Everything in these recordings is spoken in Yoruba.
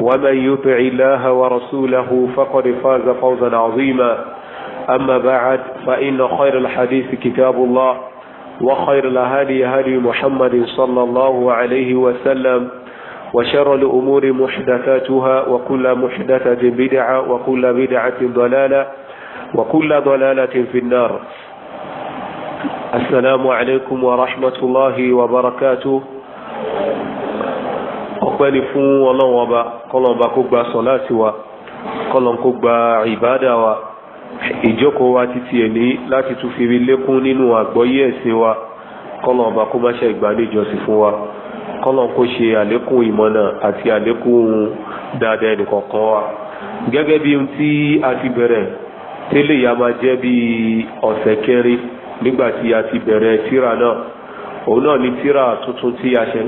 ومن يطع الله ورسوله فقد فاز فوزا عظيما أما بعد فإن خير الحديث كتاب الله وخير الأهالي هدي محمد صلى الله عليه وسلم وشر الأمور محدثاتها وكل محدثة بدعة وكل بدعة ضلالة وكل ضلالة في النار السلام عليكم ورحمة الله وبركاته ọpẹ́ ni fún ọlọ́run ọba kọlọmba kó gba sọ láti wa kọlọm kó gba ìbádà wa ìjókòó wa títí ẹni láti tún fi rí lékún nínú àgbọ́yé ẹ̀sìn wa kọlọmba kó má ṣe ìgbàlejòsìn fún wa kọlọm kó ṣe àlékún ìmọ̀nà àti àlékún dáadáa ẹnìkọ̀ọ̀kan wa gẹ́gẹ́ bí ohun tí a ti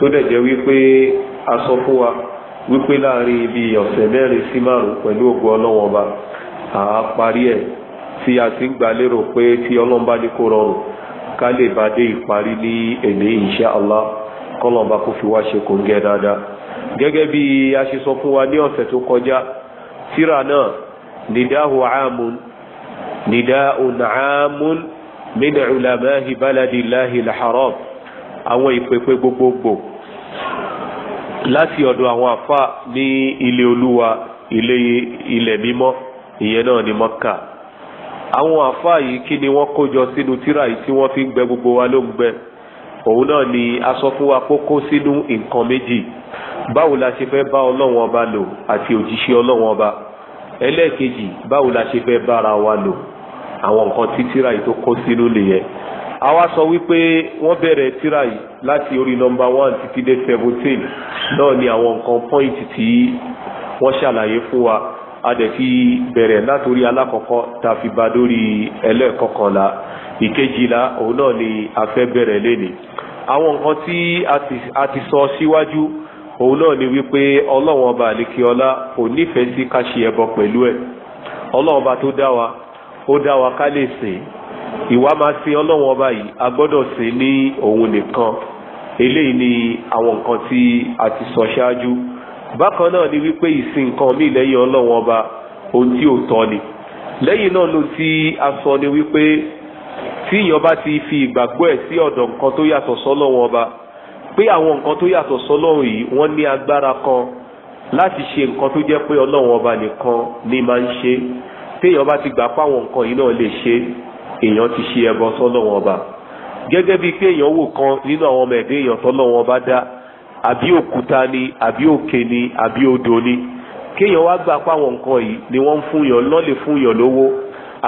tó dẹ̀ jẹ́ wípé a sọ fún wa wípé láàrin ibi ọ̀sẹ̀ mẹ́rin sí márùn pẹ̀lú ògo ọlọ́wọ́n ọba àá parí ẹ̀ tí a ti ń gbà lérò pé tí ọlọ́run bá ní kó rọrùn ká lè bá dé ìparí ní èlé insha Allah kọ́lọ́n bá kó fi wá ṣe kò ń gẹ́ dáadáa gẹ́gẹ́ bí a ṣe sọ fún wa ní ọ̀sẹ̀ tó kọjá tírà náà nidahu amun nidaun amun min ulamahi baladillahi al-haram àwọn ìpèpè gbogbogbò láti ọ̀dọ̀ àwọn àfà ní ilé olúwa ilẹ̀ mímọ́ ìyẹn náà ni mọ́kà àwọn àfà yìí kí ni wọ́n kó jọ sínú tírà yìí tí wọ́n fi ń gbẹ gbogbo wa ló ń gbẹ òun náà ni a sọ fún wa kó kó sínú nǹkan méjì báwo la ṣe fẹ́ bá ọlọ́run ọba lò àti òjíṣẹ́ ọlọ́run ọba ẹlẹ́ẹ̀kejì báwo la ṣe fẹ́ bára wa lò àwọn nǹkan tí yìí tó kó sínú nìyẹn àwa sọ wípé wọ́n bẹ̀rẹ̀ tíra yìí láti orí nọmba one títí dé seventeen náà ni àwọn nǹkan pọ́ìntì tí wọ́n ṣàlàyé fún wa adẹ̀fi bẹ̀rẹ̀ látòrí alákọ̀ọ́kọ́ tàfi bá lórí ẹlẹ́ẹ̀kọkànlá ìkejìlá òun náà ni a fẹ́ bẹ̀rẹ̀ léni àwọn nǹkan tí a ti sọ síwájú òun náà ni wípé ọlọ́wọ́n ọba àlékiọlá kò nífẹ̀ẹ́ sí ká ṣe ẹbọ pẹ̀lú ẹ̀ ọlọ́wọ́n ọba tó dá wa ó dá wa ká lè sìn ìwà máa sin ọlọ́run ọba yìí a gbọ́dọ̀ sin ní òun nìkan eléyìí ni àwọn nǹkan tí a ti sọ ṣáájú bákan náà ni wípé ìsìn nǹkan míì lẹ́yìn ọlọ́run ọba ohun tí ò tọ́ ni lẹ́yìn náà ló ti a sọ ni wípé tí èèyàn bá ti fi ìgbàgbọ́ ẹ̀ sí ọ̀dọ̀ nǹkan tó yàtọ̀ sọ́lọ́run ọba pé àwọn nǹkan tó yàtọ̀ sọ́lọ́run yìí wọ́n ní agbára kan láti ṣe nǹkan tó jẹ́ pé ọlọ́run ọba nìkan ni máa ń ṣe téèyàn bá ti gbà pé àwọn nǹkan yìí náà lè ṣe é èèyàn ti ṣe ẹbọ sọ́lọ́wọ́n ọba gẹ́gẹ́ bíi pé èèyàn wò kan nínú àwọn ọmọ ẹ̀dẹ́ èèyàn tọ́lọ́wọ́n ọba dá àbí òkúta ni àbí òkè ni àbí odò ni kéèyàn wá gbà pa àwọn nǹkan yìí ni wọ́n ń fún yàn lọ́lẹ̀ fún yàn lówó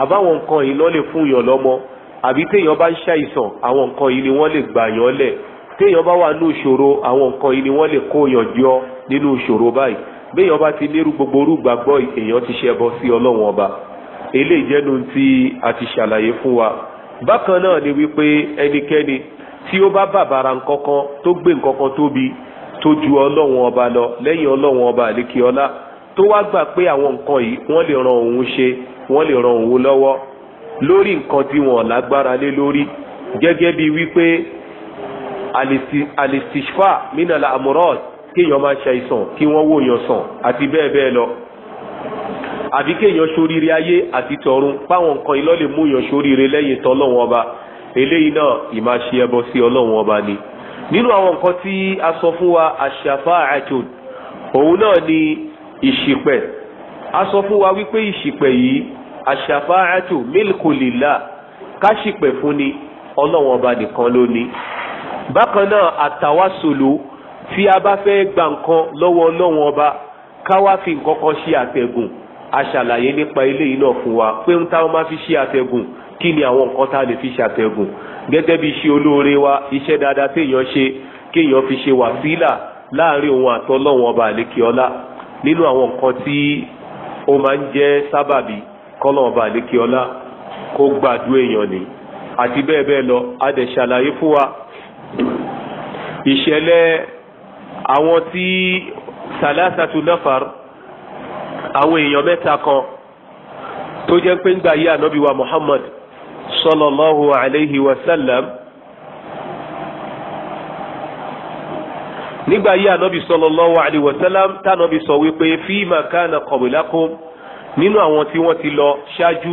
àbáwọn nǹkan yìí lọ́lẹ̀ fún yàn lọ́mọ àbí téèyàn bá ń ṣàìsàn àwọn nǹkan yìí ni wọ́n lè gbà yàn lẹ̀ téèyàn bá wà ní ìṣòro àwọn nǹkan yìí ni wọ́n lè kó yàn jọ nínú ìṣòro báyìí béèyàn bá ti nírú gbogbo orú gbàgbọ́ èèyàn ti ṣẹbọ sí ọlọ́run ọba eléyìí jẹ́nu tí a ti ṣàlàyé fún wa bákan náà ni wípé ẹnikẹ́ni tí ó bá bàbàrà nkankan tó gbé nkankan tóbi tó ju ọlọ́run ọba lọ lẹ́yìn ọlọ́run ọba àlékiọlá tó wá gbà pé àwọn nǹkan yìí wọ́n lè ran òun ṣe wọ́n lè ran òun lọ́wọ́ lórí nǹkan tí wọ́n lágbára lé lórí gẹ́gẹ́ bí wípé alistishfa minala amurad kéèyàn máa ṣàìsàn kí wọ́n wòyàn sàn àti bẹ́ẹ̀ bẹ́ẹ̀ lọ àbí kéèyàn ṣoríire ayé àti tọ̀run páwọn nǹkan iná lè mú èèyàn ṣoríire lẹ́yìn tọ́lọ́run ọba eléyìí náà ìmáṣe ẹbọ sí ọlọ́run ọba ni nínú àwọn nǹkan tí a sọ fún wa àṣàfà àtòn òun náà ni ìṣìpẹ̀ a sọ fún wa wípé ìṣìpẹ̀ yìí àṣàfà àtò mílkòlélà káṣìpẹ̀ fún ni ọlọ́run ọba nìkan ló ní bákan náà àtàwásòlò tí a bá fẹ́ gba nǹkan lọ́wọ́ ọlọ́run ọba ká wá fi nǹkan kan ṣe àtẹ̀gùn aṣàlàyé nípa eléyìí náà fún wa pé ń táwọn máa fi ṣe àtẹ̀gùn kí ni àwọn nǹkan tá a lè fi ṣàtẹ̀gùn gẹ́gẹ́ bí iṣẹ́ olóore wa iṣẹ́ dáadáa téèyàn ṣe kéèyàn fi ṣe wàsílà láàrin òun àtọ́lọ́wọ́n ọba àlékiọ́lá nínú àwọn nǹkan tí ó máa ń jẹ́ sábàbí kọ́lọ́wọ́n ọba àlékiọ́lá kó gbàdúrà èèyàn ni àti bẹ́ẹ̀ bẹ́ẹ̀ lọ a dẹ̀ ṣàlàyé fún wa ìṣẹ̀lẹ̀ àwọn tí sàlásàtú náfàr àwọn èèyàn mẹ́ta kan tó jẹ́ pé ń gbà yí ànábì wa Muhammad sallallahu alayhi wa sallam nígbà yí ànábì sallallahu alayhi wa sallam tànábì sọ wípé fíìmà kánà qablakum nínú àwọn tí wọ́n ti lọ ṣáájú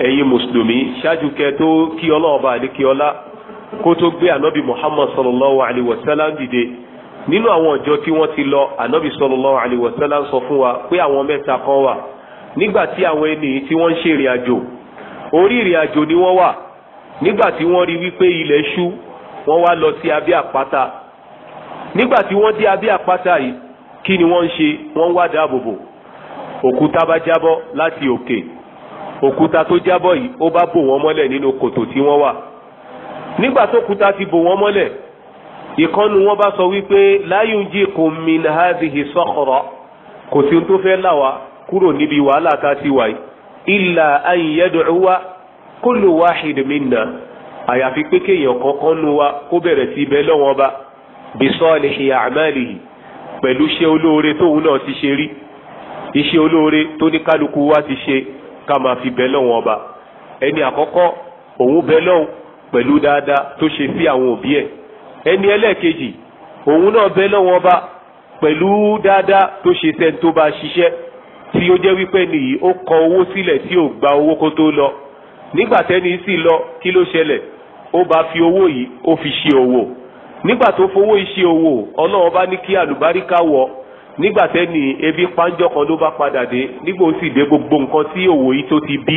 ẹ̀yin mùsùlùmí ṣáájú kẹ́ tó kí ọlọ́ọ̀bà àdékíọlá kó tó gbé ànábì Muhammad sallallahu alayhi wa sallam dìde nínú àwọn ọjọ́ tí wọ́n ti lọ ànábì sallallahu alaihi wasallam sọ fún wa pé àwọn mẹ́ta kan wà nígbà tí àwọn ènìyàn tí wọ́n ń ṣe ìrìn àjò orí ìrìn àjò ni wọ́n wà nígbà tí wọ́n rí wípé ilẹ̀ ṣú wọ́n wá lọ sí abẹ́ àpáta nígbà tí wọ́n dé abẹ́ àpáta yìí kí ni wọ́n ń ṣe wọ́n ń wá dáàbòbò òkúta bá jábọ́ láti òkè òkúta tó jábọ́ yìí ó bá bò wọ́n mọ́lẹ̀ nínú kòtò tí wọ́n wà nígbà tó kúta ti bò wọ́n mọ́lẹ̀ ìkọ́nu wọn bá sọ wípé láyùnjí kò min hadhihi sakhra kò sí tó fẹ́ là wá kúrò níbi wàhálà tá a ti wáyé illa an yad'uwa kullu wahid minna àyàfi pé kéèyàn kankan nu wa kó bẹ̀rẹ̀ sí ibẹ̀ lọ́wọ́n bá bí salihi a'malihi pẹ̀lú iṣẹ́ olóore tóun náà ti ṣe rí iṣẹ́ olóore tó ní kálukú wa ti ṣe ká máa fi bẹ lọ́wọ́n ọba ẹni àkọ́kọ́ òun bẹ lọ́hùn pẹ̀lú dáadáa tó ṣe sí àwọn òbí ẹ̀ ẹni ẹlẹ́ẹ̀kejì òun náà bẹ lọ́wọ́ ọba pẹ̀lú dáadáa tó ṣe sẹ́ni tó bá ṣiṣẹ́ tí ó jẹ́ wípé nìyí ó kọ owó sílẹ̀ tí ò gba owó kó tó lọ nígbà tẹ́ni sì lọ kí ló ṣẹlẹ̀ ó bá fi owó yìí ó fi ṣe òwò nígbà tó fowó yìí ṣe òwò bá ní kí àlùbáríkà wọ̀ nígbà tẹ́ni ebi pánjọ́ kan ló bá padà dé nígbà ó sì dé gbogbo nǹkan tí òwò yìí tó ti bí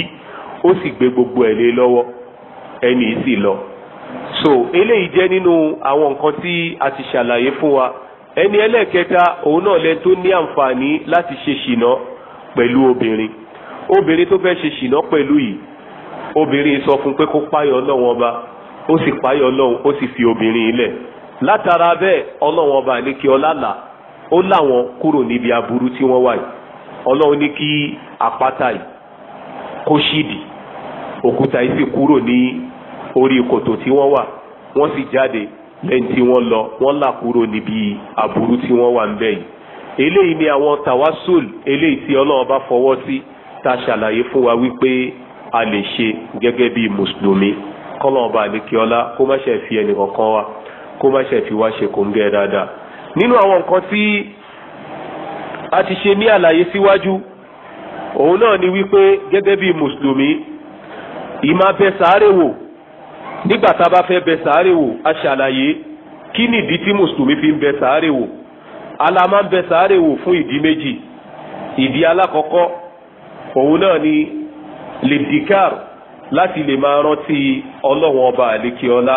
ó sì gbé gbogbo ẹ̀ lé lọ́wọ́ ẹni sì lọ so eléyìí jẹ́ nínú àwọn nǹkan tí a ti ṣàlàyé fún wa ẹni ẹlẹ́ẹ̀kẹta òun náà lẹ́ni tó ní àǹfààní láti ṣe ṣìnà pẹ̀lú obìnrin obìnrin tó fẹ́ ṣe ṣìnà pẹ̀lú yìí obìnrin sọ fún pé kó páyọ̀ ọlọ́run ọba ó sì páyọ̀ ọlọ́run ó sì fi obìnrin ilẹ̀ látara bẹ́ẹ̀ ọlọ́run ọba ní kí ọlálà ó láwọn kúrò níbi aburú tí wọ́n wà yìí ọlọ́run ní kí àpáta yìí kó ṣídìí òkúta yìí sì kúrò ní orí kòtò tí wọ́n wà wọ́n sì jáde lẹ́yìn tí wọ́n lọ wọ́n là kúrò níbi aburú tí wọ́n wà ń bẹ̀ yìí eléyìí ni àwọn tawasul eléyìí tí ọlọ́run bá fọwọ́ sí ta ṣàlàyé fún wa wípé a lè ṣe gẹ́gẹ́ bí mùsùlùmí kọ́lọ́run bá lè kí ọlá kó má ṣe fi ẹnì kankan wa kó má ṣe fi wá ṣe kòńgẹ́ dáadáa nínú àwọn nǹkan tí a ti ṣe ní àlàyé síwájú òun náà ni wípé gẹ́gẹ́ bí mùsùlùmí ìmá bẹ nígbà tá a bá fẹ́ bẹ sàárè wò a ṣàlàyé kí nìdí tí mùsùlùmí fi ń bẹ sàárè wò alama ń bẹ sàárè wò fún ìdí méjì ìdí alákọ̀ọ́kọ́ òun náà ni lidikar láti lè máa rántí ọlọ́wọ́n ọba àlékiọlá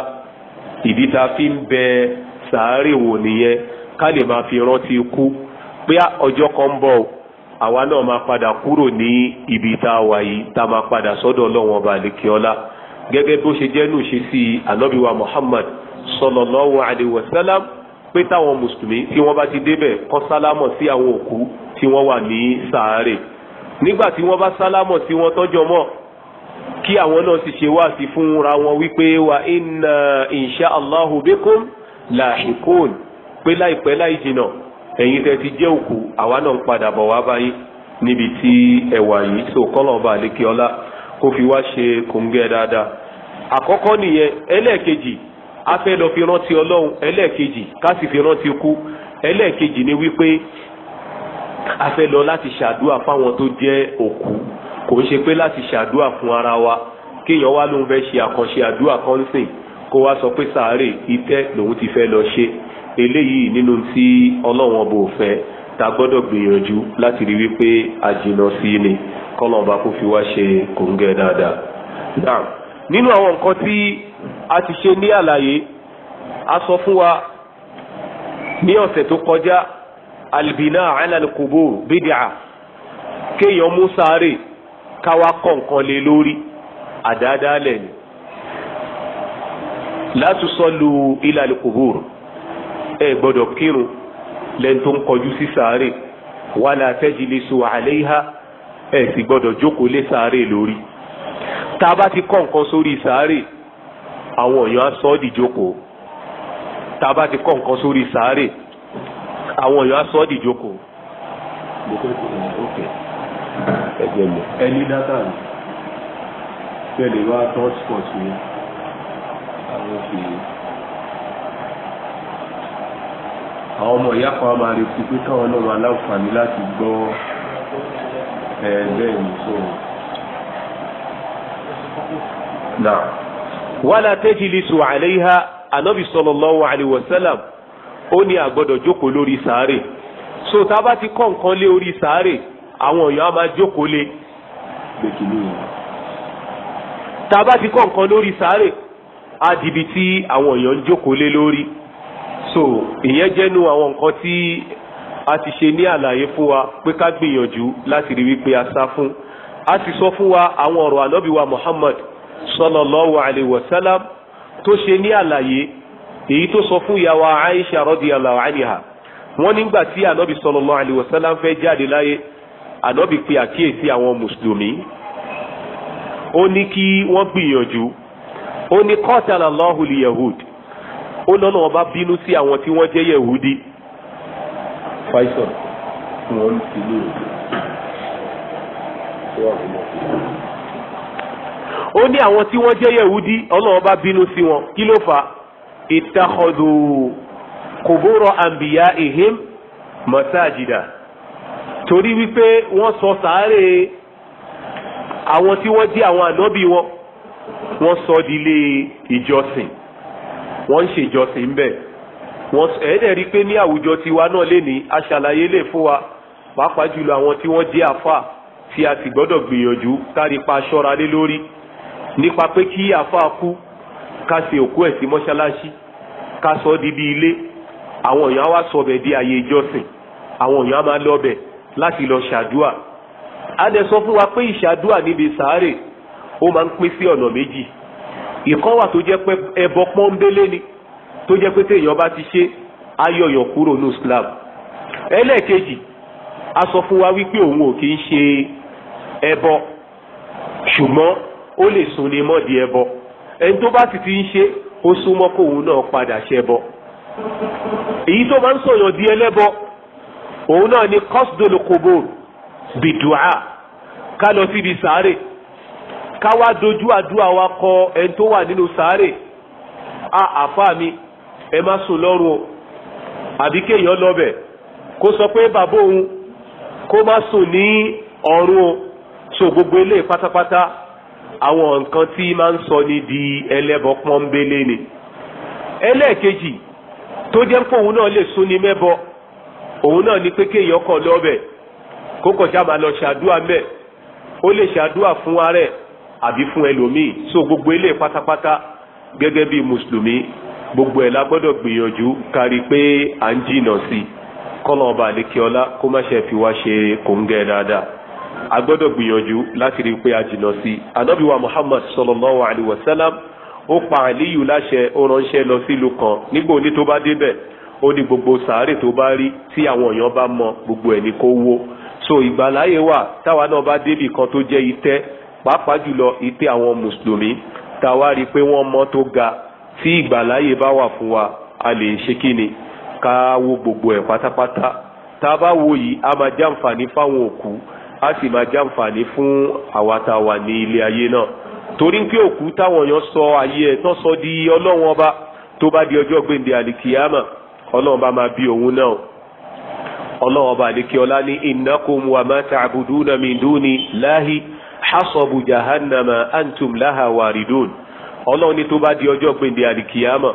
ìdí tá a fi ń bẹ sàárè wò nìyẹn ká lè máa fi rántí ikú pé ọjọ́ kan ń bọ̀ àwa náà máa padà kúrò ní ibi tá a wà yìí tá a máa padà sọ́dọ̀ ọlọ́wọ́n ọba àlékiọlá gẹ́gẹ́ bó ṣe jẹ́ nù ṣe sí ànábì Muhammad sallallahu alayhi wa sallam pé táwọn mùsùlùmí tí wọ́n bá ti débẹ̀ kọ́ sálámọ̀ sí àwọn òkú tí wọ́n wà ní sàárè nígbà tí wọ́n bá sálámọ̀ sí wọn tọ́jọ́ mọ́ kí àwọn náà sì ṣe wáàsí fúnra wọn wípé wa inna insha allahu bikum lahiqun pé láìpẹ́ láì jìnà ẹ̀yin tẹ́ ti jẹ́ òkú àwa náà ń padà bọ̀ wá báyìí níbi tí ẹ̀wà yìí so kọ́lọ̀ ọba àlékè ọlá kó fi wá ṣe kòǹgẹ́ dáadáa àkọ́kọ́ nìyẹn ẹlẹ́ẹ̀kejì a lọ fi rántí ọlọ́run ẹlẹ́ẹ̀kejì ká fi rántí kú ẹlẹ́ẹ̀kejì ni wípé a fẹ́ lọ láti ṣàdúà fáwọn tó jẹ́ òkú kò ń ṣe pé láti ṣàdúà fún ara wa kéèyàn wá lóun fẹ́ ṣe àkànṣe àdúà kan sìn kó wá sọ pé sàárè itẹ́ lòun ti fẹ́ lọ ṣe eléyìí nínú tí ọlọ́run ọba ò fẹ́ ta gbọ́dọ̀ gbìyànjú láti rí wípé a jìnà sí ni kọ́lọ̀ọ̀bá kó fi wá ṣe kòǹgẹ́ dáadáa. náà nínú àwọn nǹkan tí a ti ṣe ní àlàyé a sọ fún wa ní ọ̀sẹ̀ tó kọjá albina alalkubo bidia kéèyàn mú sáré káwá kọ̀ lé lórí àdáadáalẹ̀ ni látúnṣọ́lù ilalkubo ẹ gbọ́dọ̀ kírun lẹ́ni tó ń kọjú sí sàárè wàlá tajlisu alayha ẹ̀ sì gbọ́dọ̀ jókòó lé sàárè lórí tá a bá ti kọ́ nǹkan sórí sàárè àwọn èèyàn á sọ ọ́ dìjókòó tá a bá ti kọ́ nǹkan sórí sàárè àwọn èèyàn á sọ ọ́ dìjókòó. ẹni dátà ni tẹ́lẹ̀ wá touch spot mi. àwọn ọmọ ìyá kan máa retí pé káwọn náà máa láǹfààní láti gbọ́ ẹ bẹ́ẹ̀ ni so. náà wàlá tajlisu alayha anabi sallallahu alayhi wa sallam ó ní àgbọ́dọ̀ jókòó lórí sàárè so tá a bá ti kọ́ nǹkan lé orí sàárè àwọn èèyàn á máa jókòó lé tá a bá ti kọ́ nǹkan lórí sàárè á dìbì tí àwọn èèyàn ń jókòó lé lórí. so ìyẹn jẹ́nu àwọn nǹkan tí a ti ṣe ní àlàyé fún wa pé ká gbìyànjú láti rí wípé a sá fún a ti sọ fún wa àwọn ọ̀rọ̀ ànábì Muhammad sallallahu alayhi wa sallam tó ṣe ní àlàyé èyí tó sọ fún ìyàwó Aisha radiyallahu anha wọ́n nígbà tí ànábì sallallahu alayhi wa sallam fẹ́ jáde láyé ànábì pe àkíyèsí àwọn mùsùlùmí ó ní kí wọ́n gbìyànjú ó ní qatalallahu liyahud ó lọ́nà ọba bínú sí àwọn tí wọ́n jẹ́ yẹ̀húdí. faisal tí wọ́n ń fi lè ó ní àwọn tí wọ́n jẹ́ yẹ̀húdí ọlọ́run ọba bínú sí wọn kí ló fà á ìtàkọ̀dù kòbóró àǹbìyá ìhìm mọ́sáàjìdà torí wípé wọ́n sọ sàárè àwọn tí wọ́n jẹ́ àwọn ànábì wọn wọ́n sọ di ilé ìjọsìn wọ́n ń ṣèjọsìn bẹ̀ wọ́n ẹ̀ẹ́dẹ̀ rí pé ní àwùjọ tiwa náà lè ní aṣàlàyé lè fún wa pàápàá jùlọ àwọn tí wọ́n jẹ́ àfà tí a sì gbọ́dọ̀ gbìyànjú táripa aṣọ́ra lé lórí nípa pé kí àfà kú ká ṣe òkú ẹ̀ sí mọ́ṣáláṣí ká sọ ọ́ di bí ilé àwọn èèyàn á wá sọ ọbẹ̀ di àyè ìjọsìn àwọn èèyàn á máa lọ ọbẹ̀ láti lọ ṣàdúà a dẹ̀ sọ fún wa pé ìṣàdúà níbi sàárè ó máa ń pín sí ọ̀nà méjì ìkọ́ wà tó jẹ́ pé ẹbọ pọ́nbélé ni tó jẹ́ pé téèyàn bá ti ṣe ayọ̀yọ̀ kúrò ní Islam ẹlẹ́ẹ̀kejì a sọ fún wa wípé òun ò kì í ṣe ẹbọ ṣùgbọ́n ó lè sún ni mọ́ di ẹbọ ẹni tó bá sì ti ń ṣe ó súnmọ́ kóun náà padà ṣẹbọ èyí tó máa ń sọ̀yàn di ẹlẹ́bọ òun náà ni kọ́sdọ̀lù kòbó bìdùá ká lọ síbi sáré ká wá dojú àdúrà wa kọ ẹni tó wà nínú sàárè a àfa mi ẹ má sùn lọ́rùn o àbí kéèyàn lọ́bẹ̀ kó sọ pé bàbá òun kó má sùn ní ọ̀run o so gbogbo eléyìí pátápátá àwọn nǹkan tí máa ń sọ ni di ẹlẹ́bọ pọ́nbélé ni ẹlẹ́ẹ̀kejì tó jẹ́ pé òun náà lè sún ni mẹ́bọ òun náà ni pé kéèyàn kọ̀ lọ́bẹ̀ kó kọ̀ máa lọ ṣàdúrà mẹ́ ó lè ṣàdúrà fún ara ẹ̀ àbí fún ẹlòmíì so gbogbo ilé pátápátá gẹ́gẹ́ bí mùsùlùmí gbogbo ẹ̀ la gbọ́dọ̀ gbìyànjú kárí pé à ń jìnà sí kọ́lọ̀ ọba àlékiọlá kó má ṣe fi wá ṣe kòńgẹ́ dáadáa a gbọ́dọ̀ gbìyànjú láti rí pé a jìnà sí anábì muhammad sallallahu alayhi wa sallam ó pa àlíyù láṣẹ ó ránṣẹ́ lọ sílùú kan nígbà òní tó bá débẹ̀ ó ní gbogbo sàárè tó bá rí tí àwọn èèyàn bá mọ gbogbo ẹ̀ ní kó wó so ìgbàláyé wà táwa náà bá débì kan tó jẹ́ itẹ́ pàápàá jùlọ ìtẹ́ àwọn mùsùlùmí tàwa rí i pé wọ́n mọ́ tó ga tí ìgbàláyè bá wà fún wa a lè ṣe kí ni ká wo gbogbo ẹ̀ pátápátá tá a bá wo yìí a máa jàǹfààní fáwọn òkú a sì máa jàǹfààní fún àwa tá a wà ní ilé ayé náà torí pé òkú táwọn èèyàn sọ ayé ẹ̀ tán sọ di ọlọ́wọ́n ọba tó bá di ọjọ́ gbèǹde àlìkìyàmà ọlọ́wọ́n bá máa bí òun náà ọlọ́wọ́n ọba àlìkìyọ́lá ní innakum wa ma ta'buduna min duni lahi hasabu jahannama antum laha waridun ọlọ́run ní tó bá di ọjọ́ gbèǹde àdìkìyàmọ̀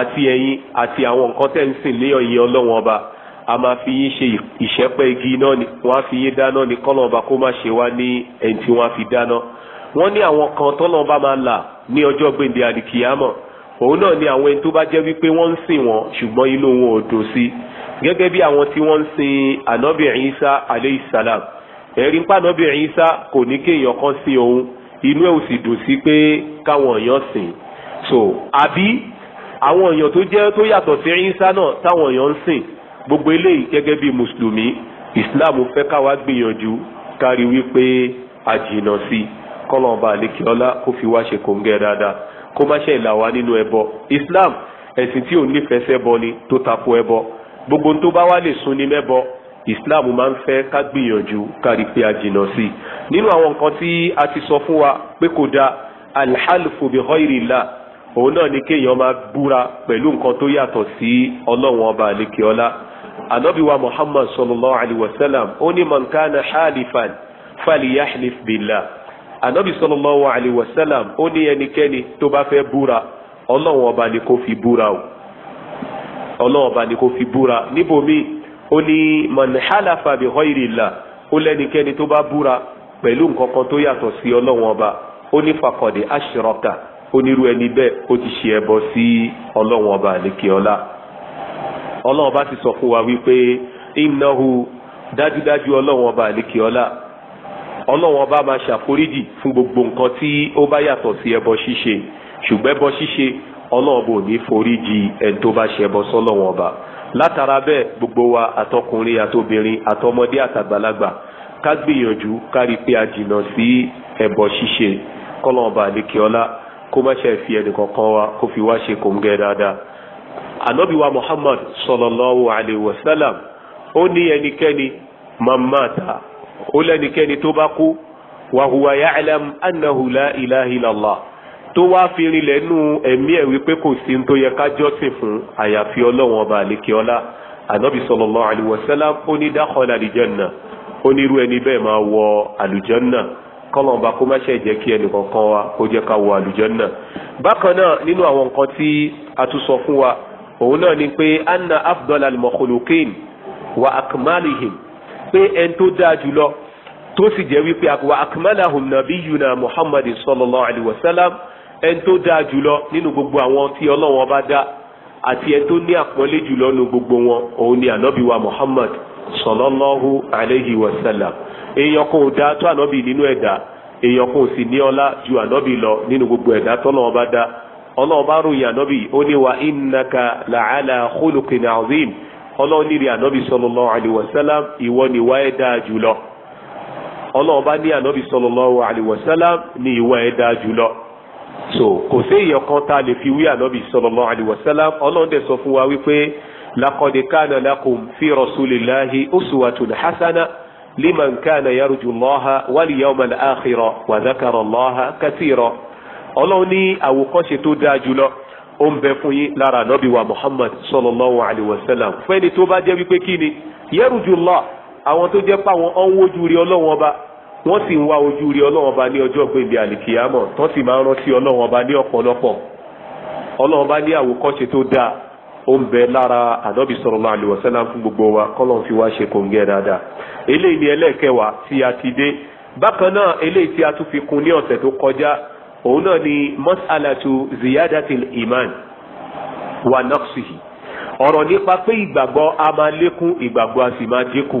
àti ẹ̀yin àti àwọn nǹkan tẹ́ ń sìn ní ọ̀yìn ọlọ́run ọba a máa fi yín ṣe ìṣẹ́pẹ́ igi náà ni wọ́n á fi yín dáná ni kọ́lọ́n ọba kó má ṣe wá ní ẹni tí wọ́n á fi dáná wọ́n ní àwọn kan tọ́lọ́n ọba máa là ní ọjọ́ gbèǹde àdìkìyàmọ̀ òun náà ni àwọn ẹni tó bá jẹ́ wípé wọ́n ń sìn wọn ṣùgbọ́n inú wọn ò dùn sí gẹ́gẹ́ bí àwọn tí wọ́n ń sin ànábì Ìsá aleyhisalaam ẹ̀rí pàdánù Ìsá kò ní kéèyàn kan sí òun inú ẹ̀ ò sì dùn sí pé káwọn èèyàn sìn so àbí àwọn èèyàn tó jẹ́ tó yàtọ̀ sí Ìsá náà táwọn èèyàn ń sìn gbogbo eléyìí gẹ́gẹ́ bí mùsùlùmí Islam fẹ́ káwa gbìyànjú kárí wípé a jìnnà sí kọ́lọ́ọ̀bà àlékiọ́lá kó fi wá ṣe kòǹgẹ́ dáadáa kó má ṣe ìlà nínú ẹbọ Islam ẹ̀sìn tí ò nífẹ̀ẹ́ sẹ́bọ ni tó tako ẹbọ gbogbo tó bá wá lè sún ni mẹ́bọ islam máa ń fẹ́ ká gbìyànjú ká rí pé a jìnnà sí i nínú àwọn nǹkan tí a ti sọ fún wa pé kò dáa alhalfu bi ghayrillah òun náà ni kéèyàn máa búra pẹ̀lú nǹkan tó yàtọ̀ sí ọlọ́run ọba àlekèọ́lá anabiwa muhammad sallallahu alayhi wa sallam ó ní man kana halifan falyahlif billah anabi sallallahu alayhi wa sallam ó ní ẹnikẹ́ni tó bá fẹ́ búra ọlọ́run ọba ni kó fi búra o ọlọ́run ọba ni kó fi búra níbo míì ó ní man halafa bi ghayrillah ó lẹ́nikẹ́ni tó bá búra pẹ̀lú nǹkan kan tó yàtọ̀ sí ọlọ́run ọba ó ní faqad ashraka onírú ẹni bẹ́ẹ̀ ó ti ṣe ẹbọ sí ọlọ́run ọba àlékè ọlá ọba ti sọ fún wa wípé innahu dájúdájú ọlọ́run ọba àlékè ọlá ọlọ́run ọba máa ṣàforíjì fún gbogbo nǹkan tí ó bá yàtọ̀ sí ẹbọ ṣíṣe ṣùgbọ́n ẹbọ ṣíṣe ọlọ́run ọba ò ní foríjì ẹni tó bá ṣe ẹbọ sọ́lọ́run ọba látara bẹ́ẹ̀ gbogbo wa àtọkùnrin àtobìnrin àtọmọdé àtàgbàlagbà ká gbìyànjú ká rí pé a jìnnà sí ẹbọ ṣíṣe kọlọmọba àdékèọlá kó má ṣe fi ẹnìkankan wa kó fi wá ṣe kòǹgẹ dáadáa. ànábì wa muhammad sallallahu alayhi wa ó ní ẹnikẹ́ni mamata ó lẹ́nikẹ́ni tó bá kú wàhùwà ya'lam annahu la tó wá fi rinlẹ̀ nú ẹ̀mí ẹ̀ wípé kò sí ní tó yẹ ká jọ́sìn fún àyàfi ọlọ́wọ́n ọba àlekè ọlá ànábì sallallahu alaihi wasallam ó ní dákọ̀ọ́lá àlùjànnà ó ní irú ẹni bẹ́ẹ̀ máa wọ àlùjànnà kọ́lọ̀ọ̀ba kó má ṣe jẹ́ kí ẹnì kankan wa kó jẹ́ ká wọ àlùjànnà. bákan náà nínú àwọn nǹkan tí a tún sọ fún wa òun náà ni pé anna afdalal makhluqin wa akmalihim pé ẹni tó dáa jùlọ tó sì jẹ́ wípé wa akmalahum nabiyuna muhammadin sallallahu alaihi wasallam ẹni tó dáa jùlọ nínú gbogbo àwọn tí ọlọ́wọ́n bá dá àti ẹni tó ní àpọ́nlé jùlọ nínú gbogbo wọn òun ni ànábì wa Muhammad sallallahu alayhi wa sallam èèyàn kan ò dáa tó ànábì nínú ẹ̀dá èèyàn kan ò sì ní ọlá ju ànábì lọ nínú gbogbo ẹ̀dá tọ́lọ́wọ́n bá dá ọlọ́wọ́n bá ròyìn ànábì ó ní wa innaka la'ala khuluqin azim ọlọ́wọ́n nílẹ̀ ànábì sallallahu alayhi wa sallam ìwọ ni wáyé dáa jùlọ ọlọ́wọ́n so kò sí èèyàn kan tá a lè fi wí ànábì sallallahu alaihi wasallam ọlọ́run dẹ̀ sọ fún wa wípé laqad kana lakum fi rasulillahi uswatun hasana liman kana yarju Allaha wal yawmal akhira wa dhakara Allaha kathira àwòkọ́ṣe tó dáa jùlọ ó ń bẹ fún yín lára ànábì wa Muhammad sallallahu alaihi wasallam tó bá jẹ́ wípé kí ni yarju àwọn tó jẹ́ pàwọn ọ̀nwójú rí ọlọ́run ọba wọ́n sì ń wá ojú rí ọlọ́run ọba ní ọjọ́ gbèbè àlìkìyàmọ̀ tán sì máa ń rántí ọlọ́run ọba ní ọ̀pọ̀lọpọ̀ ọlọ́run ọba ní àwòkọ́ṣe tó dáa ó ń bẹ lára ànábì sallallahu alaihi wasallam fún gbogbo wa kọ́lọ́n fi wá ṣe kòǹgẹ́ dáadáa eléyìí ni ẹlẹ́ẹ̀kẹwàá tí a ti dé bákan náà eléyìí tí a tún fi kún ní ọ̀sẹ̀ tó kọjá òun náà ni mọ́sálàtú ziyadatil iman wa naqsihi ọ̀rọ̀ nípa pé ìgbàgbọ́ a máa lékún ìgbàgbọ́ a sì máa dínkù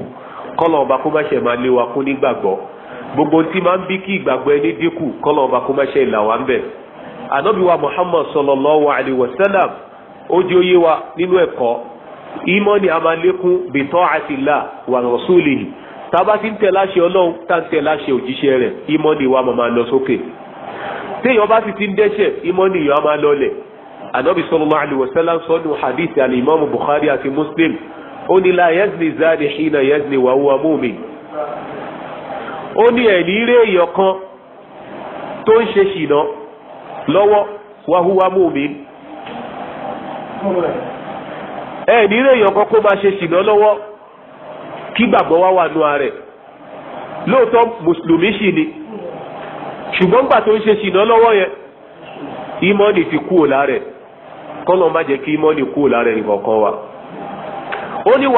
kọ́lọ́n ọba kó má ṣe máa lé wa kún nígbàgbọ́ gbogbo tí máa ń bí kí ìgbàgbọ́ ẹni dínkù kọ́lọ̀ ọba kó má ìlà wa ń bẹ̀. ànábì wa muhammad sallallahu alayhi wa sallam ó jẹ́ òye wa nínú ẹ̀kọ́ ìmọ̀ni a máa lékún bi ta'atillah wa rasulihi tába ti ń tẹ̀ láṣẹ ọlọ́run tá ń tẹ̀ láṣẹ òjíṣẹ́ rẹ̀ ìmọ̀ni wa máa lọ sókè. téèyàn bá sì ti ń dẹ́ṣẹ̀ ìmọ̀ni yẹn a máa lọlẹ̀. ànábì sallallahu alayhi wa sallam sọ́nu hadith al-imam bukhari àti muslim ó ní la yazni zani hina yazni wa huwa ó ní ẹ̀ní rí èèyàn kan tó ń ṣe ṣìnà lọ́wọ́ wàhúwà mòmí ẹ̀ní rí èèyàn kan kó máa ṣe ṣìnà lọ́wọ́ kí gbàgbọ́ wá wà nù ààrẹ lóòótọ́ mùsùlùmí sì ni ṣùgbọ́n gbà tó ń ṣe ṣìnà lọ́wọ́ yẹn ìmọ̀ọ́nì ti kú ò lárẹ̀ kọ́nà má jẹ́ kí ìmọ̀ọ́nì kú ò lárẹ̀ nìkan kan wa ó ní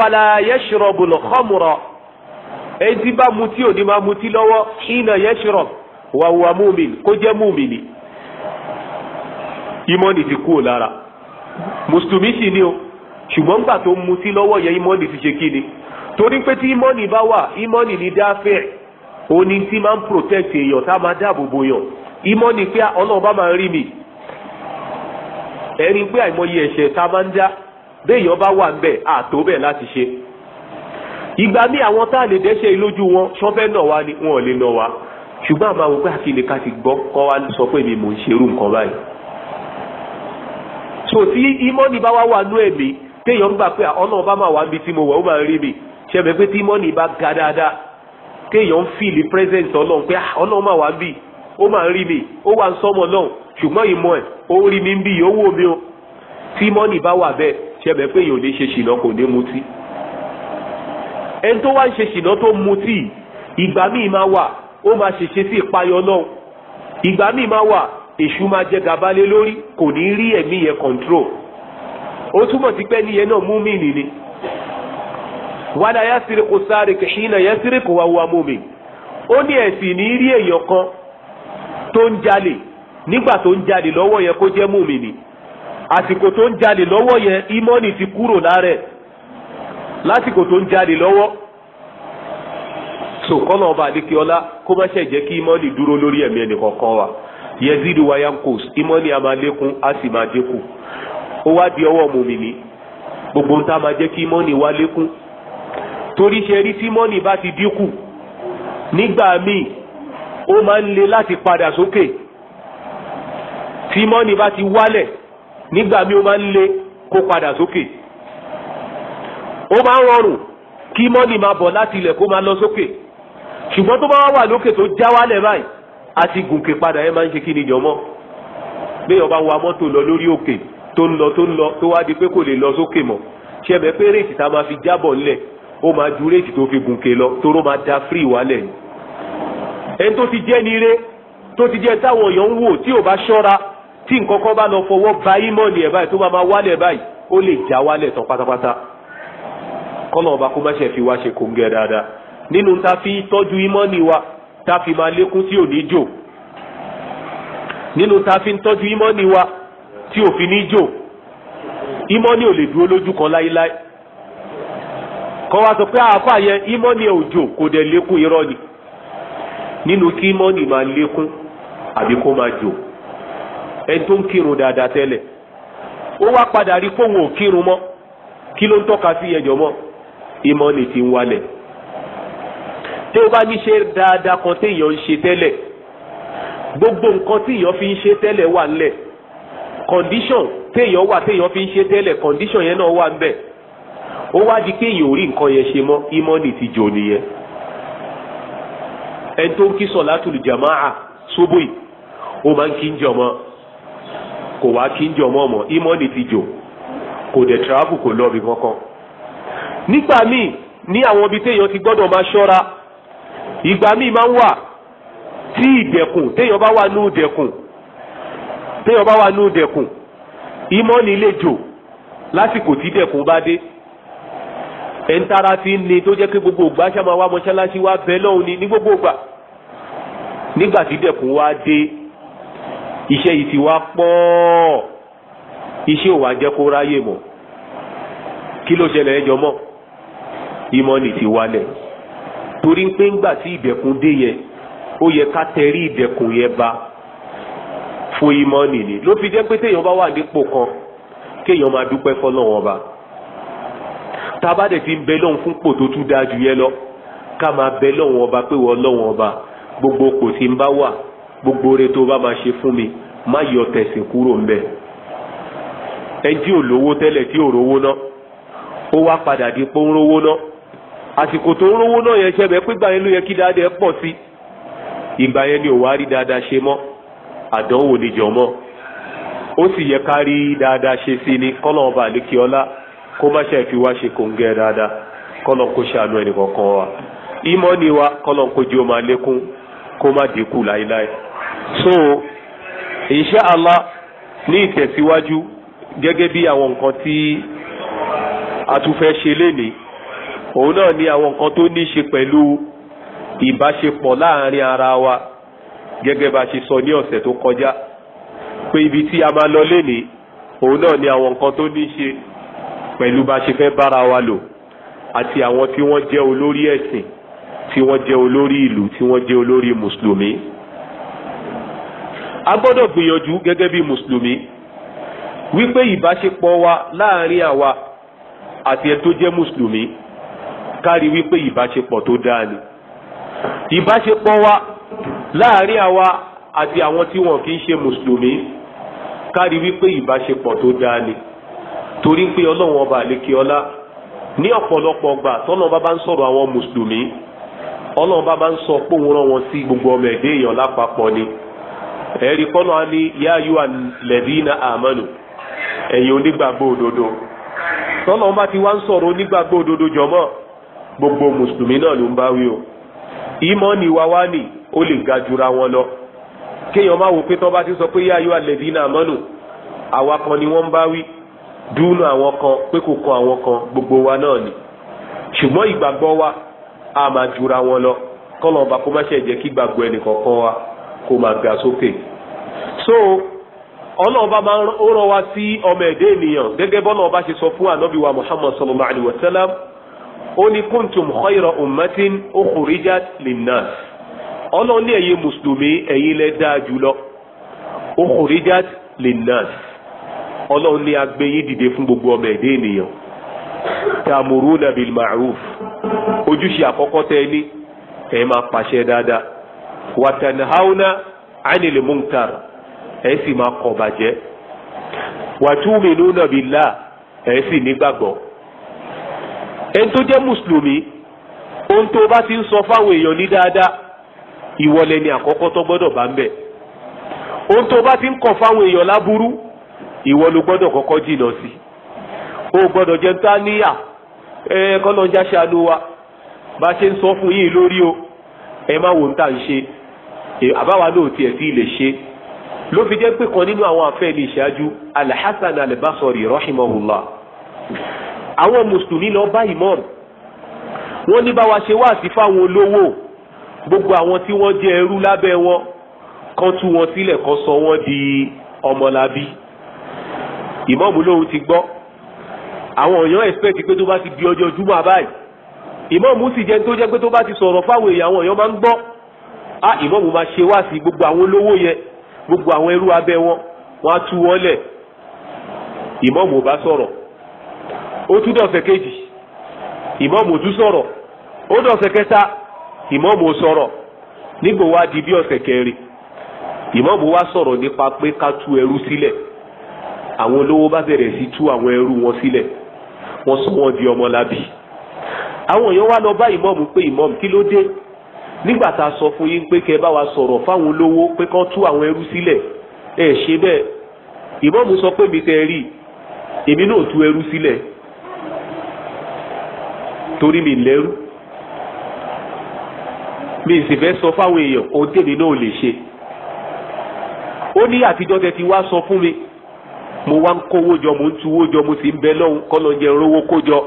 ẹni tí bá mutí ò ní máa mutí lọ́wọ́ ìnà yashrab wà wà múmin kó jẹ́ múmini ìmọ̀nì ti kúrò lára mùsùlùmí sì ni o ṣùgbọ́n gbà tó mutí lọ́wọ́ yẹn ìmọ̀nì ti ṣe kí ni torí pé tí ìmọ̀nì bá wà ìmọ̀nì ni dáfẹ́ òní tí máa ń protect èèyàn tá a máa dáàbò bo yàn ìmọ̀nì pé ah, ọlọ́run máa rí mi ẹ̀rí pé àìmọye ẹ̀ṣẹ̀ tá a máa ń dá béèyàn bá wà ń bẹ̀ àtó bẹ̀ láti ṣe ìgbà míì àwọn tá a lè dẹ́ṣẹ̀ ìlójú wọn ṣọ́fẹ́ náà wá ni wọn ò lè náà wá ṣùgbọ́n àmọ́ àwọn pé àkìlè ká ti gbọ́ kọ́ wa sọ pé mi mò ń ṣerú nǹkan báyìí. so tí ìmọ̀nì bá wá wà nú ẹ̀mí téèyàn ń gbà pé ọ̀nà bá máa wà níbi tí mo wà ó máa rí mi ṣẹ̀mẹ̀ pé tí ìmọ̀nì bá ga dáadáa téèyàn ń fìlì presence ọlọ́run pé ah, ọ̀nà máa wà níbi ó máa rí mi ó wà ń sọ́mọ náà ṣùgbọ́n ìmọ̀ ẹ̀ ó rí mi ń bí ìyówó mi ẹni tó wá ń ṣe ṣìnà tó mutí ìgbà míì máa wà ó máa ṣèṣe sí ìpayọ náà ìgbà míì máa wà èṣù máa jẹ gàba lé lórí kò ní rí ẹ̀mí yẹn control ó túmọ̀ sí pé níyẹn náà mú mí nìyí wàdà yásírí kò sáré kìhìnà yásírí kò wá wá mú ó ní ẹ̀sìn ní rí èèyàn kan tó ń jalè nígbà tó ń jalè lọ́wọ́ yẹn kó jẹ́ mú mi àsìkò tó ń jalè lọ́wọ́ yẹn ìmọ̀nì ti kúrò lára ẹ̀ lásìkò tó ń jáde lọ́wọ́ so kọ́nà ọba àdékè ọlá kó má ṣe jẹ́ kí ìmọ̀lì dúró lórí ẹ̀mí ẹnì kọ̀ọ̀kan wa yezidu wa yankos ìmọ̀lì a máa lékún a sì máa dínkù ó wá di ọwọ́ mòmìnì gbogbo ń tá máa jẹ́ kí ìmọ̀lì wa lékún torí ṣe rí tí ìmọ̀lì bá ti dínkù nígbà míì ó máa ń le láti padà sókè tí ìmọ̀lì bá ti wálẹ̀ nígbà míì ó máa ń le kó padà sókè ó máa ń rọrùn kí mọ́nì máa bọ̀ láti ilẹ̀ kó máa lọ sókè ṣùgbọ́n tó bá wà lókè tó já wálẹ̀ báyìí àti gùnkè padà ẹ máa ń ṣe kí ni jọmọ́ béèyàn bá wa mọ́tò lọ lórí òkè tó ń lọ tó ń lọ tó wá di pé kò lè lọ sókè mọ́ ṣe mẹ́ pé réètì tá a máa fi jábọ̀ ńlẹ̀ ó máa ju réètì tó fi gùnkè lọ tóró máa da fírì wálẹ̀ ẹni tó ti jẹ́ ni ré tó ti jẹ́ táwọn èèyàn ń wò tí ò bá ṣọ́ra tí nǹkan kan bá lọ fọwọ́ ba ímọ̀ ni ẹ̀ báyìí tó bá máa wálẹ̀ báyìí ó lè já wálẹ̀ tán pátápátá kọ́nà ọba kó má ṣe fi wá ṣe kóńgẹ́ dáadáa nínú ta fi tọ́jú ìmọ̀ni wa ta fi máa lékún tí ò ní jò nínú ta fi ń tọ́jú ìmọ̀ni wa tí ò fi ní jò ìmọ̀ni ò lè dúró lójú kan láíláí kọ́ wa sọ pé àáfà yẹn ìmọ̀ni ò jò kò dẹ̀ lékún irọ́ ni nínú kí ìmọ̀ni máa lékún àbí kó máa jò ẹni tó ń kírun dáadáa tẹ́lẹ̀ ó wá padà rí fóun ò kírun mọ́ kí ló ń tọ́ka sí ẹjọ́ mọ́ ìmọ̀ni ti ń wálẹ̀ tí ó bá ní ṣe dáadáa kan téèyàn ń ṣe tẹ́lẹ̀ gbogbo nǹkan téèyàn fi ń ṣe tẹ́lẹ̀ wà ńlẹ̀ condition téèyàn wà téèyàn fi ń ṣe tẹ́lẹ̀ condition yẹn náà wà ńbẹ̀ ó wá di kéèyàn ò rí nǹkan yẹn ṣe mọ́ ìmọ̀ni ti jò nìyẹn ẹni tó ń kí sọ̀látùlù jàmáà sóbò yìí ó máa ń kí ń jọmọ kò wá kí ń jọmọ mọ́ ìmọ̀ni ti jò kò dẹ̀ travel kò lọ́ọ̀bì kankan nígbà míì ní àwọn ibi téèyàn ti gbọ́dọ̀ máa ṣọ́ra ìgbà míì máa ń wà tí ìdẹ̀kùn téèyàn bá wà nú ìdẹ̀kùn téèyàn bá wà nú ìdẹ̀kùn ìmọ̀ni lè jò lásìkò tí ìdẹ̀kùn bá dé ẹ̀ńtara ti ń ni tó jẹ́ pé gbogbo ògbà ṣá máa wá mọ́ṣáláṣí wá bẹ́ẹ̀ lọ́hùn ni ní gbogbo ògbà nígbà tí ìdẹ̀kùn wá dé iṣẹ́ yìí ti wá pọ̀ iṣẹ́ ò wá jẹ́ kó ráyè mọ́ kí ló ṣẹlẹ̀ ẹjọ́ mọ́ ìmọ̀nì ti wálẹ̀ torí pé ńgbà tí ìdẹ̀kùn dé yẹn ó yẹ ká tẹrí ìdẹ̀kùn yẹn ba fún ìmọ̀nì ni ló fi jẹ́ pé téèyàn bá wà nípò kan kéèyàn máa dúpẹ́ fọ́lọ́run ọba tá a bá dẹ̀ ti ń bẹ lọ́hùn fún pò tó tún dáa jù yẹn lọ ká máa bẹ lọ́hùn ọba pé wọ́n lọ́hùn ọba gbogbo kò tí ń bá wà gbogbo oore tó bá máa ṣe fún mi má yọ tẹ̀sìn kúrò ń bẹ̀ ẹjí olówó tẹ́lẹ̀ tí òrówó ná ó wá padà di pé ń àsìkò tó ń rówó náà yẹn ṣẹ́ bẹ́ẹ̀ pé gbà yẹn ló yẹ kí dáadáa pọ̀ sí ìgbà yẹn ni ò wá rí dáadáa ṣe mọ́ àdánwò níjọ mọ́ ó sì yẹ ká rí dáadáa ṣe sí ni kọ́lọ̀ ọba àlékí ọlá kó má ṣe fi wá ṣe kòǹgẹ́ dáadáa kọ́lọ̀ kó ṣàánú ẹnì kọ̀ọ̀kan wa ìmọ̀ ni wa kọ́lọ̀ kó jí o máa lékún kó má dínkù láéláé so insha Allah ní ìtẹ̀síwájú gẹ́gẹ́ bí àwọn nǹkan tí a tún fẹ́ ṣe lénìí òun náà ni àwọn nǹkan tó ní ṣe pẹ̀lú ìbáṣepọ̀ láàrin ara wa gẹ́gẹ́ bá ṣe sọ ní ọ̀sẹ̀ tó kọjá pé ibi tí a máa lọ lénìí òun náà ni àwọn nǹkan tó ní ṣe pẹ̀lú bá ṣe fẹ́ bára wa lò àti àwọn tí wọ́n jẹ́ olórí ẹ̀sìn tí wọ́n jẹ́ olórí ìlú tí wọ́n jẹ́ olórí mùsùlùmí a gbọ́dọ̀ gbìyànjú gẹ́gẹ́ bí mùsùlùmí wípé ìbáṣepọ̀ wa láàrin àwa àti ẹ̀ tó jẹ́ mùsùlùmí kárí wípé ìbáṣepọ̀ tó dáa ni ìbáṣepọ̀ wa láàrin àwa àti àwọn tí wọn kì í ṣe mùsùlùmí kárí wípé ìbáṣepọ̀ tó dáa ni torí pé ọlọ́run ọba àlekè ọlá ní ọ̀pọ̀lọpọ̀ ọgbà tọ́lọ́run bá bá ń sọ̀rọ̀ àwọn mùsùlùmí ọlọ́run bá bá ń sọ pé òun rán wọn sí gbogbo ọmọ ẹ̀dẹ́ èèyàn lápapọ̀ ni ẹ̀rí kọ́nà á ní yáyú àlẹ́dínà àmọ́nù ẹ̀yin onígbàgbọ́ òdodo tọ́lọ́run bá ti wá ń sọ̀rọ̀ onígbàgbọ́ òdodo jọmọ́ gbogbo mùsùlùmí náà ló ń bá wí o ìmọ̀ọ́nì wa wá nì ó lè ga jura wọn lọ kéèyàn máa wò pé bá ti sọ pé yáyọ alẹ́dínà àmọ́nù àwa kan ni wọ́n ń bá wí dúnú àwọn kan pé kò kan gbogbo wa náà ni ṣùgbọ́n ìgbàgbọ́ wa a máa jura wọn lọ kọ́lọ̀ ọba kó má ṣe jẹ́ kí gbàgbọ́ wa kó máa so ọlọ́ọ̀ba máa ń rán wa sí ọmọ ẹ̀dẹ́ ènìyàn gẹ́gẹ́ bọ́lọ́ọ̀ba ṣe sọ fún Muhammad ó ní kuntum khayra ummatin ukhrijat linnas ọlọ́run ní ẹ̀yin mùsùlùmí ẹ̀yin lẹ dáa jùlọ ukhrijat linnas ọlọ́run ní agbẹ́yìn dìde fún gbogbo ọmọ ẹ̀dẹ́ ènìyàn tamuruna bil ma'ruf ojúṣe àkọ́kọ́ tẹ́ ẹ ní ẹ máa pàṣẹ dáadáa watanhauna anil munkar ẹ sì máa kọ̀ bàjẹ́ watuminuna billah ẹ sì nígbàgbọ́ ẹni tó jẹ́ mùsùlùmí ohun tó bá ti ń sọ fáwọn èèyàn ní dáadáa ìwọlẹ̀ ni àkọ́kọ́ tó gbọ́dọ̀ bá ń bẹ̀ ohun tó bá ti ń kọ̀ fáwọn èèyàn láburú ìwọ ló gbọ́dọ̀ kọ́kọ́ jìnà sí o gbọ́dọ̀ jẹ́ tá níyà ẹ kọ́lọ́njà ṣàánú wa bá ṣe ń sọ fún yín lórí o ẹ má wo ń tà ń ṣe àbáwa náà tiẹ̀ sí ilẹ̀ ṣe ló fi jẹ́ pé kan nínú àwọn afẹ́ ní ìṣáájú Al-Hasan Al-Basri rahimahullah àwọn mùsùlùmí lọ bá imam wọ́n ní bá wa ṣe wáàsí fáwọn olówó gbogbo àwọn tí wọ́n jẹ́ ẹrú lábẹ́ wọn kan tú wọn sílẹ̀ kan sọ wọ́n di ọmọlábí imam lóhun ti gbọ́ àwọn èèyàn expect pé tó bá ti di ọjọ́ júmọ̀ àbáyé imam sì jẹ́ tó jẹ́ pé tó bá ti sọ̀rọ̀ fáwọn èèyàn àwọn èèyàn máa ń gbọ́ ah imam máa ṣe wáàsí gbogbo àwọn olówó yẹn gbogbo àwọn ẹrú abẹ́ wọn wọ́n á tú wọn lẹ̀ imam ò bá sọ̀rọ̀ ó tún dọ̀sẹ̀ kejì ìmáàmù tún sọ̀rọ̀ ó dọ̀sẹ̀ kẹta ìmáàmù sọ̀rọ̀ nígbò wá di bí ọ̀sẹ̀ kẹrin ìmáàmù wá sọ̀rọ̀ nípa pé ká tú ẹrú sílẹ̀ àwọn olówó bá bẹ̀rẹ̀ sí tú àwọn ẹrú wọn sílẹ̀ wọ́n sọ wọ́n di ọmọlábì àwọn èèyàn wá lọ bá ìmáàmù pé ìmáàmù kí ló dé nígbà tá a sọ fún yín pé kẹ́ bá wa sọ̀rọ̀ fáwọn olówó pé kán tú àwọn ẹrú sílẹ̀ ẹ ṣe bẹ́ẹ̀ ìmáàmù sọ pé mi tẹ rí èmi náà tú ẹrú sílẹ̀ torí mi lẹ́rú mi sì fẹ́ sọ fáwọn èèyàn ohun tèmi náà lè ṣe ó ní àtijọ́ tẹ ti wá sọ fún mi mo wá ń kówó jọ mo ń tuwó jọ mo sì ń bẹ lọ́hùn kọ́ lọ jẹ rówó kó jọ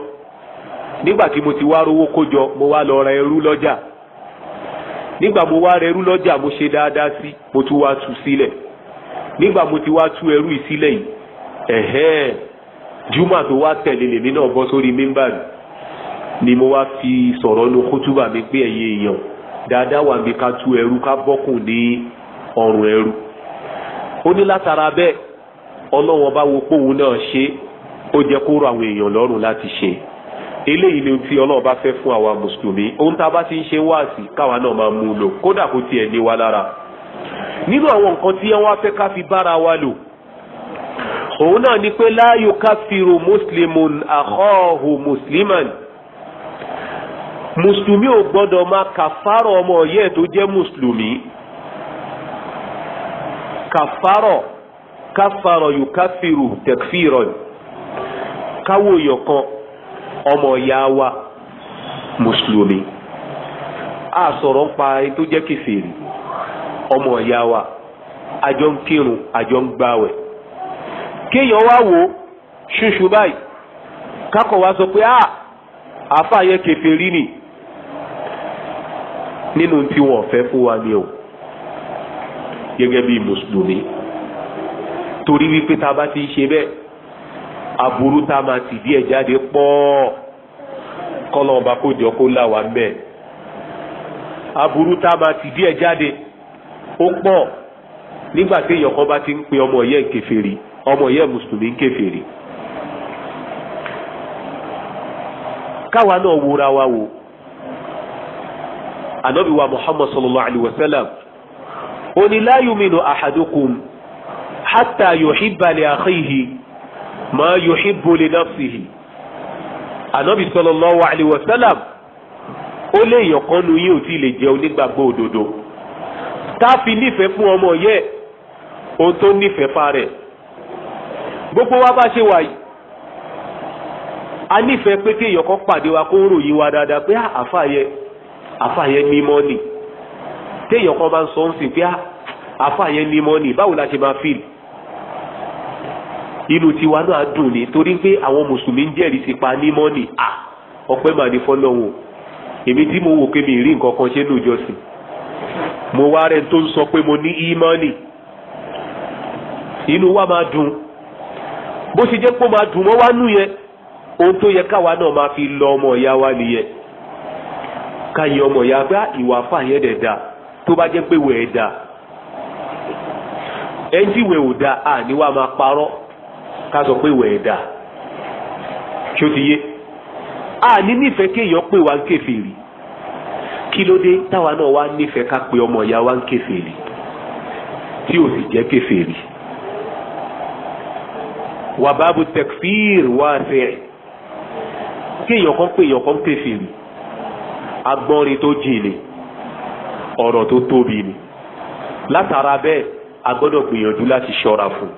nígbà tí mo ti wá rówó kó jọ mo wá lọ ra ẹrú lọ́jà nígbà mo wá ra ẹrú lọ́jà mo ṣe dáadáa sí mo tún wá tú sílẹ̀ nígbà mo ti wá tú ẹrú ìsílẹ̀ yìí ẹ̀hẹ́n júmọ̀ wá tẹ̀lé lèmi náà bọ́ sórí mímbàdì ni mo wá fi sọ̀rọ̀ nu kútúbà mi pé ẹ̀yin èèyàn dáadáa wà mí ká tú ẹrú ká bọ́kùn ní ọrùn ẹrú ó ní látara bẹ́ẹ̀ ọlọ́wọ́n bá wo póun náà ṣe ó jẹ́ kó rọ àwọn èèyàn lọ́rùn láti ṣe eléyìí ni tí ọlọ́wọ́n bá fẹ́ fún àwa mùsùlùmí ohun tá a bá ti ń ṣe wáàsí káwa náà máa mú un lò kódà kó tiẹ̀ ní wa lára nínú àwọn nǹkan tí wọ́n fẹ́ ká fi bára wa lò òun náà ni pé la yukafiru muslimun akhahu musliman mùsùlùmí ò gbọ́dọ̀ máa kàfárọ̀ ọmọ yẹ́ tó jẹ́ mùsùlùmí kàfárọ̀ káfárọ̀ yóò káfíru tẹ̀kfírọ̀ káwòyàn kan ọmọ wa mùsùlùmí a sọ̀rọ̀ ń pa ẹni tó jẹ́ kèfèrí ọmọ wa àjọ ń kírun àjọ ń kéèyàn wá sọ pé a ah, ni. nínú tí wọ́n fẹ́ fún wa ni o gẹ́gẹ́ bí mùsùlùmí torí wípé tá a bá ti ń ṣe bẹ́ẹ̀ aburú tá a máa tì díẹ̀ jáde pọ̀ kọ́lọ́ ọba kò jọ kó là wá mbẹ́ aburú tá a máa tì díẹ̀ jáde ó pọ̀ nígbà tí èèyàn kan bá ti ń pe ọmọ yẹn ń ọmọ yẹn mùsùlùmí ń kèfèrí káwa náà wúra wa wò ànábì wa muhammad sallallahu alayhi wa sallam ó ní la yuminu ahadukum hatta yuhibba li akhihi ma yuhibbu li nafsihi ànábì sallallahu alayhi wa sallam ó lé èèyàn kan nu yín ò tí ì lè jẹ́ onígbàgbọ́ òdodo tá a fi nífẹ̀ẹ́ fún ọmọ yẹ ohun tó nífẹ̀ẹ́ fa gbogbo wa bá ṣe wà yìí a nífẹ̀ẹ́ pé kéèyàn kan pàdé wa kó ń ròyìn wa dáadáa pé ah, àfàyẹ àfààyàn ní mọ́nì téèyàn kan bá ń sọ ń sìn pé ah, àfààyàn ní mọ́nì báwo la ṣe máa fìlì inú tiwa náà dùn ní torí pé àwọn mùsùlùmí ń jẹ́rìí sí pa ní mọ́nì à ọpẹ́ mà ní fọ́lọ́hún èmi tí mo wò pé mi rí nǹkan kan ṣe lójọ́sìn mo wá rẹ̀ tó ń sọ pé mo ní ímọ́nì inú wa máa dùn bó ṣe jẹ́ pé ó máa dùn mọ́ wá nú yẹn ohun tó yẹ káwa náà máa fi lọ ọmọ ìyá wa nìyẹn káyìn ọmọ ìyá bá ah, ìwà fàyẹ̀ dẹ̀ da tó bá jẹ́ pé wẹ̀ ẹ̀ da ẹni tí wẹ̀ ò da àní wàá máa parọ́ ká sọ pé wẹ̀ ẹ̀ da ṣó ti yé àní nífẹ̀ẹ́ kéèyàn pé wa ń kèfèrí kí ló dé táwa náà wá nífẹ̀ẹ́ ká pé ọmọ ìyá wa ń kèfèrí tí ò sì jẹ́ kèfèrí wàbábu tẹkfíìr wá fẹ́ẹ̀ kéèyàn kan pé èèyàn kan ń agbọ́nrin tó jìn ni ọ̀rọ̀ tó tóbi ni látara bẹ́ẹ̀ a gbọ́dọ̀ gbìyànjú láti ṣọ́ra fún un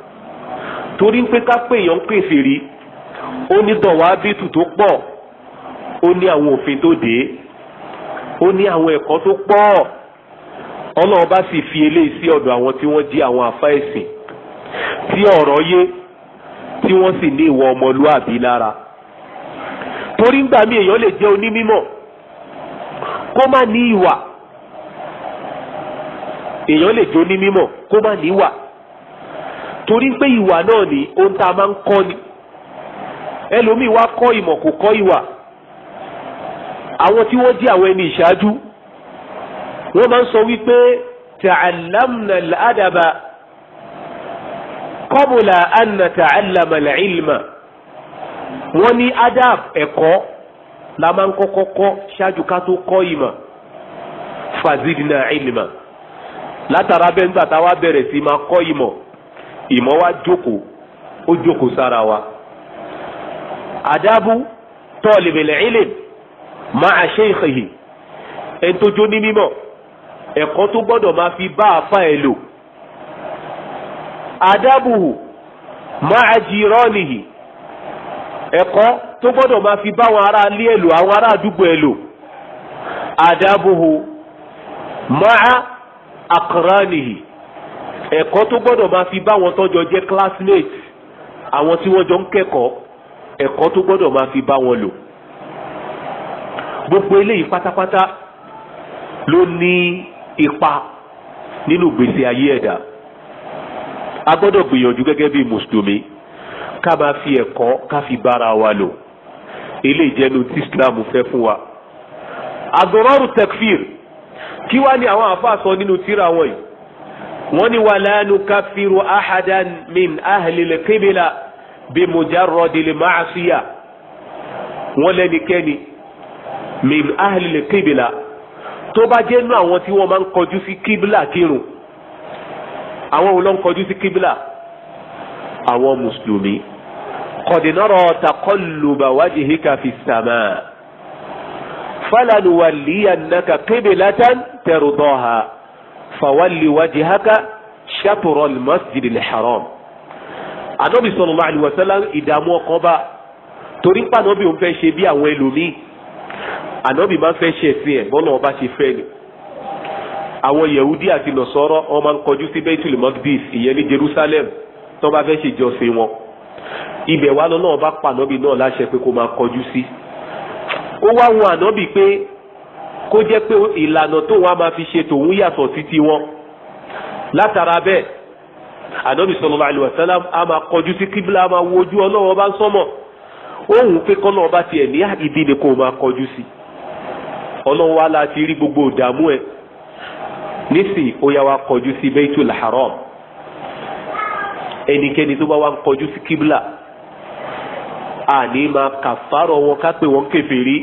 torí pé ká pè yàn pèsè rí ó ní dọ̀wá bítù tó pọ̀ ó ní àwọn òfin tó dé ó ní àwọn ẹ̀kọ́ tó pọ̀ ọlọ́run bá sì fi eléyìí sí ọ̀dọ̀ àwọn tí wọ́n jí àwọn àfa ẹ̀sìn tí ọ̀rọ̀ yé tí wọ́n sì ní ìwọ ọmọlúàbí lára torí ń gbà mí èèyàn lè jẹ́ onímímọ̀ kó má ní ìwà èèyàn lè jó ní mímọ̀ kó má ní ìwà torí pé ìwà náà ni ohun tá a máa ń kọ́ ni ẹlòmíì wá kọ́ ìmọ̀ kò kọ́ ìwà àwọn tí wọ́n jẹ́ àwọn ẹni ìṣáájú wọ́n máa ń sọ wípé ta'allamna al-adaba qabla an nata'allama al ní adab ẹ̀kọ́. E la máa ń kọ́kọ́ kọ́ ṣáájú ká tó kọ́ ìmọ̀ fazidna ilma látara bẹ́ẹ̀ nígbà tá a wá bẹ̀rẹ̀ sí máa kọ́ ìmọ̀ ìmọ̀ wa jókòó ó jókòó sára wa. àdábù talibil ilm ma'a shaykhihi ẹni tó jó ní mímọ̀ ẹ̀kọ́ tó gbọ́dọ̀ máa fi bá àfa ẹ̀ lò. àdábù ma'a jiranihi ẹ̀kọ́ tó gbọ́dọ̀ máa fi báwọn ará ilé ẹ̀ lò àwọn ará àdúgbò ẹ̀ lò àdábòho máa àkàránìhì ẹ̀kọ́ tó gbọ́dọ̀ máa fi báwọn tọ́jọ jẹ́ classmate àwọn tí wọ́n jọ ń kẹ́kọ̀ọ́ ẹ̀kọ́ tó gbọ́dọ̀ máa fi bá lò gbogbo eléyìí pátápátá ló ní ipa nínú gbèsè ayé ẹ̀dá a gbọ́dọ̀ gbìyànjú gẹ́gẹ́ bí mùsùlùmí ká máa fi ẹ̀kọ́ ká fi bára wa lò eléyìí jẹ́nu tí islam fẹ́ fún wa. àdùrọ́rù tekfir kí wá ní àwọn àfa sọ nínú tíra wọn yìí wọ́n ní wàlá nukaffiru ahadan min ahlil qibla bi mujarradil ma'siyah wọ́n lẹ́nikẹ́ni min ahlil qibla tó bá jẹ́ nú àwọn tí wọ́n máa ń kọjú sí kíbla kírun àwọn wo ló ń kọjú sí kíbla àwọn mùsùlùmí. قد نرى تقلب وجهك في السماء فلنولينك قبلة ترضاها فول وجهك شطر المسجد الحرام anabi sallallahu alaihi wasallam ìdààmú ọkàn bá torí pa anabi òun fẹ́ ṣe bí àwọn ẹlòmíì anabi máa ń fẹ́ ṣe ẹ̀sìn ẹ̀ bọ́lá ọba ṣe fẹ́ ni àwọn yehudi àti nọ̀sọ́rọ́ wọn máa ń kọjú sí bẹ́tùlì mọ́gídìs ìyẹn ní jerusalem tó fẹ́ ṣe jọ́sìn wọn ibẹ̀ wá lọ náà bá pa ànábì náà láṣẹ pé kó máa kọjú sí ó wá wọn ànábì pé kó jẹ́ pé ìlànà tó wọn a máa fi ṣe tòun yàtọ̀ sí ti wọn látara bẹ́ẹ̀ ànábì sallallahu alaihi wasallam a máa kọjú sí kíbla a máa wojú ọlọ́wọ́ bá ń sọ́mọ̀ òun pé kọ́ náà bá tiẹ̀ ní ìdí ni kó máa kọjú sí ọlọ́wọ́ á láti rí gbogbo ìdààmú ẹ̀ nísìnyí ó yá wa kọjú sí Baitul Haram ẹnikẹ́ni tó bá wá ń kọjú sí kíbla àní máa kàfárọ̀ wọn ká pé wọ́n kèfèrí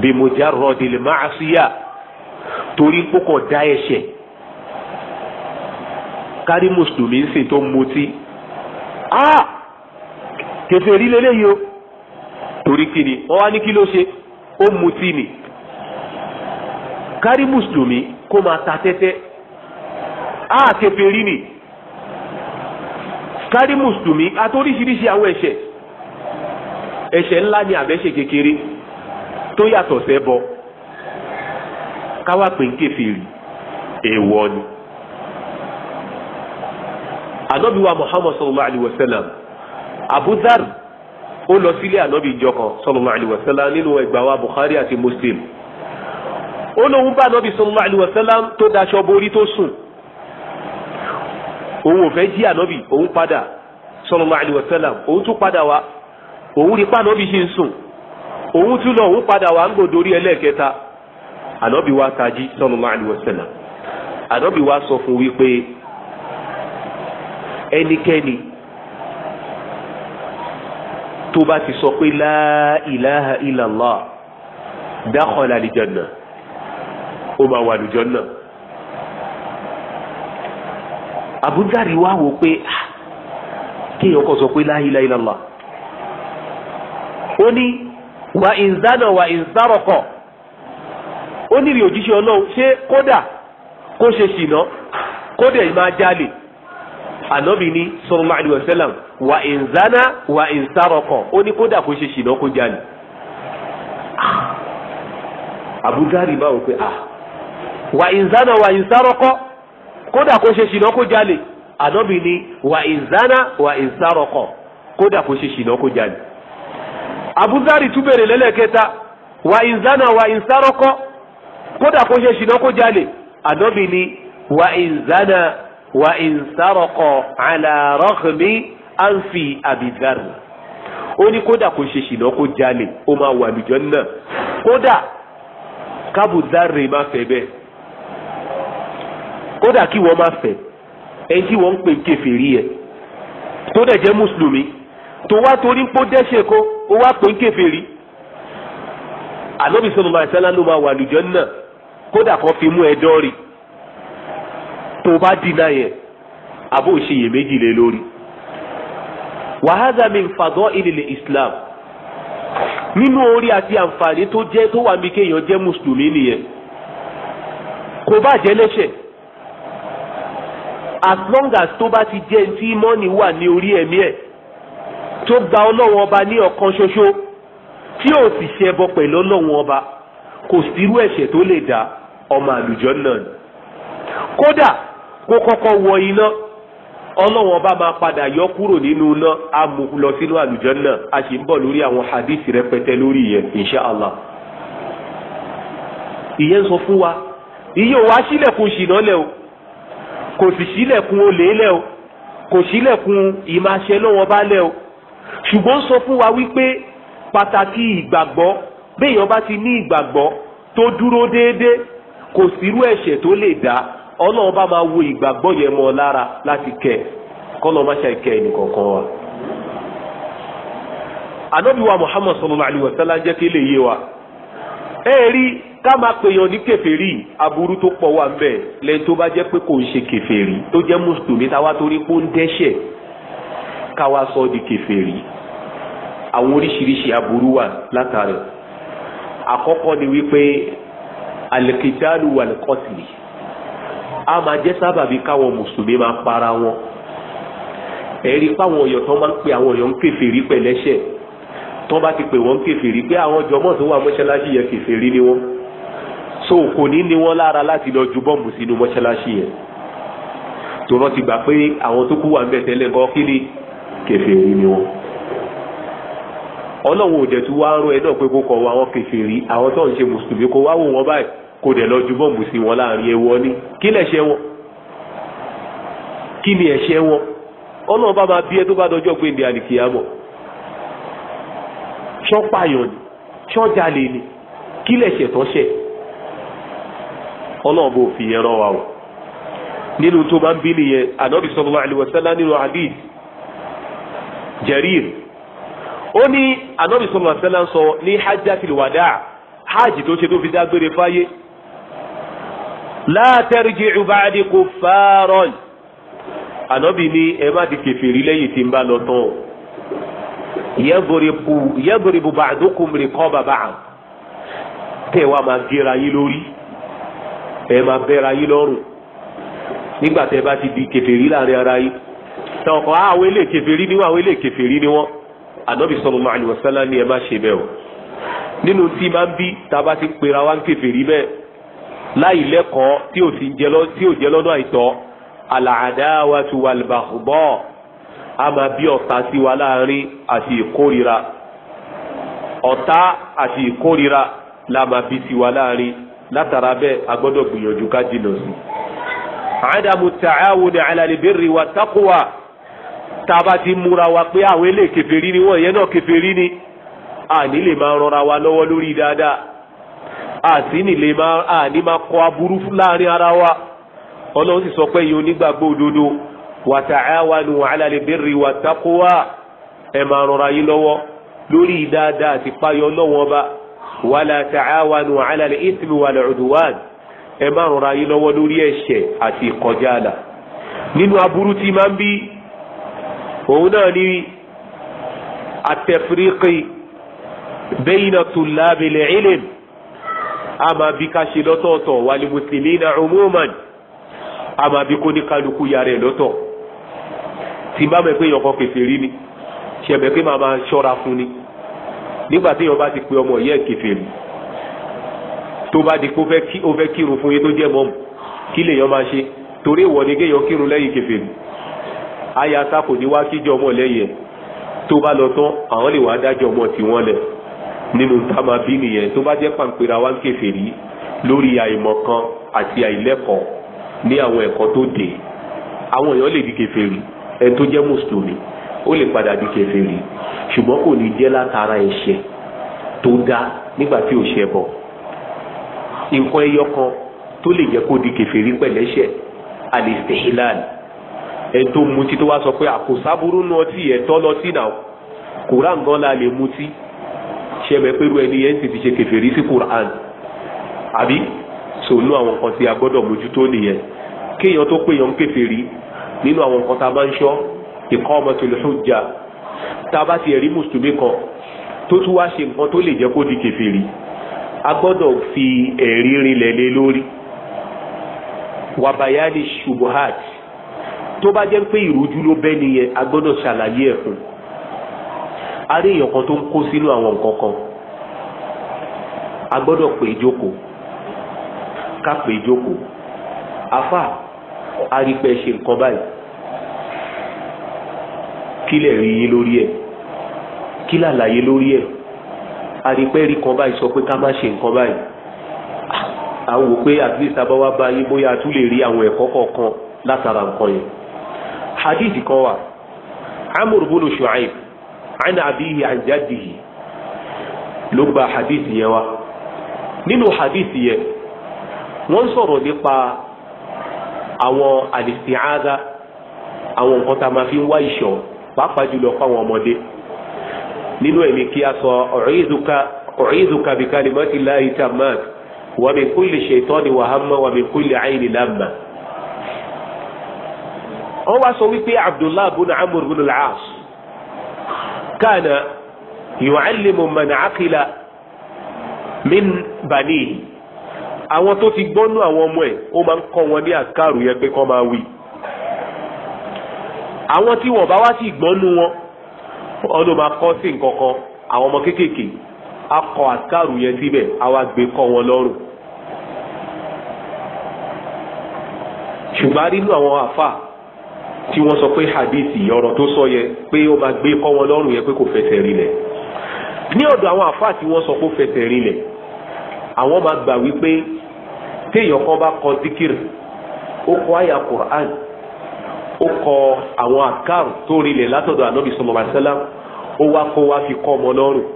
bí mujarradil ma'asiya torí kókò dá ẹ̀ṣẹ̀ kárí mùsùlùmí ń sìn tó ń mutí a kèfèrí lélẹ́yìí o torí kí ni wọ́n wá ní kí ló ṣe ó mutí ni kárí mùsùlùmí kó máa ta tẹ́tẹ́ a kèfèrí ni kárí mùsùlùmí àtòríṣiríṣi àwọn ẹ̀ṣẹ̀ ẹ̀ṣẹ̀ ńlá ni àbẹ́ṣẹ̀ kékeré tó yàtọ̀ sẹ́bọ káwá pé ń kéfìrì èèwọ̀ ni ànábì wa muhammad sallallahu alayhi wa sallam abudar ó lọ sílé ànábì ìjọ kan sallallahu alayhi wa sallam nínú ẹgbàá wa bukhari àti muslim ó lóun bá ànábì sallallahu alayhi wa sallam tó daṣọ borí tó sùn òun ò fẹ́ jí ànábì òun padà sallallahu alaihi wasallam òun tún padà wá òun rí pànábì ṣe ń sùn òun tún lọ òun padà wá ń wa tají wa sọ fún wípé ẹnikẹ́ni tó bá ti sọ pé la ilaha illallah dakhala aljanna ó máa wà lùjọ́ náà. àbújáde wá wò pé ah, kéèyàn kọ́ sọ pé la ilaha illallah ó ní wà ìzánà wà ìzárọ̀kọ̀ ó ní rí òjíṣẹ́ ọlọ́run ṣé kódà kó ṣe ṣìnà kódà máa jalè ànábì ní sallallahu alaihi wasallam wà ìzánà wà ìzárọ̀kọ̀ ó ní kódà kó ṣe ṣìnà kó jalè àbújáde ah, bá wò pé wà ìzánà wà ìzárọ̀kọ̀ kódà kó ṣe ṣìnà kó jalè ànábì ni wà ìzánà wà ìzárọkọ kódà kó ṣe ṣìnà kó jalè. abuzari tún bèrè lẹ́lẹ́kẹta wà ìzánà wà ìzárọkọ kódà kó ṣe ṣìnà kó jalè ànábì ni wà ìzánà wà ìzárọkọ àlàrọ́kùnmí ànfì àbíjárì. ó ní kódà kó ṣe ṣìnà kó jalè ó máa wà lùjọ́ náà kódà kábùdárì má fẹ́ bẹ́ẹ̀ kódà kí wọ́n má fẹ́ ẹni tí wọ́n ń pè kèfèrí ẹ̀ tó dẹ̀ jẹ́ mùsùlùmí tó wá torí ń pò dẹ́ṣẹ̀ kó ó wá pè kèfèrí ànábì sọ̀rọ̀ máa ṣẹlá ló máa wà lùjọ́ náà kódà kan fi mú ẹ dọ́ọ̀rì tó bá dínà yẹn àbó ìṣiyèméjì lé lórí wàhálà mi ń fàgọ́ ìlẹ̀ Islam nínú orí àti àǹfààní tó jẹ́ tó wà mí kéèyàn jẹ́ mùsùlùmí nìyẹn kò bá jẹ́ lẹ́ṣẹ̀ as long as tó bá ti jẹ́ tí mọ́nì wà ní orí ẹ̀mí ẹ̀ tó gba ọlọ́run ọba ní ọ̀kan ṣoṣo tí ò sì ṣẹbọ pẹ̀lú ọlọ́run ọba kò sírú ẹ̀ṣẹ̀ tó lè dá ọmọ àlùjọ náà ni kódà kó kọ́kọ́ wọ iná ọlọ́run ọba máa padà yọ kúrò nínú iná á mú lọ sínú àlùjọ náà a sì ń bọ̀ lórí àwọn hadith rẹpẹtẹ lórí yẹn inṣàlá ìyẹn sọ fún wa ìyẹn ò wá ṣìnà lẹ́wọ̀ kò sì sílẹ̀kùn olè lẹ̀ o kò sílẹ̀kùn ìmáṣẹ lọ́wọ́ bá lẹ̀ o ṣùgbọ́n sọ fún wa wípé pàtàkì ìgbàgbọ́ béèyàn bá ti ní ìgbàgbọ́ tó dúró déédéé kò sírú ẹ̀ṣẹ̀ tó lè dá ọlọ́run bá máa wo ìgbàgbọ́ yẹn mọ́ lára láti kẹ̀ kọ́lọ́ má ṣe kẹ́ ẹnìkọ̀ọ̀kan wa. ànábì wa muhammad sallallahu alayhi wa jẹ́ kí lè yé wa. ẹ̀ẹ́rì ká máa pèèyàn ní kèfèrí aburú tó pọ̀ wà ńbẹ̀ lẹ́yìn tó bá jẹ́ pé kò ń ṣe kèfèrí tó jẹ́ mùsùlùmí táwa torí pé ó ń dẹ́ṣẹ̀ káwa sọ di kèfèrí àwọn oríṣiríṣi aburú wà látàrẹ̀ àkọ́kọ́ ni wípé alikidalu wà lẹ́kọ́sìlì a máa jẹ́ sábàbí káwọn mùsùlùmí máa para wọn ẹ̀rí páwọn ọ̀yọ́ tán máa ń pe àwọn ọ̀yọ́ ń kèfèrí pẹ̀lẹ́ṣẹ̀ tán ti pè wọ́n ń pé àwọn jọmọ́ tó wà mọ́ṣáláṣí yẹn kèfèrí ni wọ́n so kò ní ní wọn lára láti lọ ju bọ́ọ̀mù sínú mọ́ṣáláṣí yẹn tó rántí gbà pé àwọn tó kú wà ń bẹ̀ tẹ́lẹ̀ gan kí ni kèfèrí ni wọn ọlọ́run ò dẹ̀ tún wá rún ẹ náà pé kó kọ̀ wọ àwọn kèfèrí àwọn tó ń ṣe mùsùlùmí kó wá wò wọn báyìí kó dẹ̀ lọ ju bọ́ọ̀mù sí wọn láàrin ẹwọ ni kí lẹ̀ṣẹ̀ wọn kí ni ẹ̀ṣẹ̀ wọn ọlọ́run bá máa bí ẹ tó bá dọjọ́ pé ìdí àlìkìyàmọ̀ ṣọ́pàyàn ni ṣọ́jalè ni kí lẹ̀ṣẹ̀ tọ́ṣẹ̀ ọlọ́run bò fi yẹn rán wa o nínú tó máa ń bí nìyẹn ànábì sallallahu alaihi wasallam nínú hadith Jarir ó ní ànábì sallallahu alaihi wasallam sọ ní hajjatil wada hajj tó ṣe tó fi dágbére fáyé la tarji'u ba'di kuffaran ànábì ní ẹ má di kèfèrí lẹ́yìn tí ń bá lọ tán o yadribu ba'dukum riqaba ba'd tẹ̀ máa gera yín lórí ẹ máa bẹ́ra yín lọ́rùn nígbà tẹ́ bá ti di kèfèrí láàrin ara yín táwọn kan ah, àwọn ilé kèfèrí ni wọ́n àwọn ilé kèfèrí ni wọ́n ànábì sallallahu alaihi wasallam ni ẹ má ṣe bẹ́ẹ̀ o nínú tí máa ń bí tá a bá ti pera wá ń kèfèrí bẹ́ẹ̀ láì lẹ́kọ̀ọ́ tí ò sì jẹ́ lọ́dọ̀ àìtọ́ al-adawatu a máa bí ọ̀tá sí wa láàrin àti ìkórira ọ̀tá àti ìkórira la máa bí sí wa láàrin látara bẹ́ẹ̀ a gbọ́dọ̀ gbìyànjú ká jìnnà sí. àdàmú tààwùn àlàlẹ́bẹ̀rẹ̀ wa tákùwà tá a bá ti múra wa pé àwọn ilé kèfèrí ni wọ́n yẹn náà kèfèrí ni àní lè máa rọra wa lọ́wọ́ lórí dáadáa àti ní lè máa àní máa kọ aburú láàrin ara wa ọlọ́run sì sọ pé yìí onígbàgbọ́ òdodo wa ta'awanu 'ala al wa taqwa ẹ máa rọra yín lọ́wọ́ lórí dáadáa àti páyọ lọ́wọ́ ọba wala ta'awanu ala al-ithmi wal-udwan ẹ má rọra yín lọ́wọ́ lórí ẹ̀ṣẹ̀ àti ìkọjá àlà nínú aburú tí máa ń bí òun náà ní at-tafriqi bayna tullabil ilm a máa bí ká ṣe lọ́tọ̀ọ̀tọ̀ wal-muslimina umuman a máa bí kó ní kálukú yàrá ẹ̀ lọ́tọ̀ tí bá mẹ́ yọkọ̀ kẹfẹ́ rí ni ṣẹ̀mẹ́ pé máa ṣọ́ra fún ni nígbà tí yorùbá ti pe ọmọ yẹ kèfèrí tó bá di kó fẹ́ kírun fún yín tó jẹ́ mọ́mù kí lèèyàn máa ṣe torí ìwọ ni kéèyàn kírun lẹ́yìn kèfèrí aya sá kò ní wá kíjọ ọmọ lẹ́yìn ẹ̀ tó bá lọ tán àwọn lè wá dájọ́ ọmọ tiwọn lẹ̀ nínú tá máa bí nìyẹn tó bá jẹ́ pàǹpẹ̀rẹ̀ wá ń kèfèrí lórí àìmọ̀ kan àti àìlẹ́kọ̀ọ́ ní àwọn ẹ̀kọ́ tó dé àwọn èèyàn lè di kèfèrí ẹni tó jẹ́ mùsùlùmí ó lè padà di kèfèrí ṣùgbọ́n kò ní jẹ́ látara ẹ̀ṣẹ̀ tó dá nígbà tí ò ṣe bọ̀ nǹkan ẹyọ kan tó lè jẹ́ kó di kèfèrí pẹ̀lẹ́ṣẹ̀ alistihlal ẹni tó mutí tó wá sọ pé àkóṣáburú nu ọtí ẹ̀tọ́ lọ sí náà Quran gan la lè mutí ṣẹbẹ pẹ̀lú ẹni yẹn ti ti ṣe kèfèrí sí Quran àbí sònú àwọn nǹkan tí a gbọ́dọ̀ mójútó nìyẹn kéèyàn tó péyàn kèfèrí nínú àwọn nǹkan tá a máa ń ṣọ́ iqamatul hujja tá a bá ti ẹ̀rí mùsùlùmí kan tó tún wá ṣe nǹkan tó lè jẹ́ kó di kèfèrí a gbọ́dọ̀ fi ẹ̀rí rinlẹ̀ lé lórí wàbàyáni ṣubuhat tó bá jẹ́ pé ìrújú ló bẹ́ nìyẹn a gbọ́dọ̀ ṣàlàyé ẹ̀ fún a rí èèyàn kan tó ń kó sínú àwọn nǹkan kan a gbọ́dọ̀ pè é jókòó ká pè é jókòó afa a ṣe nǹkan báyìí kílẹ̀ rí yín lórí ẹ̀ kí làlàyé lórí ẹ̀ àrípẹ́ rí kan báyìí sọ pé ká má ṣe nǹkan báyìí à ń wò pé at least abáwá bá yín bóyá a tún lè rí àwọn ẹ̀kọ́ kọ̀ọ̀kan látara nǹkan yẹn hadith kan wà amr bin shu'aib an abihi an ló gba hadith yẹn wá nínú hadith yẹn wọ́n sọ̀rọ̀ nípa àwọn alisti'aza àwọn nǹkan tá a máa fi ń wá ìṣọ́ pàápàá jùlọ fáwọn ọmọdé nínú ẹ̀mí kí a sọ u'izuka bi kalimati llahi tammat wa min kulli shaytani wa hamma wa min kulli ayni lamma. wọ́n wá sọ wípé abdullahi bin amr bin al-aas kana yu'allimu man aqila min banihi àwọn tó ti gbọ́nú àwọn ọmọ ẹ̀ ó máa ń kọ́ wọn ní àkàrù yẹn pé kọ́ máa wí àwọn tí wọ́n bá wá sí ìgbọ́nú wọn ọdún máa kọ́ sí nǹkan kan àwọn ọmọ kéékèèké akọ àkàrù yẹn síbẹ̀ àwa gbé kọ́ wọn lọ́rùn. ṣùgbọ́n nínú àwọn àfà tí wọ́n sọ pé hadith ọ̀rọ̀ tó sọ yẹ pé ó máa gbé kọ́ wọn lọ́rùn yẹn pé kò fẹsẹ̀ rinlẹ̀ ní ọ̀dọ̀ àwọn àfà tí wọ́n sọ pé ó fẹsẹ̀ rinlẹ̀ àwọn máa gbà wípé téèyàn kan bá kọ zikir ó kọ àyà Qur'an ó kọ àwọn àkàrù tó rinlẹ̀ látọ̀dọ̀ ànábì sọlọ́mọ àṣálá ó wá kó wá fi kọ́ ọmọ lọ́rùn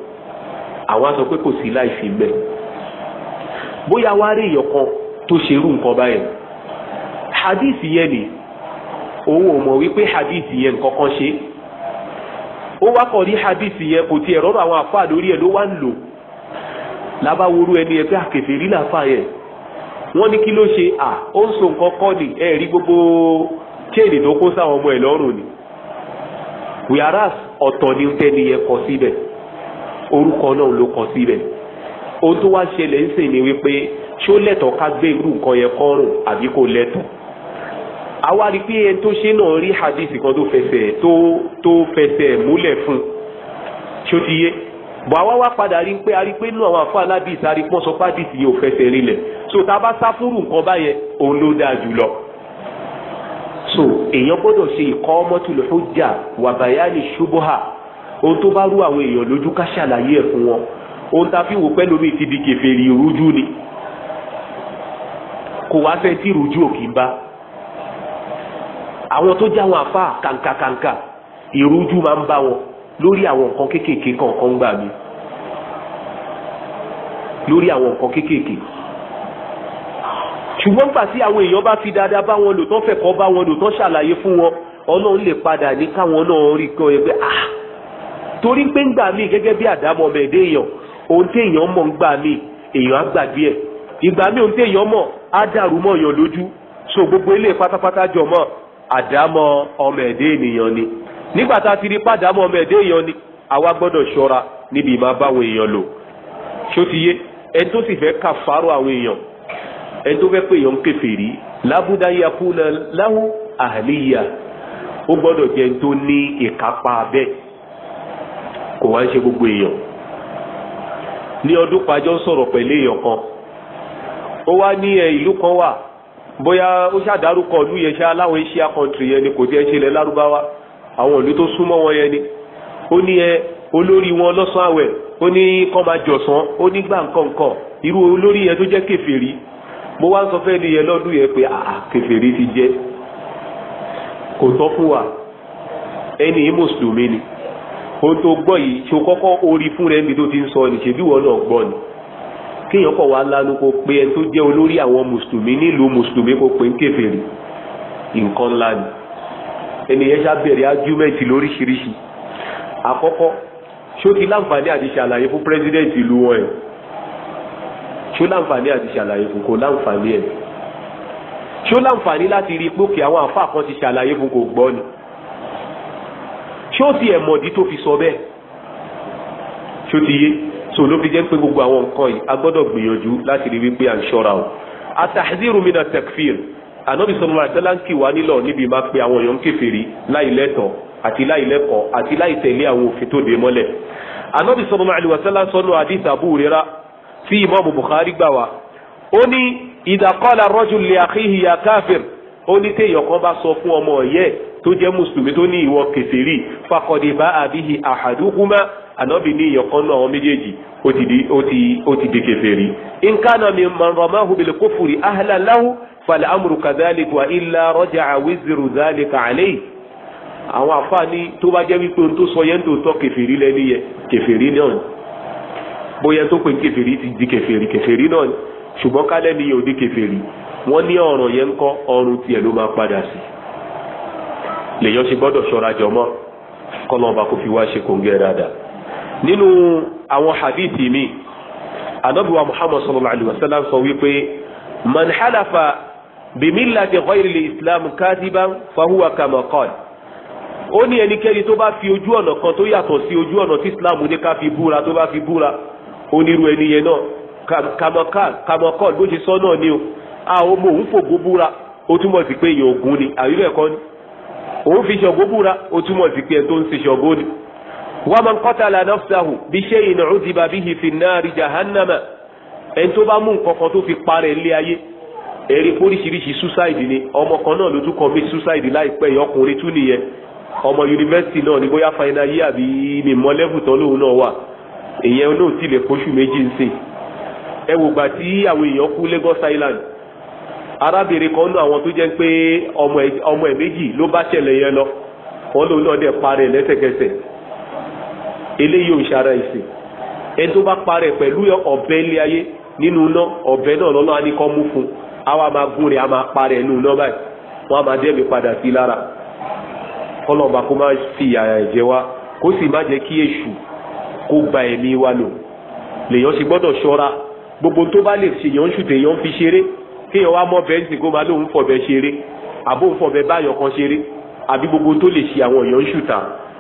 àwọn aṣọ sọ pé kò sí láì fi mẹ́ bóyá wá rí èèyàn kan tó ṣe irú nǹkan báyẹn hadith yẹn ni òun ò mọ̀ wípé hadith yẹn nǹkan kan ṣe ó wá kọ̀ ní hadith yẹn kò tiẹ̀ rọ́rọ̀ àwọn àfáà lórí ẹ̀ ló wá ń lò lábáworú ẹni ẹgbẹ́ àkèfèrí ah, làfáà yẹn wọ́n ní kí ló ṣe à ah, ó ń so nǹkan kọ́ ni ẹ̀ rí gbogbo chain tó kó sáwọn ọmọ ẹ̀ ni whereas ọ̀tọ̀ ni tẹ́ni yẹn kọ síbẹ̀ orúkọ náà ló kọ síbẹ̀ ohun tó wá ṣẹlẹ̀ ń sìn ni wípé ṣó lẹ́tọ̀ọ́ ká gbé irú nǹkan yẹn kọ́rùn àbí kò lẹ́tọ̀ọ́ àwa rí pé ẹni tó ṣe náà rí hadith kan tó fẹsẹ̀ tó tó fẹsẹ̀ múlẹ̀ fún ṣó ti yé bọ̀ àwa wá padà rí pé a rí pé inú àwọn àfọ alábìsí a rí pọ́n sọ pé yìí ò fẹsẹ̀ rinlẹ̀ so tá a bá sá fúrú nǹkan báyẹn òun ló dáa jùlọ so èèyàn gbọ́dọ̀ ṣe iqamatul hujja wa bayani ṣubuha ohun tó bá rú àwọn èèyàn lójú ká ṣàlàyé ẹ̀ fún wọn ohun tá a fi wò pẹ́ lórí ti di ni kò wá fẹ́ tí rújú ò kì bá àwọn tó já wọn àfa kàǹkàkàǹkà wọn lórí àwọn nǹkan kéékèèké kọ̀ọ̀kan gbà mí lórí ṣùgbọ́n gbà tí àwọn èèyàn bá fi dáadáa bá wọn lò tán fẹ̀kọ́ bá wọn lò tán ṣàlàyé fún wọn ọlọ́run lè padà ní káwọn náà rí kan ẹgbẹ́ ah torí pé ń gbà mí gẹ́gẹ́ bí àdámọ̀ mẹ́ẹ̀dé èèyàn ohun tí èèyàn mọ̀ ń gbà mí èèyàn á gbàgbé ẹ̀ ìgbà mí ohun tí èèyàn mọ̀ á dàrú mọ́ èèyàn lójú so gbogbo ilé pátápátá jọ mọ́ àdámọ̀ ọmọ ẹ̀dẹ́ ènìyàn ni nígbà tá a ti rí pàdámọ̀ ọmọ ẹ̀dẹ́ èèyàn ni àwa gbọ́dọ̀ ṣọ́ra níbi ìmọ̀ báwọn èèyàn lò ṣó ti yé ẹni tó sì fẹ́ kà fáró àwọn èèyàn ẹ tó fẹ́ pé èèyàn ń kèfèrí lábúdáyà kúnà láhùn àlíyà ó gbọ́dọ̀ jẹ́ tó ní ìkápá bẹ́ẹ̀ kò wá ń ṣe gbogbo èèyàn ní ọdún pàjọ sọ̀rọ̀ pẹ̀lú èèyàn kan ó wá ní ìlú kan wà bóyá ó ṣàdárúkọ ìlú yẹn ṣe aláwọ̀ asia country yẹn ni kò tí ẹ ṣe ilẹ̀ lárúbáwá àwọn ìlú tó súnmọ́ wọn yẹn ni ó ní ẹ olórí wọn lọ́sàn-án àwẹ̀ ó ní kọ́ máa jọ̀sán ó ní gbàǹkankan irú olórí yẹn tó jẹ́ kèfèrí mo wá ń sọ fẹ́ ni yẹn lọ́dún yẹn pé ah, ah, kèfèrí ti jẹ́ kò tọ́ fún wa ẹni yìí mùsùlùmí ni ohun tó gbọ́ yìí ṣe kọ́kọ́ orí fún rẹ̀ níbi tó ti ń sọ ni ṣèbí wọn náà gbọ́ ni kéèyàn kọ̀ wá lánàá kó pe ẹni tó jẹ́ olórí àwọn mùsùlùmí nílùú mùsùlùmí kó pe ń kèfèrí nǹkan ńlá ni ẹni yẹn ṣàbẹ̀rẹ̀ ájúmẹ́ǹtì lóríṣiríṣi àkọ́kọ́ ṣó ti láǹfààní àti ṣàlàyé fún pírẹ́sidẹ̀ntì ìlú wọn yìí ṣó láǹfààní àti ṣàlàyé fún kò láǹfààní ẹ̀ ṣó láǹfààní láti rí pókè àwọn àfa kan ti ṣàlàyé fún kò gbọ́ ni ṣé ó ti ẹ̀ mọ̀dí tó fi sọ bẹ́ẹ̀ ṣó ti yé so ló fi jẹ́ pé gbogbo àwọn nǹkan yìí a gbọ́dọ̀ gbìyànjú láti rí wípé à ń ṣọ́ra o atahziru mina tekfir anabi sọlọ àtẹlá ń kì wá níbi máa pe àwọn èèyàn kèfèrí láì àti láì àti láì àwọn òfin tó dé mọ́lẹ̀ anabi sọlọ àlùwàsálà sọnù àdìs àbúrẹ́ra tí ìmọ̀mù Bukhari gbà wá ó ní ìdàkọ́lá rọ́jù lè àkíhì ya káfíìr ó ní téèyàn kan bá sọ fún ọmọ ọ̀yẹ́ tó jẹ́ mùsùlùmí tó ní ìwọ kèfèrí fakọ̀dé bá àbíhi àhàdúkúmá ànábì ní ìyàn kan náà àwọn méjèèjì ó ti di kèfèrí. nkánà mi mọ̀nrọ̀mọ́ hubilẹ̀ kófùrì ahàlàláhù falẹ̀ amúrù kàdálíkù wa ilà rọ́jà àwízirù zálíkà àlẹ́yìn àwọn àfáà tó bá jẹ́ wípé ohun tó sọ yẹn tó tọ́ kèfèrí lẹ́ni yẹ kèfèrí náà bóyá tó pè ní kèfèrí ti di kèfèrí kèfèrí náà ni ṣùgbọ́n kálẹ̀ ni yóò di kèfèrí wọ́n ní ọ̀ràn yẹn ń kọ́ ọrùn tiẹ̀ ló máa padà sí lèyàn ṣe gbọ́dọ̀ ṣọ́ra jọmọ́ kọ́lọ́ọ̀bá kò fi wá ṣe kòǹgẹ́ dáadáa nínú àwọn hadithi mi anabiwa muhammad sallallahu alaihi wasallam sọ wípé man halafa bimilati ghayri islam kadiban fahuwa kama qala ó ní ẹnikẹ́ni tó bá fi ojú ọ̀nà kan tó yàtọ̀ sí ojú ọ̀nà tí islam ní ká fi búra tó bá fi búra onírú ẹni yẹn náà kàmọ́kọ́ ló ṣe sọ náà ni o àwọn ọmọ òun fò gbóbúra ó túmọ̀ sí pé èèyàn ni àyílẹ̀ ẹ̀kọ́ ni òun fi ṣọ̀gbó búra ó túmọ̀ sí pé tó ń ṣe ni. bi shay'in bihi fi nari jahannama ẹni tó bá mú nǹkan kan tó fi parẹ́ ilé ayé èrè póríṣiríṣi suicide ni ọmọ kan náà ló tún commit suicide láìpẹ́ yìí tún nìyẹn ọmọ yunifásitì náà bóyá àbí èyẹ náà ti lè kóṣù méjì ń sè ẹ wò gbà tí àwọn èèyàn kú Lagos Island arábìnrin kan nù àwọn tó jẹ́ pé ọmọ ẹ̀ méjì ló bá ṣẹlẹ̀ yẹn lọ wọn lòun náà dẹ̀ parẹ́ lẹ́sẹ̀kẹsẹ̀ eléyìí ò ṣara ẹni tó nínú iná ọ̀bẹ náà lọ́nà mú fún un máa gún rẹ̀ fi ìyà wa kó sì má jẹ́ kó gba ẹ̀mí wa lò lèyàn sì gbọ́dọ̀ ṣọ́ra gbogbo tó bá lè ṣèyàn ń ṣùtẹ̀ yàn fi ṣeré kéèyàn wá mọ́ bẹ́ẹ̀ ń sìn kó máa lóun fọ̀bẹ ṣeré àbó ń fọ̀bẹ báyọ̀ kan ṣeré àbí gbogbo tó lè ṣe àwọn èèyàn ṣùtà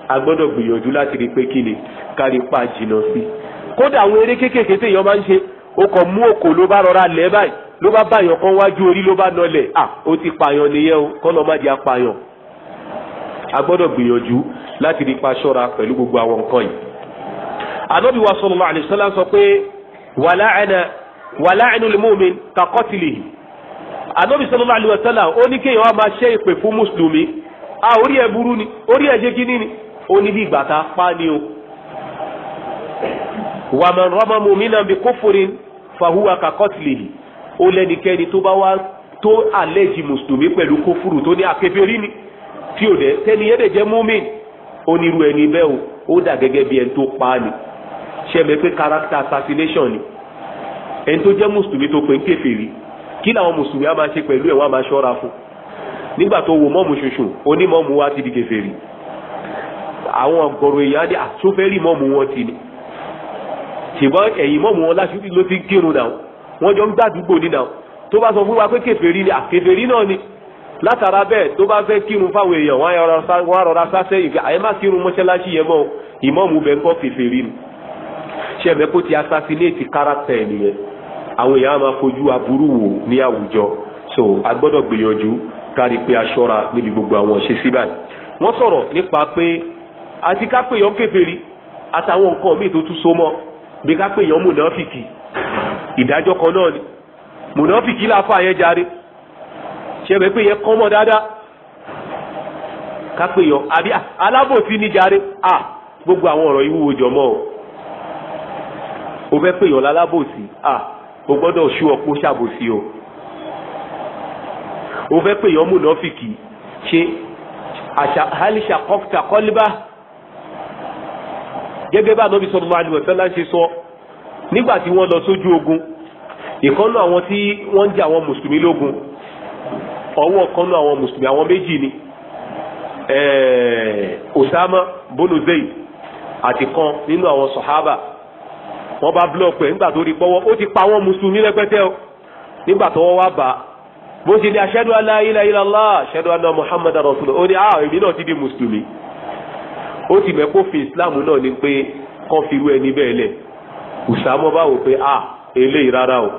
a gbọ́dọ̀ gbìyànjú láti rí pé kí ni kárí pa jìnnà sí kódà àwọn eré kéékèèké téèyàn máa ń ṣe ó kàn mú òkò ló bá rọra lẹ́ báyìí ló bá báyọ̀ kan wájú orí ló bá nọlẹ̀ à ó ti pààyàn nìyẹn o kọ́nà má di apààyàn a gbọ́dọ̀ gbìyànjú láti rí pa ṣọ́ra pẹ̀lú gbogbo àwọn nǹkan yìí anabi wa sallallahu alayhi wa sallam sọ pé wàláàánú lèmọ́min kakọ́tìlì anabi sallallahu alayhi wa sallam ó ní kéèyàn wá máa ṣe ìpè fún mùsùlùmí a orí ẹ burú ni orí ẹ ṣe kíní ni ó ní bí ìgbà tá o wàmọ̀ rọ́mọ́mù mi náà bí kófòrin fàhùwà kakọ́tìlì ó lẹ́nikẹ́ni tó bá wá tó àlẹ́jì mùsùlùmí pẹ̀lú kófùrù tó ní akẹfẹ́rí ni tí ò dẹ́ tẹ́ni yẹ́dẹ̀ jẹ́ mọ́mìn onírú ẹni bẹ́ẹ̀ o ó dà gẹ́gẹ́ bí ẹni tó pa á ni ṣe mẹ́ pé character assassination ni ẹni tó jẹ́ mùsùlùmí tó pè ń kèfèrí kí làwọn mùsùlùmí á máa ṣe pẹ̀lú ẹ̀ wọ́n á máa ṣọ́ra fún nígbà tó wò mọ́mù ṣoṣo onímọ̀mù wa ti di kèfèrí àwọn ọ̀gọ̀rọ̀ èèyàn á tó fẹ́ rí mọ́mù wọn ti ni ṣùgbọ́n ẹ̀yìn mọ́mù wọn láṣù ló ti ń kírun náà wọ́n jọ ń gbàdúgbò ní náà tó bá sọ fún wa pé kèfèrí ni àkèfèrí náà ni látara bẹ́ẹ̀ tó bá fẹ́ kírun fáwọn èèyàn wọn á rọra sá sẹ́yìn àyè má kírun mọ́ṣáláṣí yẹn mọ́ ìmọ̀mù bẹ́ńkọ́ kèfèrí ni ṣe ẹ̀mẹ́ kó ti assassinate character ẹ̀ nìyẹn àwọn èèyàn á máa fojú aburú wò ní àwùjọ so a gbọ́dọ̀ gbìyànjú kárí pé a ṣọ́ra níbi gbogbo àwọn ṣe sí báyìí wọ́n sọ̀rọ̀ nípa pé àti kápẹ́yàn kèfèrí àtàwọn nǹkan míì tó tún so mọ́ bí kápẹ́yàn mùnáfìkì ìdájọ́ kan náà ni mùnáfìkì láfa yẹn járe ṣe ẹ̀mẹ́ pé yẹn kọ́ mọ́ dáadáa kápẹ́yàn àbí alábòsí ní járe à gbogbo àwọn ọ̀rọ̀ ìwúwo jọmọ́ o o fẹ́ pè yàn lálábòsí à o gbọ́dọ̀ ṣú ọpọ ṣàbòsí o o fẹ́ pè yàn múnàfìkì ṣe àṣàhálìṣà kọfta kọlíbà gẹ́gẹ́ bá ànábi sọ máa lùwẹ̀ fẹ́lá ṣe sọ nígbà tí wọ́n lọ sójú ogun ìkànnù àwọn tí wọ́n ń jẹ́ àwọn mùsùlùmí lógun ọwọ́ kanú àwọn mùsùlùmí àwọn méjì ni Osama eh, bono zayd àti kan nínú àwọn sọ̀hábà wọ́n bá búlọ̀kù ẹ̀ nígbà tó rí pọ́wọ́ ó ti pa wọ́n mùsùlùmí lẹ́pẹ́tẹ́ o nígbà tó wọ́n wá bà á bó ṣe ní aṣẹ́dù aláìlá ìlàlá aṣẹ́dù aná muhammad rasul ó ní ah èmi náà ti di mùsùlùmí ó ti mẹ́kó fi islam náà ni pé kán fi rú ẹni bẹ́ẹ̀ lẹ̀ usama bá wò pé ah eléyìí rárá o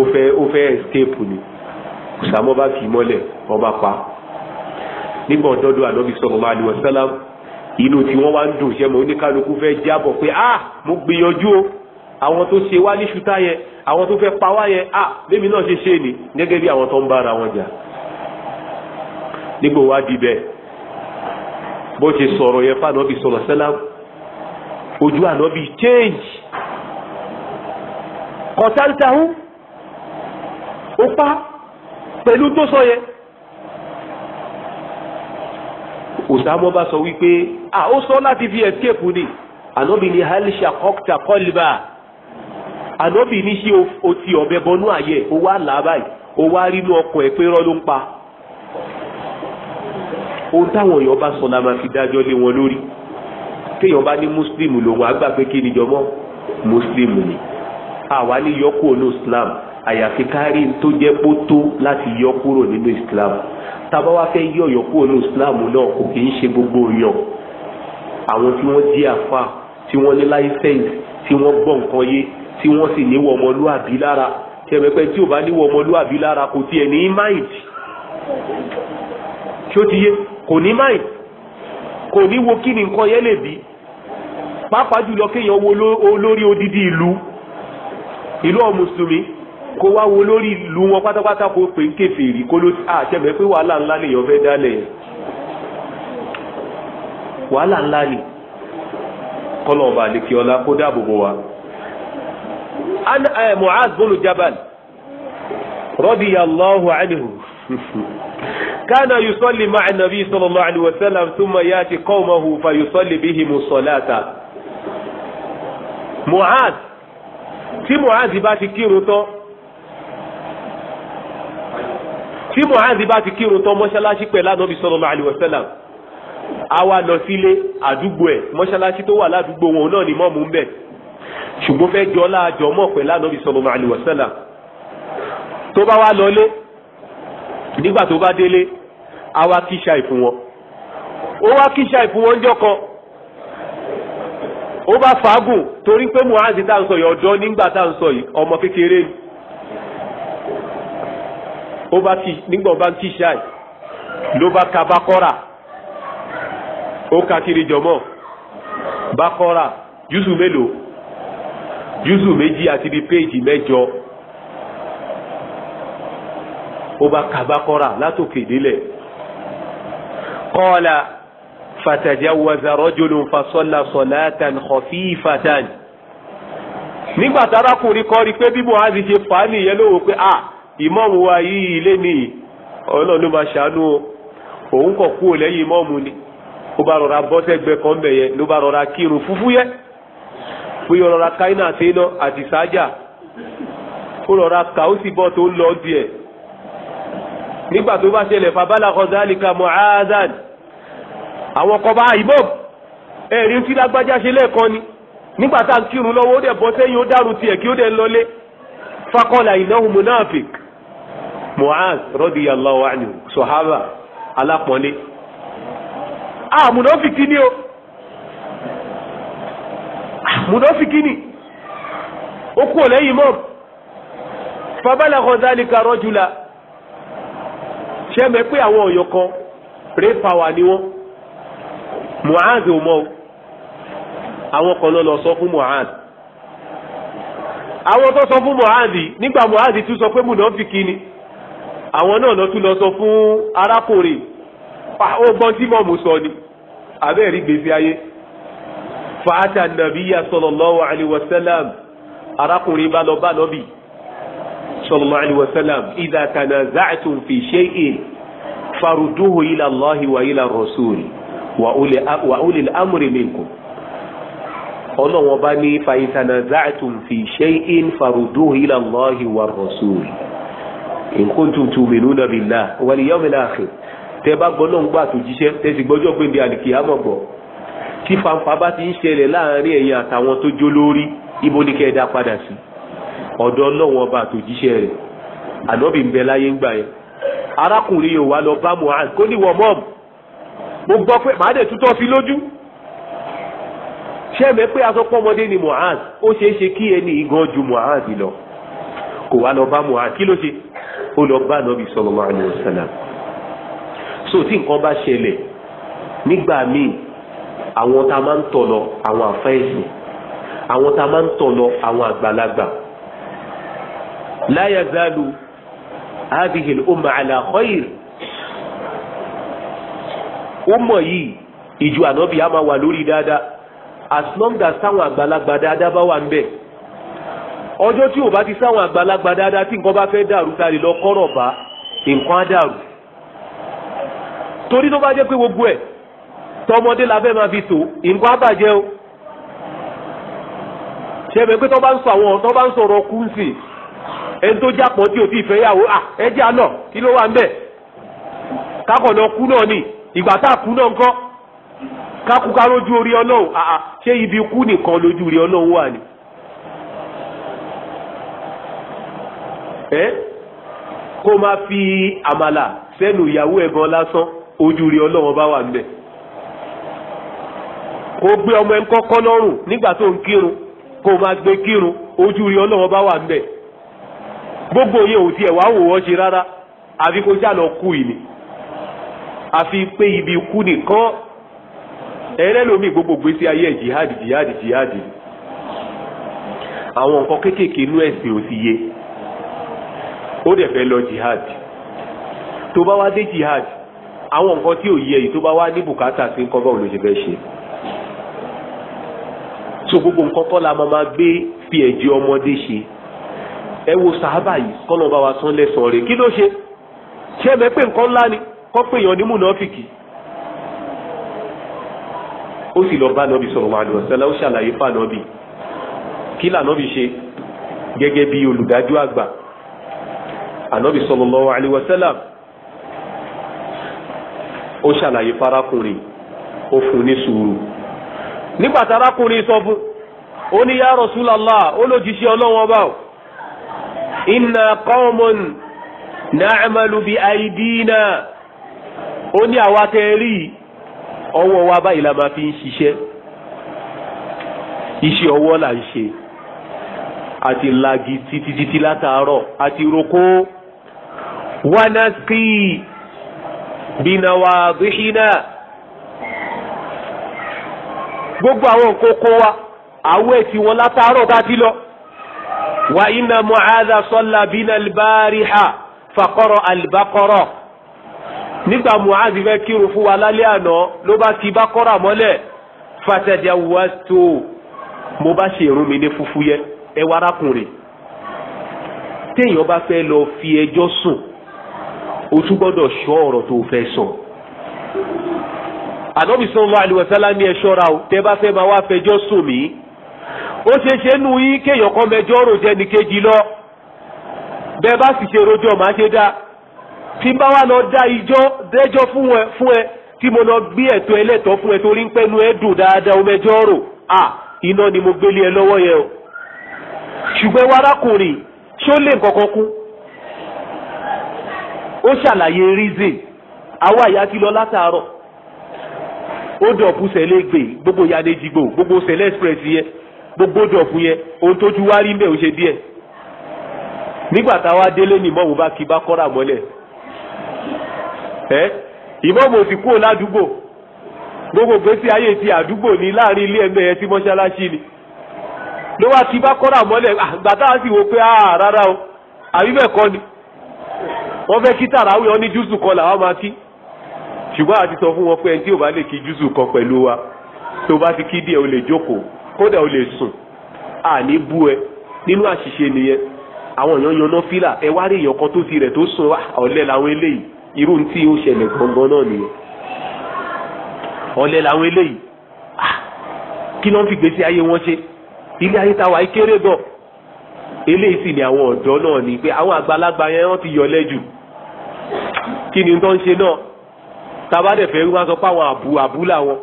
ó fẹ́ ó fẹ́ escape ni usama bá fi mọ́lẹ̀ wọ́n pa nígbà ọ̀dọ́dọ̀ ànábi sọ̀rọ̀ inú tí wọ́n wá ń dùn sẹ́mọ̀ oníkálukú fẹ́ jábọ̀ pé ah mo gbìyànjú o àwọn tó ṣe wá ní ṣùtá àwọn tó fẹ́ pa wá yẹn ah lémi náà ṣe ṣe ni gẹ́gẹ́ bí àwọn tó ń bára wọn jà nígbò wá di bẹ́ẹ̀ bó ṣe sọ̀rọ̀ yẹn fànàbí sọ̀rọ̀ sẹ́lám ojú ànábì change kọ̀tàntàhún ó pa pẹ̀lú tó sọ yẹn òsàmọ́ bá sọ wípé A ah, ó sọ láti fi escape ni ànábì ni halisha kọ́kta kọ́lìbà ànábì ní ṣé o ti ọ̀bẹ bọnú àyẹ̀ o wá là á báyìí o wá rínú ọkọ̀ ẹ̀ pé rọ́ ló ń pa ohun táwọn èèyàn bá sọ la máa fi dájọ́ lé wọn lórí téèyàn bá ní muslim lòun àgbà pé kí ni jọmọ́ muslim ni àwa ní yọkú ònú islam àyàfi kárí tó jẹ́ pó tó láti yọ nínú islam tá a bá fẹ́ yọ yọkú ònú islam náà kò kì í ṣe gbogbo yàn àwọn tí wọ́n jí àfà tí wọ́n ní láìsẹ̀ǹsì tí wọ́n gbọ́ nǹkan yé tí wọ́n sì níwọ̀ ọmọlúàbí lára tí tí ò bá níwọ̀ ọmọlúàbí lára kò tiẹ̀ ní mind tí ó ti yé kò ní mind kò ní wo kí ni nǹkan yẹn lè bí pàápàá jùlọ kéèyàn wo olórí odidi ìlú ìlú ọ̀ mùsùlùmí kó wá wo lórí ìlú wọn pátápátá kó pè ń kèfèrí kó ló àtẹ̀mẹ́pẹ́ wàhálà ńlá lèèyàn fẹ́ dálẹ̀ yẹn wàhálà ńlá ni kọ́nà ọba àlekè ọlá kó dáàbò bò wá. Mu'az bolu jabal radiyallahu anhu kana yusalli ma'a nabi sallallahu alayhi wa sallam thumma yati qawmahu fa yusalli bihimu salata. Mu'az tí Mu'az bá ti kírun tán tí Mu'az bá ti kírun tán mọ́ṣáláṣí pẹ̀lú ànábi á wá lọ sílé àdúgbò ẹ̀ mọ́ṣáláṣí tó wà ládùúgbò wọn náà ni mọ́ọ̀mù ń bẹ̀ ṣùgbọ́n fẹ́ jọ láàjọ mọ̀ pẹ̀lú ànábì sallallahu alaihi wasallam tó bá wá lọlé nígbà tó bá délé á wá kíṣà ìfún wọn ó wá kíṣà ìfún wọn jọ kan ó bá fàágùn torí pé muhazi tá à ń sọ yìí ọ̀dọ́ nígbà tá à ń sọ yìí ọmọ kékeré ni ó bá kí nígbà ó bá ń kíṣà yìí ló bá ka ó kakiri jọmọ́ bákọ́ra júùsù mélòó júùsù méjì àti di péèjì mẹ́jọ ó bá ka bákọ́ra látòkè délẹ̀ kọ́ọ̀la fatajawaza rajulun fasọ́lá sọ̀látan khafifatan nígbà tárakùnrin kọ́ rí pé bí Mu'adh ṣe fà á nìyẹn ló wò pé ah ìmọ̀ọ́mù wa yìí ilé nìyí ọlọ́run ló máa ṣàánú òun kọ̀ kú lẹ́yìn ìmọ̀ọ́mù ni ó bá rọra bọ́ sẹ́gbẹ́ kan bẹ̀ yẹn ló bá rọra kírun fúfú yẹ pé rọra káínà àtẹ́nà àti sájà ó rọra kà ó sì bọ́ tó ń lọ díẹ̀ nígbà tó bá ṣẹlẹ̀ fàbálà kọ́sálíkà mu'azan àwọn kọba ìbọn ẹ̀rí tí lágbájá ṣe lẹ́ẹ̀kan ni nígbà tá à ń kírun lọ́wọ́ ó dẹ̀ bọ́ sẹ́yìn ó dàrú tiẹ̀ kí ó dẹ̀ lọlé fakọ́lá ìnáhùn munafik mu'az radiyallahu anhu sọ̀hábà alápọ̀nlé ah mùnàfíkì ni o ah, mùnàfíkì ni ó kú lẹ́yìn mọ́ fabalagha dhalika rajula ṣé mẹ́ pé àwọn ọ̀yọ́ kan rẹ́ fàwà ni wọ́n mu'adh ò mọ́ o àwọn kan lọ lọ sọ fún mu'adh àwọn tó sọ fún mu'adh nígbà mu'adh tún sọ pé mùnàfíkì ni àwọn náà lọ tún lọ sọ fún arákùnrin ọgbọ́n tí mọ̀mù sọ ni abẹ́ẹ̀rí gbèsè ayé fàátà nàbíyà sallallahu alaihi wasallam arákùnrin bá lọ bá nọ́bì sallallahu alaihi wasallam idha tanaza'tum fi shay'in faruduhu ila Allahi wa ila ar-rasul wa ulil amri minkum ọlọ́wọ́n bá ní fa in fi shay'in faruduhu ila Allahi wa ar-rasul in kuntum tu'minuna billah wal yawmil tẹ bá gbọ́ lóun gbà tó jíṣẹ́ tẹ sì gbọ́jọ́ pé ní àlìkìyàmọ̀ bọ̀ tí fanfa bá ti ń ṣẹlẹ̀ láàrin ẹ̀yin àtàwọn tó jó lórí ibo ni kẹ́ ẹ dá padà sí ọ̀dọ̀ ọlọ́wọ́n ọba tó jíṣẹ́ rẹ̀ ànábì ń bẹ láyé ń gbà yẹn arákùnrin yóò wá lọ bá Mu'adh kó níwọ̀ mọ́ọ̀mù mo gbọ́ pé màá dẹ̀ tútọ́ sí lójú ṣé pé aṣọ pọ́mọdé ni Mu'adh ó ṣeé ṣe kí ẹni ìgan ju Mu'adh lọ kò wá lọ bá Mu'adh kí ló ṣe ó lọ bá ànábì sallallahu alaihi so tí nǹkan bá ṣẹlẹ̀ nígbà míì àwọn tá a máa ń tọ̀nà àwọn àfẹ́ẹ̀sì àwọn tá a máa ń tọ̀nà àwọn àgbàlagbà la yazalu hadhihi al-umma ala khair ọmọ yìí ìjọ ànábì á máa wà lórí dáadáa as long as táwọn àgbàlagbà dáadáa bá wà ń ọjọ́ tí ò bá ti sáwọn àgbàlagbà dáadáa tí nǹkan bá fẹ́ dàrú sáré lọ kọ́rọ̀ bá nǹkan á dàrú torí tó bá jẹ́ pé gbogbo ẹ̀ tọmọdé la fẹ́ máa fi tò nǹkan àbàjẹ́ o ṣe mẹ́ pé tó bá ń sọ àwọn tó bá ń sọ̀rọ̀ kú sí ẹni tó jápọ̀ tí ò tí ì fẹ́ yàwó à ah, ẹ jẹ́ àná kí ló wà ń bẹ̀ kákọ̀nà kú náà ni ìgbà tá a kú náà ńkọ́ kákúká lójú orí ọlọ́run àà ah, ah, ṣé ibi kú nìkan lójú orí ọlọ́run wà ni. ẹ kó máa fi àmàlà sẹ́nu ìyàwó ẹ̀gbọ́n lásán ojú rí ọlọ́wọ́ bá wà níbẹ̀ kó gbé ọmọ ẹ̀ ń kọ́kọ́ lọ́rùn nígbà tó ń kírun kó máa gbé kírun ojú rí ọlọ́wọ́ bá wà níbẹ̀ gbogbo yẹn ò tiẹ̀ wá wò wọ́n ṣe rárá àfi kó jà lọ kú ìní àfi pé ibi kú nìkan ẹlẹ́lómi gbogbo gbèsè ayé jihad jihad jihad àwọn nǹkan kéékèèké inú ẹ̀sìn ò yé ó jihad tó bá wá jihad àwọn nǹkan tí ò yẹ yìí tó bá wá ní bùkátà sí nǹkan báwo ló ṣe fẹ́ ṣe so gbogbo nǹkan kọ́ la máa gbé fi ẹ̀jẹ̀ ọmọdé ṣe ẹ wo sàábà yìí kọ́nà bá wa sán lẹ́sàn rẹ̀ kí ló ṣe ṣé ẹ̀mẹ́ pé nǹkan ńlá ni kọ́ pé èèyàn ní múnàfìkì ó sì lọ bá nọ́bì sọ̀rọ̀ wà lọ́sẹ̀ lọ́wọ́ ṣàlàyé fà nọ́bì kí lànọ́bì ṣe gẹ́gẹ́ bí olùdájọ́ àgbà ànọ́bì sallallahu alaihi wasallam ó ṣàlàyé farakùnrin ó fún ní sùúrù nígbà tarakùnrin sọ fún ó ní ya Rasulullah ó lójíṣẹ́ ọlọ́wọ́n bá o inna qawmun na'malu bi ó ní àwa tẹ ọwọ́ wa báyìí la máa fi ń ṣiṣẹ́ iṣẹ́ ọwọ́ là ń ṣe àti lagi títí títí látàárọ̀ roko bìnàwàdìhìnà gbogbo àwọn nǹkan kó wa àwọ̀ ẹ̀ tí wọ́n látàárọ̀ bá ti lọ. wa inna mu'adha sọ́la bínà albariha faqara albaqara nígbà mu'adhi fẹ́ kírun fún wa lálẹ́ àná ló bá ti baqara mọ́lẹ̀ fatajawwaztu mo bá ṣe irun mi ní fúfú yẹ ẹ wá arákùnrin téèyàn bá fẹ́ lọ fi ẹjọ́ sùn o tún gbọ́dọ̀ ṣọ́ ọ̀rọ̀ tó fẹ́ sọ. ànábì sallallahu alaihi wasallam ní ẹ ṣọ́ra o tẹ́ bá fẹ́ máa wá fẹjọ́ sùn mí. ó ṣe ṣe nu yín kéèyàn kan mẹjọ́ rò jẹ́ ní kejì lọ. bẹ́ẹ̀ bá sì ṣe rojọ́ máa ṣe dá. tí bá wà lọ dá ijọ́ dẹ́jọ́ fún ẹ fún ẹ tí mo lọ gbé ẹ̀tọ́ ẹlẹ́tọ́ fún ẹ torí ń pẹ́nu ẹ dùn dáadáa o mẹjọ́ rò à iná ni mo gbélé ẹ lọ́wọ́ yẹn o. ṣùgbọ́n wàrákùnrin ṣó lè nǹkan kan kú ó ṣàlàyé reason àwa àyà ti lọ látàárọ̀ ó dọ̀pù sẹ́lẹ̀ gbè gbogbo yadejigbò gbogbo sẹ́lẹ̀ express yẹ gbogbo dọ̀pù yẹ ohun tójú wá rí mbẹ́ ò ṣe díẹ̀ nígbà táwa délé ni mọ́mù bá kí bá kọ́ra mọ́lẹ̀ ẹ́ ìmọ̀mù ò sì kúrò ládùúgbò gbogbo gbèsè ayé ti àdúgbò ní láàrin ilé ẹgbẹ́ yẹn tí mọ́ṣáláṣí ni ló wá kí bá kọ́ra mọ́lẹ̀ àgbà sì wò pé rárá o àbí bẹ́ẹ̀ kọ́ ni wọ́n fẹ́ kí tàràwí ọ ní júùsù kan làwọn máa kí ṣùgbọ́n àti sọ fún wọn pé ẹni tí ò bá lè kí júùsù kan pẹ̀lú wa tó bá ti kí díẹ̀ o lè jókòó kódà o lè sùn àní bú ẹ nínú àṣìṣe nìyẹn àwọn èèyàn yanná fílà ẹ wá rí èèyàn kan tó ti rẹ̀ tó sùn wá ọ̀lẹ làwọn eléyìí irú tí ó ṣẹlẹ̀ gangan náà nìyẹn ọ̀lẹ làwọn eléyìí ah, kí ló ń fi gbèsè ayé wọn ṣe ilé ayé táwa kéré gan eléyìí sì ni àwọn ọ̀dọ́ náà ni pé àwọn àgbàlagbà yẹn wọ́n ti yọ lẹ́jù kí ni tó ń ṣe náà tabadẹ̀ fẹ́ wá sọ pé àwọn àbú àbú làwọn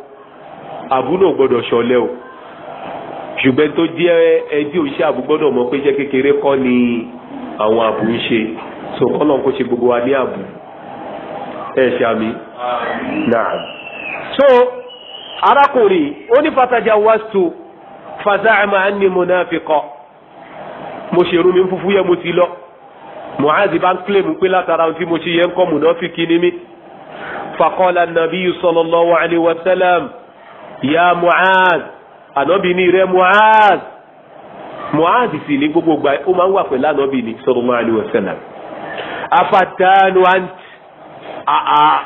àbú náà gbọ́dọ̀ ṣọlẹ̀ o ṣùgbọ́n tó jẹ́ ẹdí òṣìṣẹ́ àbú gbọ́dọ̀ mọ̀ pé iṣẹ́ kékeré kọ́ ni àwọn àbú ń ṣe so kọ́lọ̀ kó ṣe gbogbo wa ní àbú ẹ̀ ṣe àmì náà. so arákùnrin ó ní fatajà wàásù fatajà máa ń náà fi kọ́ mo ṣèrú mi fúfú yẹ mo ti lọ mu'adh bá ń kílèmù pé látara tí mo ṣe yẹn kọ́ mùnáfíkì ni mí faqala nabiyyu sallallahu alayhi wa sallam ya mu'adh ànábì ní rẹ mu'adh mu'adh sì ní gbogbo gbà ó máa ń wà pẹ̀lú ànábì ní sallallahu alayhi wa sallam afatanu anti àà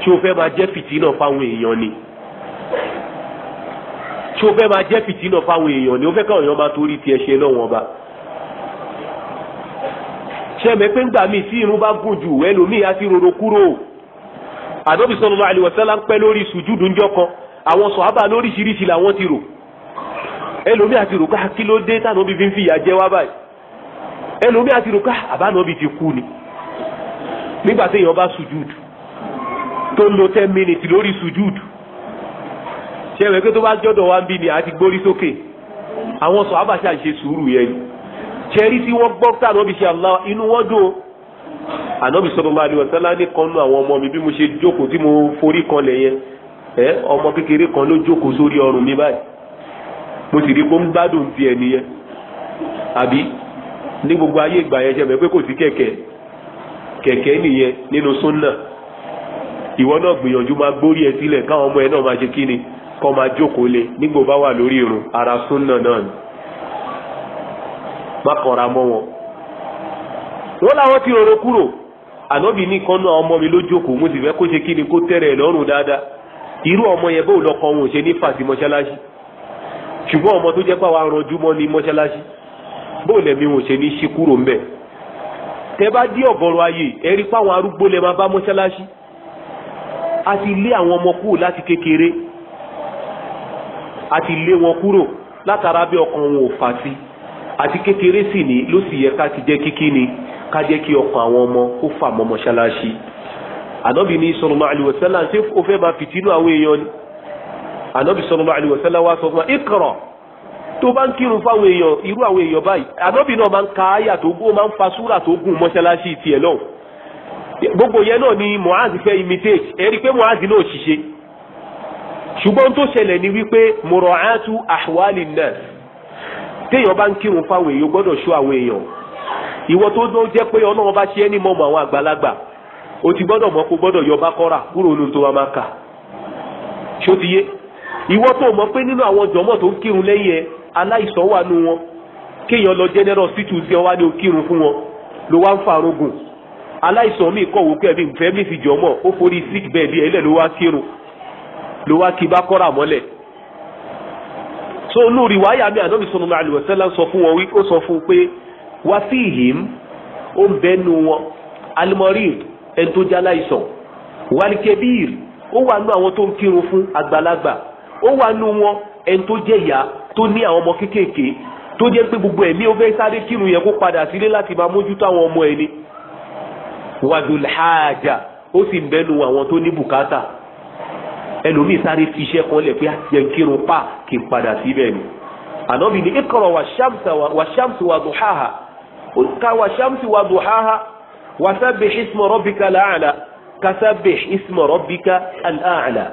tí o fẹ́ máa jẹ́ fìtínà fáwọn èèyàn ni tí o fẹ́ máa jẹ́ fìtínà fáwọn èèyàn ni o fẹ́ káwọn èèyàn máa torí tiẹ̀ ṣe lọ́wọ́n ọba ṣe mẹ́ pé ńgbà míì tí irun bá gùn jù ẹlòmíì á ti roro kúrò àdóbi sallallahu alaihi wasallam ń pẹ́ lórí sùjúdù ńjọ́ kan àwọn sọ̀hábà lóríṣiríṣi làwọn ti rò ẹlòmíì á ti rò ká ah, kí ló dé tànà bí fi ń fìyà jẹ wá báyìí ẹlòmíì á ti rò ká àbánà bí ti kú ni nígbà téèyàn bá sùjúdù tó ń lo ten minutes lórí sùjúdù ṣe mẹ́ pé tó bá jọ́dọ̀ wá ń bí ni àti gbórí sókè àwọn sọ̀hábà ṣàṣe ṣẹ́rí tí wọ́n gbọ́ tá ànábì ṣe Allah inú wọn dùn ànábì sallallahu alaihi wasallam nìkan nú àwọn ọmọ mi bí mo ṣe jókòó tí mo forí kanlẹ̀ yẹn ẹ ọmọ kékeré kan ló jókòó sórí ọrùn mi báyìí mo sì rí pé ó ń gbádùn ti ẹ̀ nìyẹn àbí ní gbogbo ayé ìgbà yẹn ṣe mẹ́ pé kò sí kẹ̀kẹ́ kẹ̀kẹ́ nìyẹn nínú súnà ìwọ náà gbìyànjú máa gbórí ẹ sílẹ̀ káwọn ọmọ ẹ náà máa ṣe kíni kọ́ máa jókòó lé nígbò bá wà lórí irun ara súnà náà ni má kọra mọ́ wọn. wọ́n láwọn ti rọrọ kúrò ànábì ní náà ọmọ mi ló mo sì fẹ́ kó ṣe kí ni kó tẹ́rẹ̀ lọ́rùn dáadáa irú ọmọ yẹn bóun lọkọ wọn ò ṣe ní fàtí mọ́ṣáláṣí ṣùgbọ́n ọmọ tó jẹ́ pé àwa ranjú mọ́ ní mọ́ṣáláṣí bóun lẹ̀mí wọn ò ṣe ní ṣí kúrò ń bẹ̀ bá dí ọ̀gọ̀rọ̀ ayé ẹ rí pàwọn arúgbó lẹ máa bá mọ́ṣáláṣí a ti lé àwọn ọmọ kúrò láti kékeré a ti lé wọn kúrò látara bí ọkàn wọn ò fà àti kékeré sì ni ló sì yẹ ká ti jẹ́ kíkí ni ká jẹ́ kí ọkàn àwọn ọmọ kó fà mọ́ mọ́ṣáláṣí ànábì ní sallallahu alaihi wasallam ṣé o fẹ́ máa fìtínú àwọn èèyàn ni ànábì sallallahu alaihi wá sọ fún wa ikra tó bá ń kírun fáwọn èèyàn irú àwọn èèyàn báyìí ànábì náà máa ń ka àyà tó gún máa ń fa súrà tó gùn mọ́ṣáláṣí tiẹ̀ náà gbogbo yẹn náà ni Muaz fẹ́ imitate ẹ rí i pé Muaz náà ṣiṣẹ́ ṣùgbọ́n tó ṣẹlẹ̀ ni wípé mura'atu ahwali nas téèyàn bá ń kírun fáwọn èèyàn gbọ́dọ̀ ṣó àwọn èèyàn ìwọ tó ló jẹ́ pé ọlọ́run bá ṣe é ní àwọn àgbàlagbà o ti gbọ́dọ̀ mọ̀ kó gbọ́dọ̀ yọ bá kọ́ra kúrò nínú tó wá ìwọ tó mọ̀ pé nínú àwọn jọ̀mọ̀ tó ń kírun lẹ́yìn ẹ wà nù wọn kéèyàn lọ general hospital sí ọ wá ní o kírun fún wọn ló wá ń farogun aláìsàn mi kọ̀ ẹ̀mí so olórí wáyà mi ànábì sọnù máa lù ọ̀sẹ́lá sọ fún wọn ó sọ fún un pé wá sí ìhìm ó ń bẹnu wọn alimọ̀rí ẹni tó jẹ́ aláìsàn wàlìkẹ́bíìr ó wà nú àwọn tó ń kírun fún àgbàlagbà ó wà nú wọn ẹni tó jẹ́ ìyá tó ní àwọn ọmọ kéékèèké tó jẹ́ pé gbogbo ẹ̀mí ó fẹ́ sáré kírun yẹn kó padà sílé láti máa mójútó àwọn ọmọ ẹni wàdùlháàjà ó sì ń bẹnu àwọn tó ní bùkátà ẹlòmíì sáré fi iṣẹ́ kan lẹ̀ pé yẹn ah, kírun pa kí n padà síbẹ̀ ni ànábì ní ikọ̀rọ̀ wà ṣàmùsì wà dùháhà ká wà ṣàmùsì wà dùháhà wà sábẹ̀ ìsmọ̀ rọ́bìkà làálà ká sábẹ̀ ìsmọ̀ rọ́bìkà àlàálà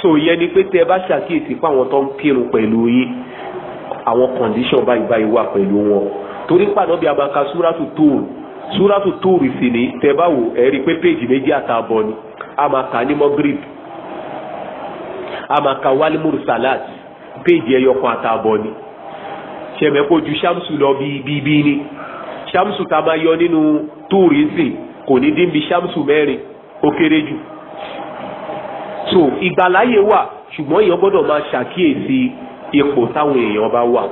so ìyẹn ni pé tẹ bá ṣàkíyèsí fáwọn tó ń kírun pẹ̀lú yín àwọn condition báyìí báyìí wà pẹ̀lú wọn torí pàdán bí abaka súrátù tóòrù súrátù tóòrù sì ni tẹ bá wò ẹ rí i pé péjì méjì àtààbọ̀ ni a máa kà ní mọ́gírìbì amaka wal mursalat péjì ẹyọ kan àtààbọ̀ ni ṣẹ̀mẹ́pọ̀ ju ṣàmùsù lọ bíi bíi ni ṣàmùsù tá a máa yọ nínú túùrì ńsìn kò ní dín bí ṣàmùsù mẹ́rin ó kéré jù so ìgbàláyè wà ṣùgbọ́n èèyàn gbọ́dọ̀ máa ṣàkíyèsí ipò táwọn èèyàn bá wà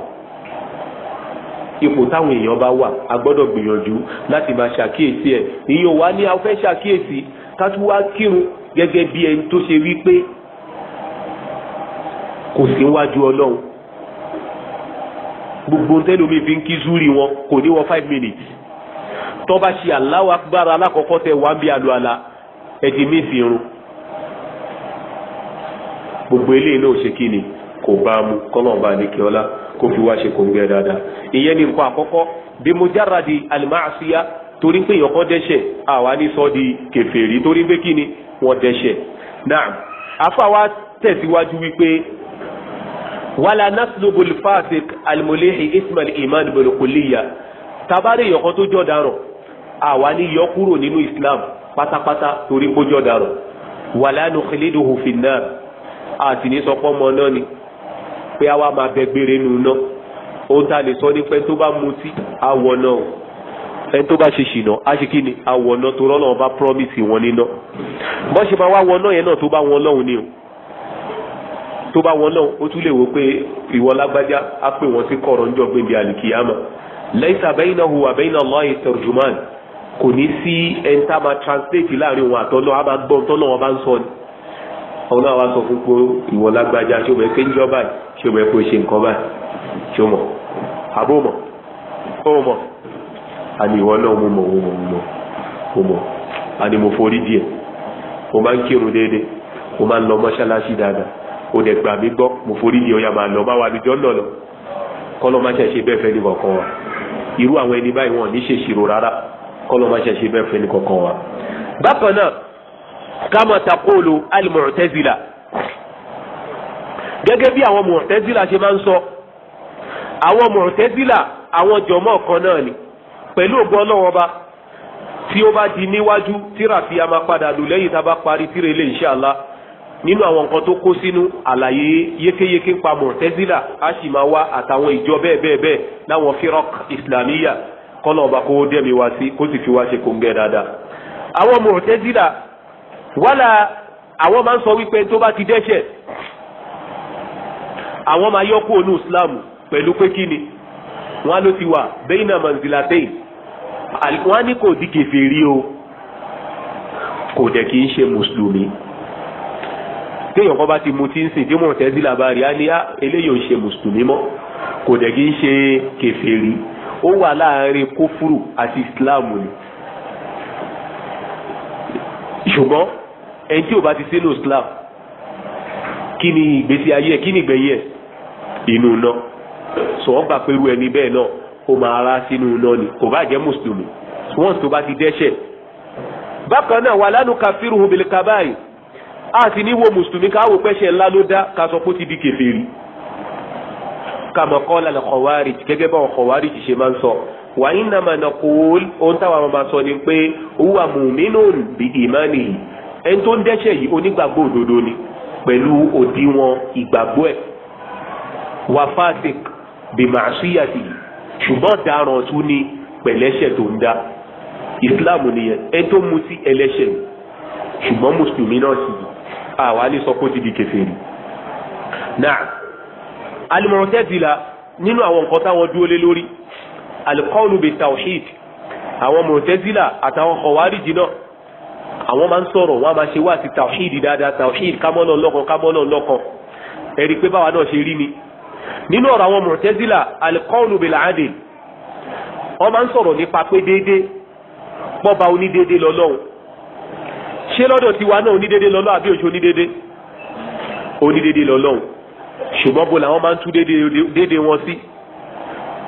ipò táwọn èèyàn bá wà a gbọ́dọ̀ gbìyànjú láti máa ṣàkíyèsí ẹ̀ ìyẹn wà ní a ṣàkíyèsí ká tún wá kírun gẹ́gẹ́ bí ẹni tó ṣe wí pé kò sí wájú ọlọ́run gbogbo ntẹ́lómi fi ń kí zúrì wọn kò ní wọ five minutes tó bá ṣe Allahu Akbar alákọ̀ọ́kọ́ tẹ wá ń bí alu ala ẹ̀dín mí sí irun gbogbo eléyìí náà ṣe kí ni kò bá mu kọ́lọ́ọ̀bá ní kí ọlá kó fi wá ṣe kò ń gbẹ dáadáa ìyẹn ni nǹkan àkọ́kọ́ bí mo jára di torí pé èèyàn kan dẹ́ṣẹ̀ àwa ní sọ di kèfèrí torí pé kí ni wọ́n dẹ́ṣẹ̀ náà afa wa tẹ̀síwájú wípé wala naslubu alfasik almulihi ismail iman bolokuliya tabari yọkan tó jọ darọ àwa ni yọ kúrò nínú islam pátápátá torí kó jọ darọ wala nukhliduhu finnar àti ní sọpọ́ mọ́ náà ni pé a wá máa bẹ gbére nu náà ohun tá a lè sọ ní pé tó bá mutí àwọ̀ náà ẹni tó bá ṣe ṣìnà á ni àwọ̀ náà tó rọ́nà ọba promise wọn níná bọ́n ṣe máa wá wọ náà yẹn náà tó bá wọn lọ́hùn o tó bá wọn náà ó tún lè wò pé ìwọ lágbájá á pè wọn sí kọ̀rọ̀ níjọ́ gbèndé àlìkìyàmà laysa bainahu wa baina Allahi tarjuman kò ní sí ẹni tá a máa translate láàrin òun àtọ́ náà a máa gbọ́ ọ̀tọ́ náà wọ́n bá ń sọ ni ọ̀nà àwa sọ fún pé ìwọ ṣé o mọ̀ pé ń jọ́ báyìí ṣé o mọ̀ pé o ṣe nǹkan báyìí ṣé o mọ̀ àbó mọ̀ ó mọ̀ àní ìwọ náà mo mọ̀ mo mọ̀ mo mọ̀ mo mọ̀ àní mo forí díẹ̀ mo máa ń kírun déédéé mo máa ń lọ mọ́ṣáláṣí dáadáa ó dẹ̀ gbà mí gbọ́ mo forí ni ọ̀yà máa lọ bá wa lójọ́ náà lọ kọ́lọ́ má ṣe ṣe bẹ́ẹ̀ fẹ́ ní kọ̀ọ̀kan wa irú àwọn ẹni báyìí wọn ní ṣe ṣirò rárá kọ́lọ́ má ṣe bẹ́ẹ̀ fẹ́ ní kọ̀ọ̀kan wa. bákan náà kama takolo al-mu'tazila gẹ́gẹ́ bí àwọn mu'tazila ṣe máa ń sọ àwọn mu'tazila àwọn jọmọ́ kan náà ni pẹ̀lú ògbọ́ ọlọ́wọ́ bá tí ó bá di níwájú tíra fi a padà lù lẹ́yìn tá a bá parí tíra ilé insha nínú àwọn nǹkan tó kó sínú àlàyé yékéyéké pa mọ̀tẹ́sílà á sì máa wá àtàwọn ìjọ bẹ́ẹ̀ bẹ́ẹ̀ bẹ́ẹ̀ láwọn firok islamiyya kọ́nà ọba kó dẹ́mi wá sí kó sì fi wá ṣe kòǹgẹ́ dáadáa. àwọn mọ̀tẹ́sílà wálà àwọn máa ń sọ wípé tó bá ti dẹ́ṣẹ̀ àwọn máa yọ kúrò ní islam pẹ̀lú pé kí ni wọ́n á ló ti wà bẹ́yìnà manzilatein wọ́n á ní kò di kèfèrí o kò dẹ̀ kì í ṣe mùsùlùmí téèyàn kan bá ti mu tí ń sìn tí mò tẹ́ sílà bá á ní ah, eléyìí ò ń ṣe mùsùlùmí mọ́ kò dẹ̀ kí ń ṣe kèfèrí ó wà láàárín kófúrù àti ìsìláàmù ni ṣùgbọ́n ẹni tí ò bá ti sínú islam kí ni ìgbésí ayé ẹ̀ kí ni ìgbẹ̀yìn ẹ̀ inú iná sọ wọ́n gbà pé irú ẹni bẹ́ẹ̀ náà ó máa rá sínú iná ni kò bá jẹ́ mùsùlùmí once tó bá ti dẹ́ṣẹ̀ bákan náà wà lánàá kafiru hùbìlì kabáyìí a sì ní wo mùsùlùmí káwò pẹ́ṣẹ̀ ńlá ló dá ká sọ pé ó ti di kèfèrí kàmọ́ kọ́ lálẹ́ kọ̀wárìj gẹ́gẹ́ bá kọ̀wárìj ṣe máa ń sọ wàá iná máa nà kó ohun táwọn máa sọ ni pé owó àmùmínú bí ìmánì yìí ẹni tó ń dẹ́ṣẹ̀ yìí onígbàgbọ́ òdodo ni pẹ̀lú òdiwọ̀n ìgbàgbọ́ ẹ̀ wà fásik bí màá ṣíyàtì ṣùgbọ́n ọ̀daràn tún ni pẹ̀lẹ́ṣẹ̀ tó ń dá ìsìláàmù nìyẹn ẹni tó mutí ẹlẹ́ṣẹ̀ ṣùgbọ́n mùsùlùmí náà sì yìí àwa lè sọ kó ti di kèfèrí náà al-Mu'tazila nínú àwọn nǹkan táwọn dúró lé lórí al-qawlu bit-tawhid àwọn Mu'tazila àtàwọn Khawarij náà àwọn máa ń sọ̀rọ̀ wọ́n á máa ṣe wá sí tawhid dáadáa tawhid kámọ́nà lọ́kan kámọ́nà lọ́kan ẹ̀rí pé báwa náà ṣe rí ni nínú ọ̀rọ̀ àwọn Mu'tazila al-qawlu bil-'adl wọ́n máa ń sọ̀rọ̀ nípa pé déédéé pọ́ba onídéédéé lọ́lọ́run ṣé lọ́dọ̀ tiwa náà onídéédé lọ́lọ́ àbí òṣè onídéédé onídéédé lọ́lọ́hùn ṣùgbọ́n bo làwọn máa ń tú déédéé wọn sí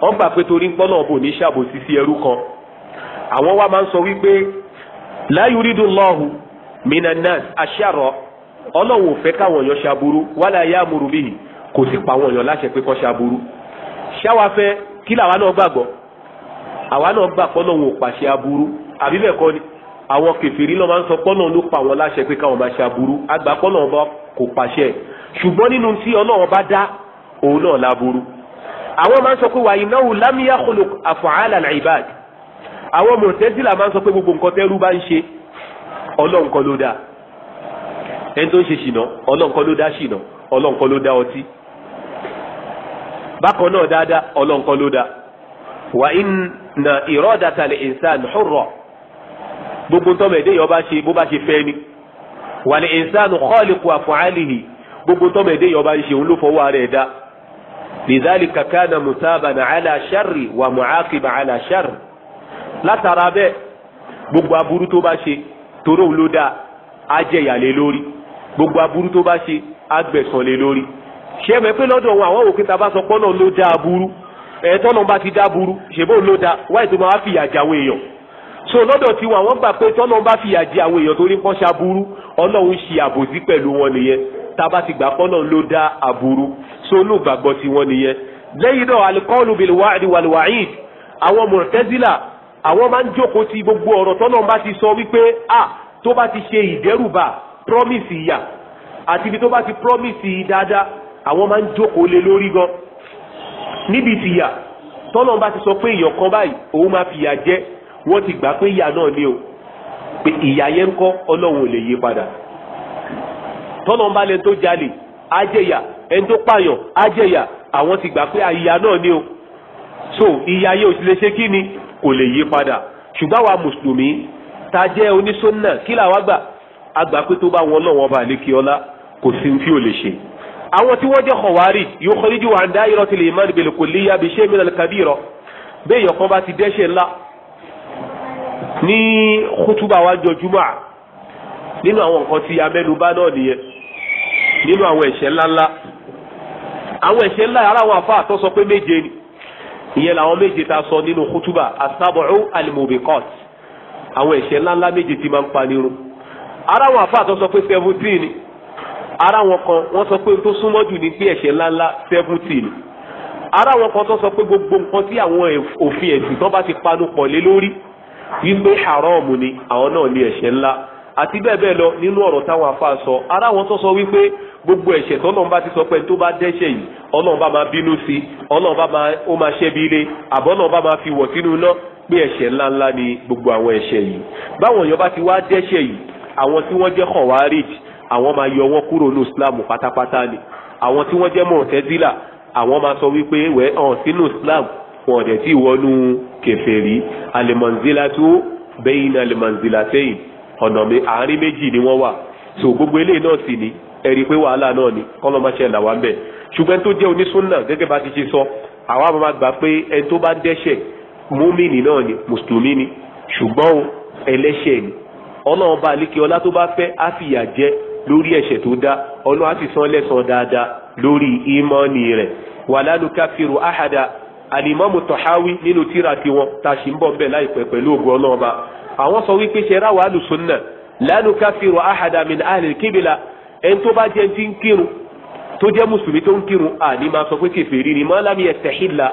wọ́n gbà pé torí ń pọ́n náà bò ní ṣàbòsí sí ẹrú kan àwọn wa máa ń sọ wípé la yuridu Allahu minan nas àṣàrọ̀ ọlọ́run ò fẹ́ káwọn èèyàn ṣaburú wala ya'muru bihi kò sì pa àwọn èèyàn láṣẹ pé kán ṣaburú ṣáwa fẹ́ kí làwa náà gbàgbọ́ àwa náà gbà pọ́n náà ò pàṣẹ aburú àbí bẹ́ẹ̀ kọ́ ni àwọn kèfèrí ló máa ń sọ pọ́nà ló pa àwọn láṣẹ pé káwọn máa ṣe aburú àgbà pọ́nà ọba kò pàṣẹ ṣùgbọ́n nínú tí ọlọ́run bá dá òun náà láburú àwọn máa ń sọ pé wà ináwó lámìyá kọlù àfọ̀hálà làìbàd àwọn mọ̀tẹ́sílà máa ń sọ pé gbogbo nǹkan tẹ́rú bá ń ṣe ọlọ́run ló dá ẹni tó ń ṣe ṣìnà ọlọ́run ló dá ṣìnà ọlọ́run gbogbo tọ́mọ ẹ̀dẹ́ yọba ṣe bó bá ṣe fẹ́ ni wàlẹ̀ ìsánù khaliqu af'alihi gbogbo tọ́mọ ẹ̀dẹ́ yọba ṣe òun ló fọwọ́ rẹ̀ dá lidhalika kana musabana ala sharri wa mu'aqiba ala sharri látara bẹ́ẹ̀ gbogbo aburú tó bá ṣe toró ló dá á jẹ ìyàlẹ́ lórí gbogbo aburú tó bá ṣe á gbẹ̀sán lé lórí ṣé mẹ́ pé lọ́dọ̀ wọn àwọn òkè bá sọ pọ́nà ló dá aburú ẹ̀ẹ́tọ́nà bá ti dá aburú ṣèbó ló dá wáyé tó máa fìyà jáwé èèyàn so lọ́dọ̀ tí wọn àwọn gbà pé tọ́lọ́ bá fìyà jẹ àwọn èèyàn torí pọ́n ṣaburú ọlọ́run ṣe àbòsí pẹ̀lú wọn nìyẹn tába ti gbà pọ́nà ló dá aburú so ló gbàgbọ́ tí wọ́n nìyẹn lẹ́yìn náà alikọ́ọ̀lù bìlì wáàdì wàlúwàáyìn àwọn mọ̀tẹ́sílà àwọn máa ń jókòó ti gbogbo ọ̀rọ̀ tọ́lọ́ bá ti sọ wípé a tó bá ti ṣe ìdẹ́rùbà promise ìyà àti ibi tó bá ti promise dáadáa àwọn máa ń jókòó lé lórí gan níbi tìyà tọ́lọ́ bá ti sọ pé èèyàn báyìí òun máa fìyà jẹ wọ́n ti gbà pé ìyá náà ni o pé ìyá yẹn ń kọ́ ọlọ́run ò lè yí padà tọ́nà bá lẹ́ni tó jalè á jẹ̀yà ẹni tó pààyàn á àwọn ti gbà pé ìyá náà ni o so ìyá yẹn ò sì lè ṣe kí ni kò lè yí padà ṣùgbọ́n àwa mùsùlùmí ta jẹ́ onísọ́nà kí làwa gbà á gbà pé tó bá wọn lọ́wọ́n bá lè kí ọlá kò sí tí ò lè ṣe àwọn tí wọ́n jẹ́ kọ̀wárì yóò kọ́ níjú wàndá irọ́ tilẹ̀ ìmọ̀ ìbẹ̀lẹ̀ kò léyà bí ṣé mi nàlẹ́ kabirọ́ bẹ́ẹ̀ yọ̀kan bá ti dẹ́ṣẹ̀ ńlá ní kútúbà wa jọjúmọ́ nínú àwọn nǹkan tí amẹ́nubá náà nìyẹn nínú àwọn ẹ̀ṣẹ̀ ńláńlá àwọn ẹ̀ṣẹ̀ ńlá ara àwọn àfáà tó sọ pé méje ni ìyẹn làwọn méje tá a sọ nínú kútúbà asábọ̀ọ́ alimobikọ́t àwọn ẹ̀ṣẹ̀ ńláńlá méje ti máa ń pa nírun ara àwọn àfáà tó sọ pé seventeen ni ara wọn kan wọ́n sọ pé tó súnmọ́ jù ní pé ẹ̀ṣẹ̀ ńláńlá seventeen ara wọn kan tó sọ pé gbogbo nǹkan tí àwọn òfin ẹ̀sìn tó bá ti panu pọ̀ lé lórí wípé haram ni àwọn náà ní ẹ̀ṣẹ̀ ńlá àti bẹ́ẹ̀ bẹ́ẹ̀ lọ nínú ọ̀rọ̀ táwọn afa sọ ara wọn tó sọ wípé gbogbo ẹ̀ṣẹ̀ tọ́lọ́run bá ti sọ pé tó bá dẹ́ṣẹ̀ yìí ọlọ́run bá máa bínú sí ọlọ́run bá máa ó máa ṣẹ́bi ilé àbọ́lọ́run bá máa fi wọ̀ sínú iná pé ẹ̀ṣẹ̀ ńláńlá ni gbogbo àwọn ẹ̀ṣẹ̀ yìí báwọn èèyàn bá ti wá dẹ́ṣẹ̀ yìí àwọn tí wọ́n jẹ́ kọ̀wárìd àwọn máa yọ wọn kúrò ní islam pátápátá ni àwọn tí wọ́n jẹ́ mọ̀ọ́tẹ́dílà àwọn máa sọ wípé wẹ́ẹ́ hàn sínú islam wọn dẹ̀ tí wọnú kèfèrí alimanzilatu bẹ́yìn alimanzilatẹ́yìn ọ̀nà àárín méjì ni wọ́n wà so gbogbo eléyìí náà sì ni ẹ̀rí pé wàhálà náà ni kọ́lọ́ máa ṣẹlẹ̀ wá ń bẹ̀ ṣùgbọ́n tó jẹ́ onísúnà gẹ́gẹ́ bá ti ṣe sọ àwa máa gbà pé ẹni tó bá dẹ́ṣẹ̀ múmìnì náà ni mùsùlùmí ni ṣùgbọ́n ẹlẹ́ṣẹ̀ ni ọlọ́run bá alékè ọlá tó bá fẹ́ á fìyà jẹ alimami tọhawi nínú tíra tiwọn tá a sì ń bọ̀ bẹ́ẹ̀ láìpẹ́ pẹ̀lú ògùn ọlọ́ọ̀ba àwọn sọ wípé ṣẹra wàá lù sunna lánàá káfíìrù ahadamin ahlil kibla ẹni tó bá jẹ́ ti ń kírun tó jẹ́ mùsùlùmí tó ń kírun àní máa sọ pé kèfèrí ni mọ́ lámì ẹsẹ̀ hìlá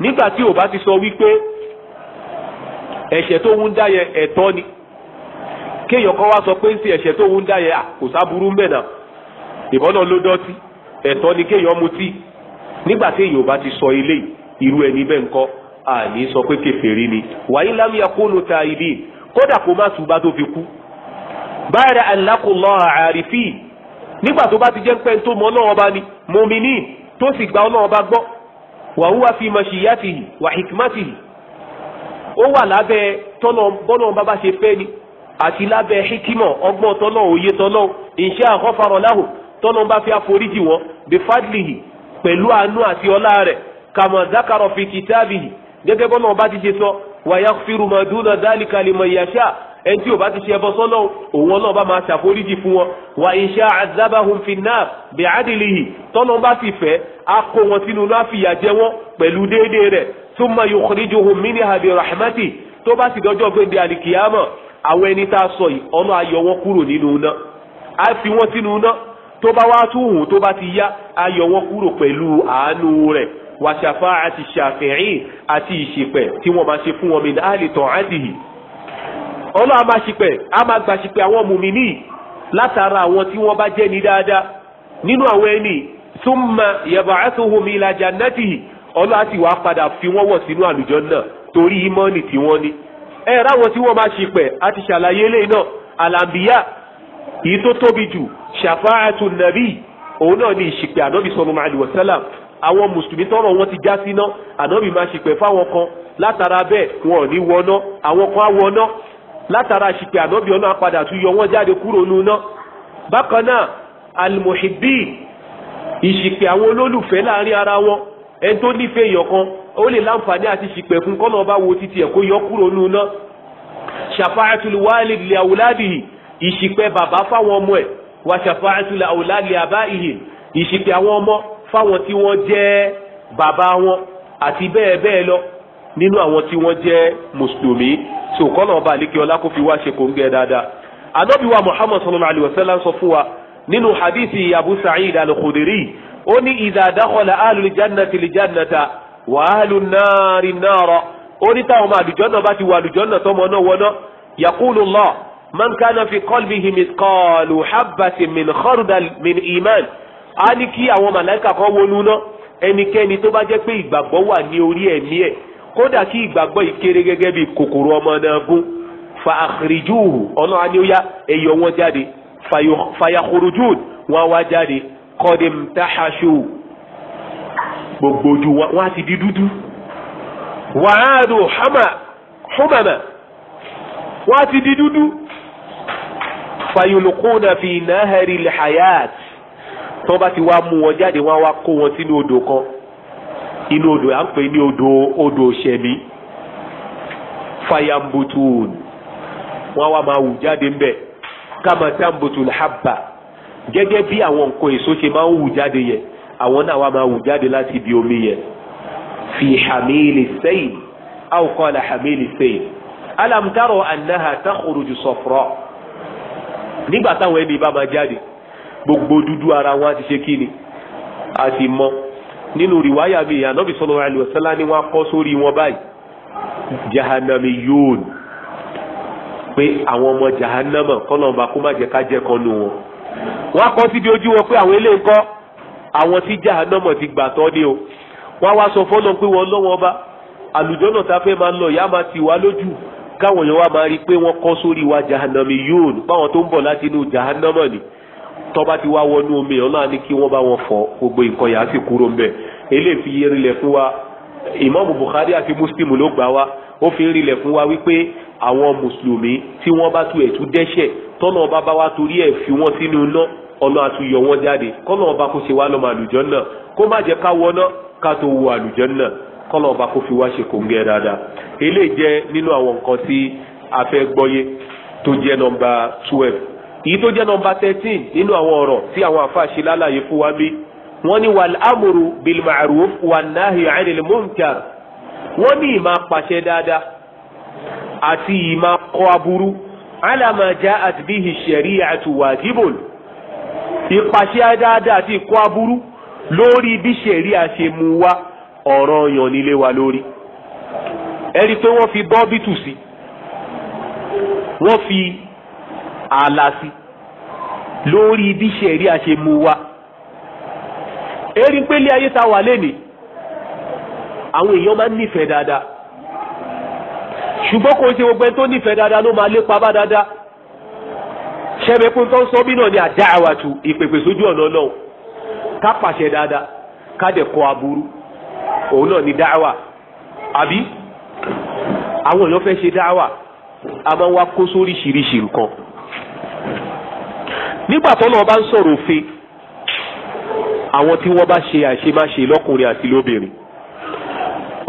nígbà tí ò bá ti sọ wípé ẹ̀ṣẹ̀ tó ń dá ẹ̀tọ́ ni kéèyàn wá sọ pé ẹ̀ṣẹ̀ tó ń dá kò sábúrú mẹ́nà ìbọn náà ló dọ́tí ẹ̀tọ́ ni kéèyàn mutí nígbà tí èèyàn ò bá ti sọ eléyìí irú ẹni bẹ́ẹ̀ ńkọ́ àní sọ pé kèfèrí ni wàyí lámì akóno ta ibi kódà kó má tùbá tó fi kú báyìí alákòlọ́ àrífì nígbà tó bá ti jẹ́ pé tó mọ ọlọ́wọ́ bá ní mọ́mìnì tó sì gba ọlọ́wọ́ bá gbọ́ wàhúwà fi mọ̀ṣíyàtìhì wà hikmátìhì ó wà lábẹ́ tọ́lọ̀ bọ́lọ̀ bàbá ṣe fẹ́ ni àti lábẹ́ hikimọ̀ ọgbọ́n tọ́lọ̀ òye tọ́lọ̀ ìṣẹ́ àkọ́farọ̀ láhùn tọ́lọ̀ bá fi àforíjì wọn bí fadlihi pẹ̀lú àánú àti ọlá rẹ̀ kama zakaro fi kitabihi gẹ́gẹ́ bọ́lá ọba ti ṣe sọ wa yaghfiru ma duna dhalika liman yasha ẹni tí ó bá ti ṣe ẹbọ sọ́nà òun ọlọ́run bá máa ṣàforíjì fún wọn wa in sha'a azabahum finnar bi'adlihi tọ́nà bá sì fẹ́ á kó wọn sínú náà fìyà jẹ wọn pẹ̀lú déédéé rẹ̀ thumma yukhrijuhum minha bi rahmati tó bá sì dọjọ́ gbé alikiyama àwọn ẹni tá a sọ yìí ọ̀nà ayọ̀ wọn kúrò nínú náà wa shafa'ati shafi'in àti ìṣìpẹ̀ tí wọ́n máa ṣe fún wọn min ahli ta'atihi ọlọ́run a máa ṣìpẹ̀ a máa gbà ṣìpẹ̀ àwọn mùmíní látara àwọn tí wọ́n bá jẹ́ ní dáadáa nínú àwọn ẹni thumma yab'athuhum ila jannatihi ọlọ́run àti wàá padà fi wọ́n wọ̀ sínú àlùjánnà torí ìmọ̀ọ́nì tí wọ́n ní ẹ ráwọn tí wọ́n máa ṣìpẹ̀ àti ṣàlàyé eléyìí náà alambiya àwọn mùsùlùmí tọrọ wọn ti já síná ànábì máa ṣìpẹ̀ fáwọn kan látara bẹ́ẹ̀ wọn ò ní wọná àwọn kan á wọná látara ṣìpẹ̀ ànábì ọ̀nà padà tún yọ wọ́n jáde kúrò núná bákan náà almuhibbi ìṣìpẹ̀ àwọn olólùfẹ́ láàrin ara wọn ẹni tó nífẹ̀ẹ́ èèyàn kan ó lè láǹfààní àti ṣìpẹ̀ fún kọ́nà ọba wo títí ẹ̀ kó yọ kúrò núná ṣàfáàtúlù wálé lè àwùládìí ìṣìpẹ̀ bàbá fáwọn ọmọ ẹ̀ wà ṣàfáàtúlù àwùládìí fáwọn tí wọ́n jẹ́ bàbá wọn àti bẹ́ẹ̀ bẹ́ẹ̀ lọ nínú àwọn tí wọ́n jẹ́ mùsùlùmí tí òkọ́ náà bá lékè ọlá kó fi wá ṣe kòńgẹ́ dáadáa. ànábì wa muhammad sallallahu alayhi wa sallam sọ fún wa nínú hadithi abu sa'id al-khudiri ó ní idha dakhala ahlul jannati l-jannata wa ahlun nari n ó ní táwọn ọmọ àlùjọ́nà bá ti wà àlùjọ́nà tọmọ náà wọná yaqulu allah man kana fi qalbihi mithqalu habbatin min khardal min iman á ní kí àwọn màláìkà kan wọnú náà ẹnikẹ́ni tó bá jẹ́ pé ìgbàgbọ́ wà ní orí ẹ̀mí ẹ̀ kódà kí ìgbàgbọ́ ìkéré gẹ́gẹ́ bí kòkòrò ọmọ náà gún fa àkìrìjúhù ọ̀nà àníyá ẹ̀yọ wọn jáde fàyàkùrùjùn wọn wá jáde kọ́dìm táhàṣù gbogbo ojú wọn ti di dúdú wàhálù hùmàmà wọn ti di dúdú fàyùlùkùnà fi náhẹ̀rì lẹ́hàyàt tó bá ti wá mú wọn jáde wọ́n wá kó wọn sínú odò kan inú odò à ń pè ní odò odò ṣẹ̀mí fayambutun wọ́n wá máa wù jáde ń bẹ̀ kama tambutun gẹ́gẹ́ bí àwọn nǹkan èso ṣe máa ń wù jáde yẹn àwọn náà wá máa wù jáde láti ibi omi yẹn fi hamili sẹ́yìn aw qala hamili sẹ́yìn alam taro annaha takhruju nígbà táwọn ẹni bá máa jáde gbogbo dudu ara wọn ti ṣe kí ni a ti mọ nínú rìwáyà mi ànábì sallallahu alaihi wasallam ni wọ́n kọ́ sórí wọn báyìí jahannami yóòn pé àwọn ọmọ jahannama kọ́lọ́mọba kó má jẹ́ ká jẹ́ kan nù wọn wọ́n kọ́ síbi ojú wọn pé àwọn ilé ńkọ́ àwọn tí jahannama ti gbà tọ́ ni o wọ́n wá sọ fọ́nà pé wọ́n lọ́wọ́ bá àlùjọ́nà tá a fẹ́ máa lọ ìyá máa ti wá lójú káwọn èèyàn wá máa rí i pé wọ́n kọ́ sórí wa jahannami yóòn báwọn tó ń bọ̀ láti inú jahannama ni tọ́ba ti wá wọnú omi ọlọ́run ní kí wọ́n bá wọn fọ gbogbo nǹkan yà á sì kúrò ń bẹ̀ eléyìí fi rinlẹ̀ fún wa ìmáàmù Bukhari àti Muslim ló gbà wá ó fi rinlẹ̀ fún wa wípé àwọn mùsùlùmí tí wọ́n bá tu ẹ̀tú dẹ́ṣẹ̀ tọ́nà ọba bá wá torí ẹ̀ fi wọ́n sínú iná ọ̀nà àtúyọ wọn jáde kọ́nà ọba kó ṣe wá lọ́mọ àlùjánnà kó má jẹ́ ká wọná ká tó wọ àlùjánnà kọ́nà ọba kó fi wá ṣe kòǹgẹ́ dáadáa eléyìí jẹ́ nínú àwọn nǹkan tí a fẹ́ gbọ́yé tó jẹ́ nọmba twelve èyí tó jẹ́ nọmba thirteen nínú àwọn ọ̀rọ̀ tí àwọn àfa ṣe lálàyé fún wa bí wọ́n ní wàl amúru bilmaruf wànáhi anil munkar wọ́n ní ìmá pàṣẹ dáadáa àti ìmá kọ aburú alamaja àtibíhi sẹ̀rí àtúwàjibol ìpàṣẹ dáadáa àti ìkọ aburú lórí bí sẹ̀rí àṣemú wa ọ̀ràn ọ̀yàn nílé wa lórí ẹ̀rí pé wọ́n fi bọ́ọ̀bì tù wọ́n fi Alasi, sí lórí bí ṣẹ̀rí àṣẹ mú wa erin pé ilé ayé ta wà lénìí àwọn èèyàn máa ń nífẹ̀ẹ́ dáadáa ṣùgbọ́n kò ṣe gbogbo ẹni tó nífẹ̀ẹ́ dáadáa ló máa lépa bá dáadáa ṣẹ́mi pé tó ń sọ bí náà ni àdá àwàtú ìpèpè sójú ọ̀nà ọlọ́run ká pàṣẹ dáadáa ká dẹ̀ kọ aburú òun náà ni dáwà àbí àwọn èèyàn fẹ́ ṣe dáwà a máa ń wá kó sóríṣiríṣi nǹkan nígbà tó náà bá ń sọ̀rọ̀ òfin àwọn tí wọ́n bá ṣe àṣemáṣe lọ́kùnrin àti lóbìnrin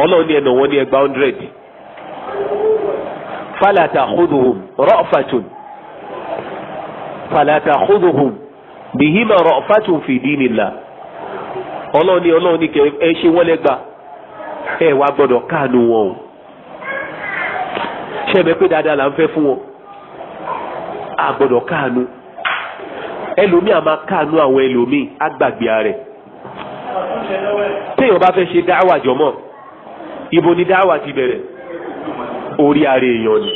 ọlọ́run ní ẹnà wọn ní ẹgbàá hundred falata khuduhum rọ́ọ̀fàtún falata khuduhum bìhímà rọ́ọ̀fàtún fi dinillah ọlọ́run ní ọlọ́run ní kẹ ẹ ṣe wọ́n lẹ́gbàá ẹ wá gbọ́dọ̀ káàánú wọn o ṣẹ́ẹ̀mẹ́ dáadáa là ń fẹ́ fún wọn a gbọ́dọ̀ ẹlòmíì àmà káànú àwọn ẹlòmíì á gbàgbé rẹ̀ téèyàn bá fẹ́ ṣe dáwà jọmọ́ ibo ni dáwà ti bẹ̀rẹ̀ orí ara èèyàn ni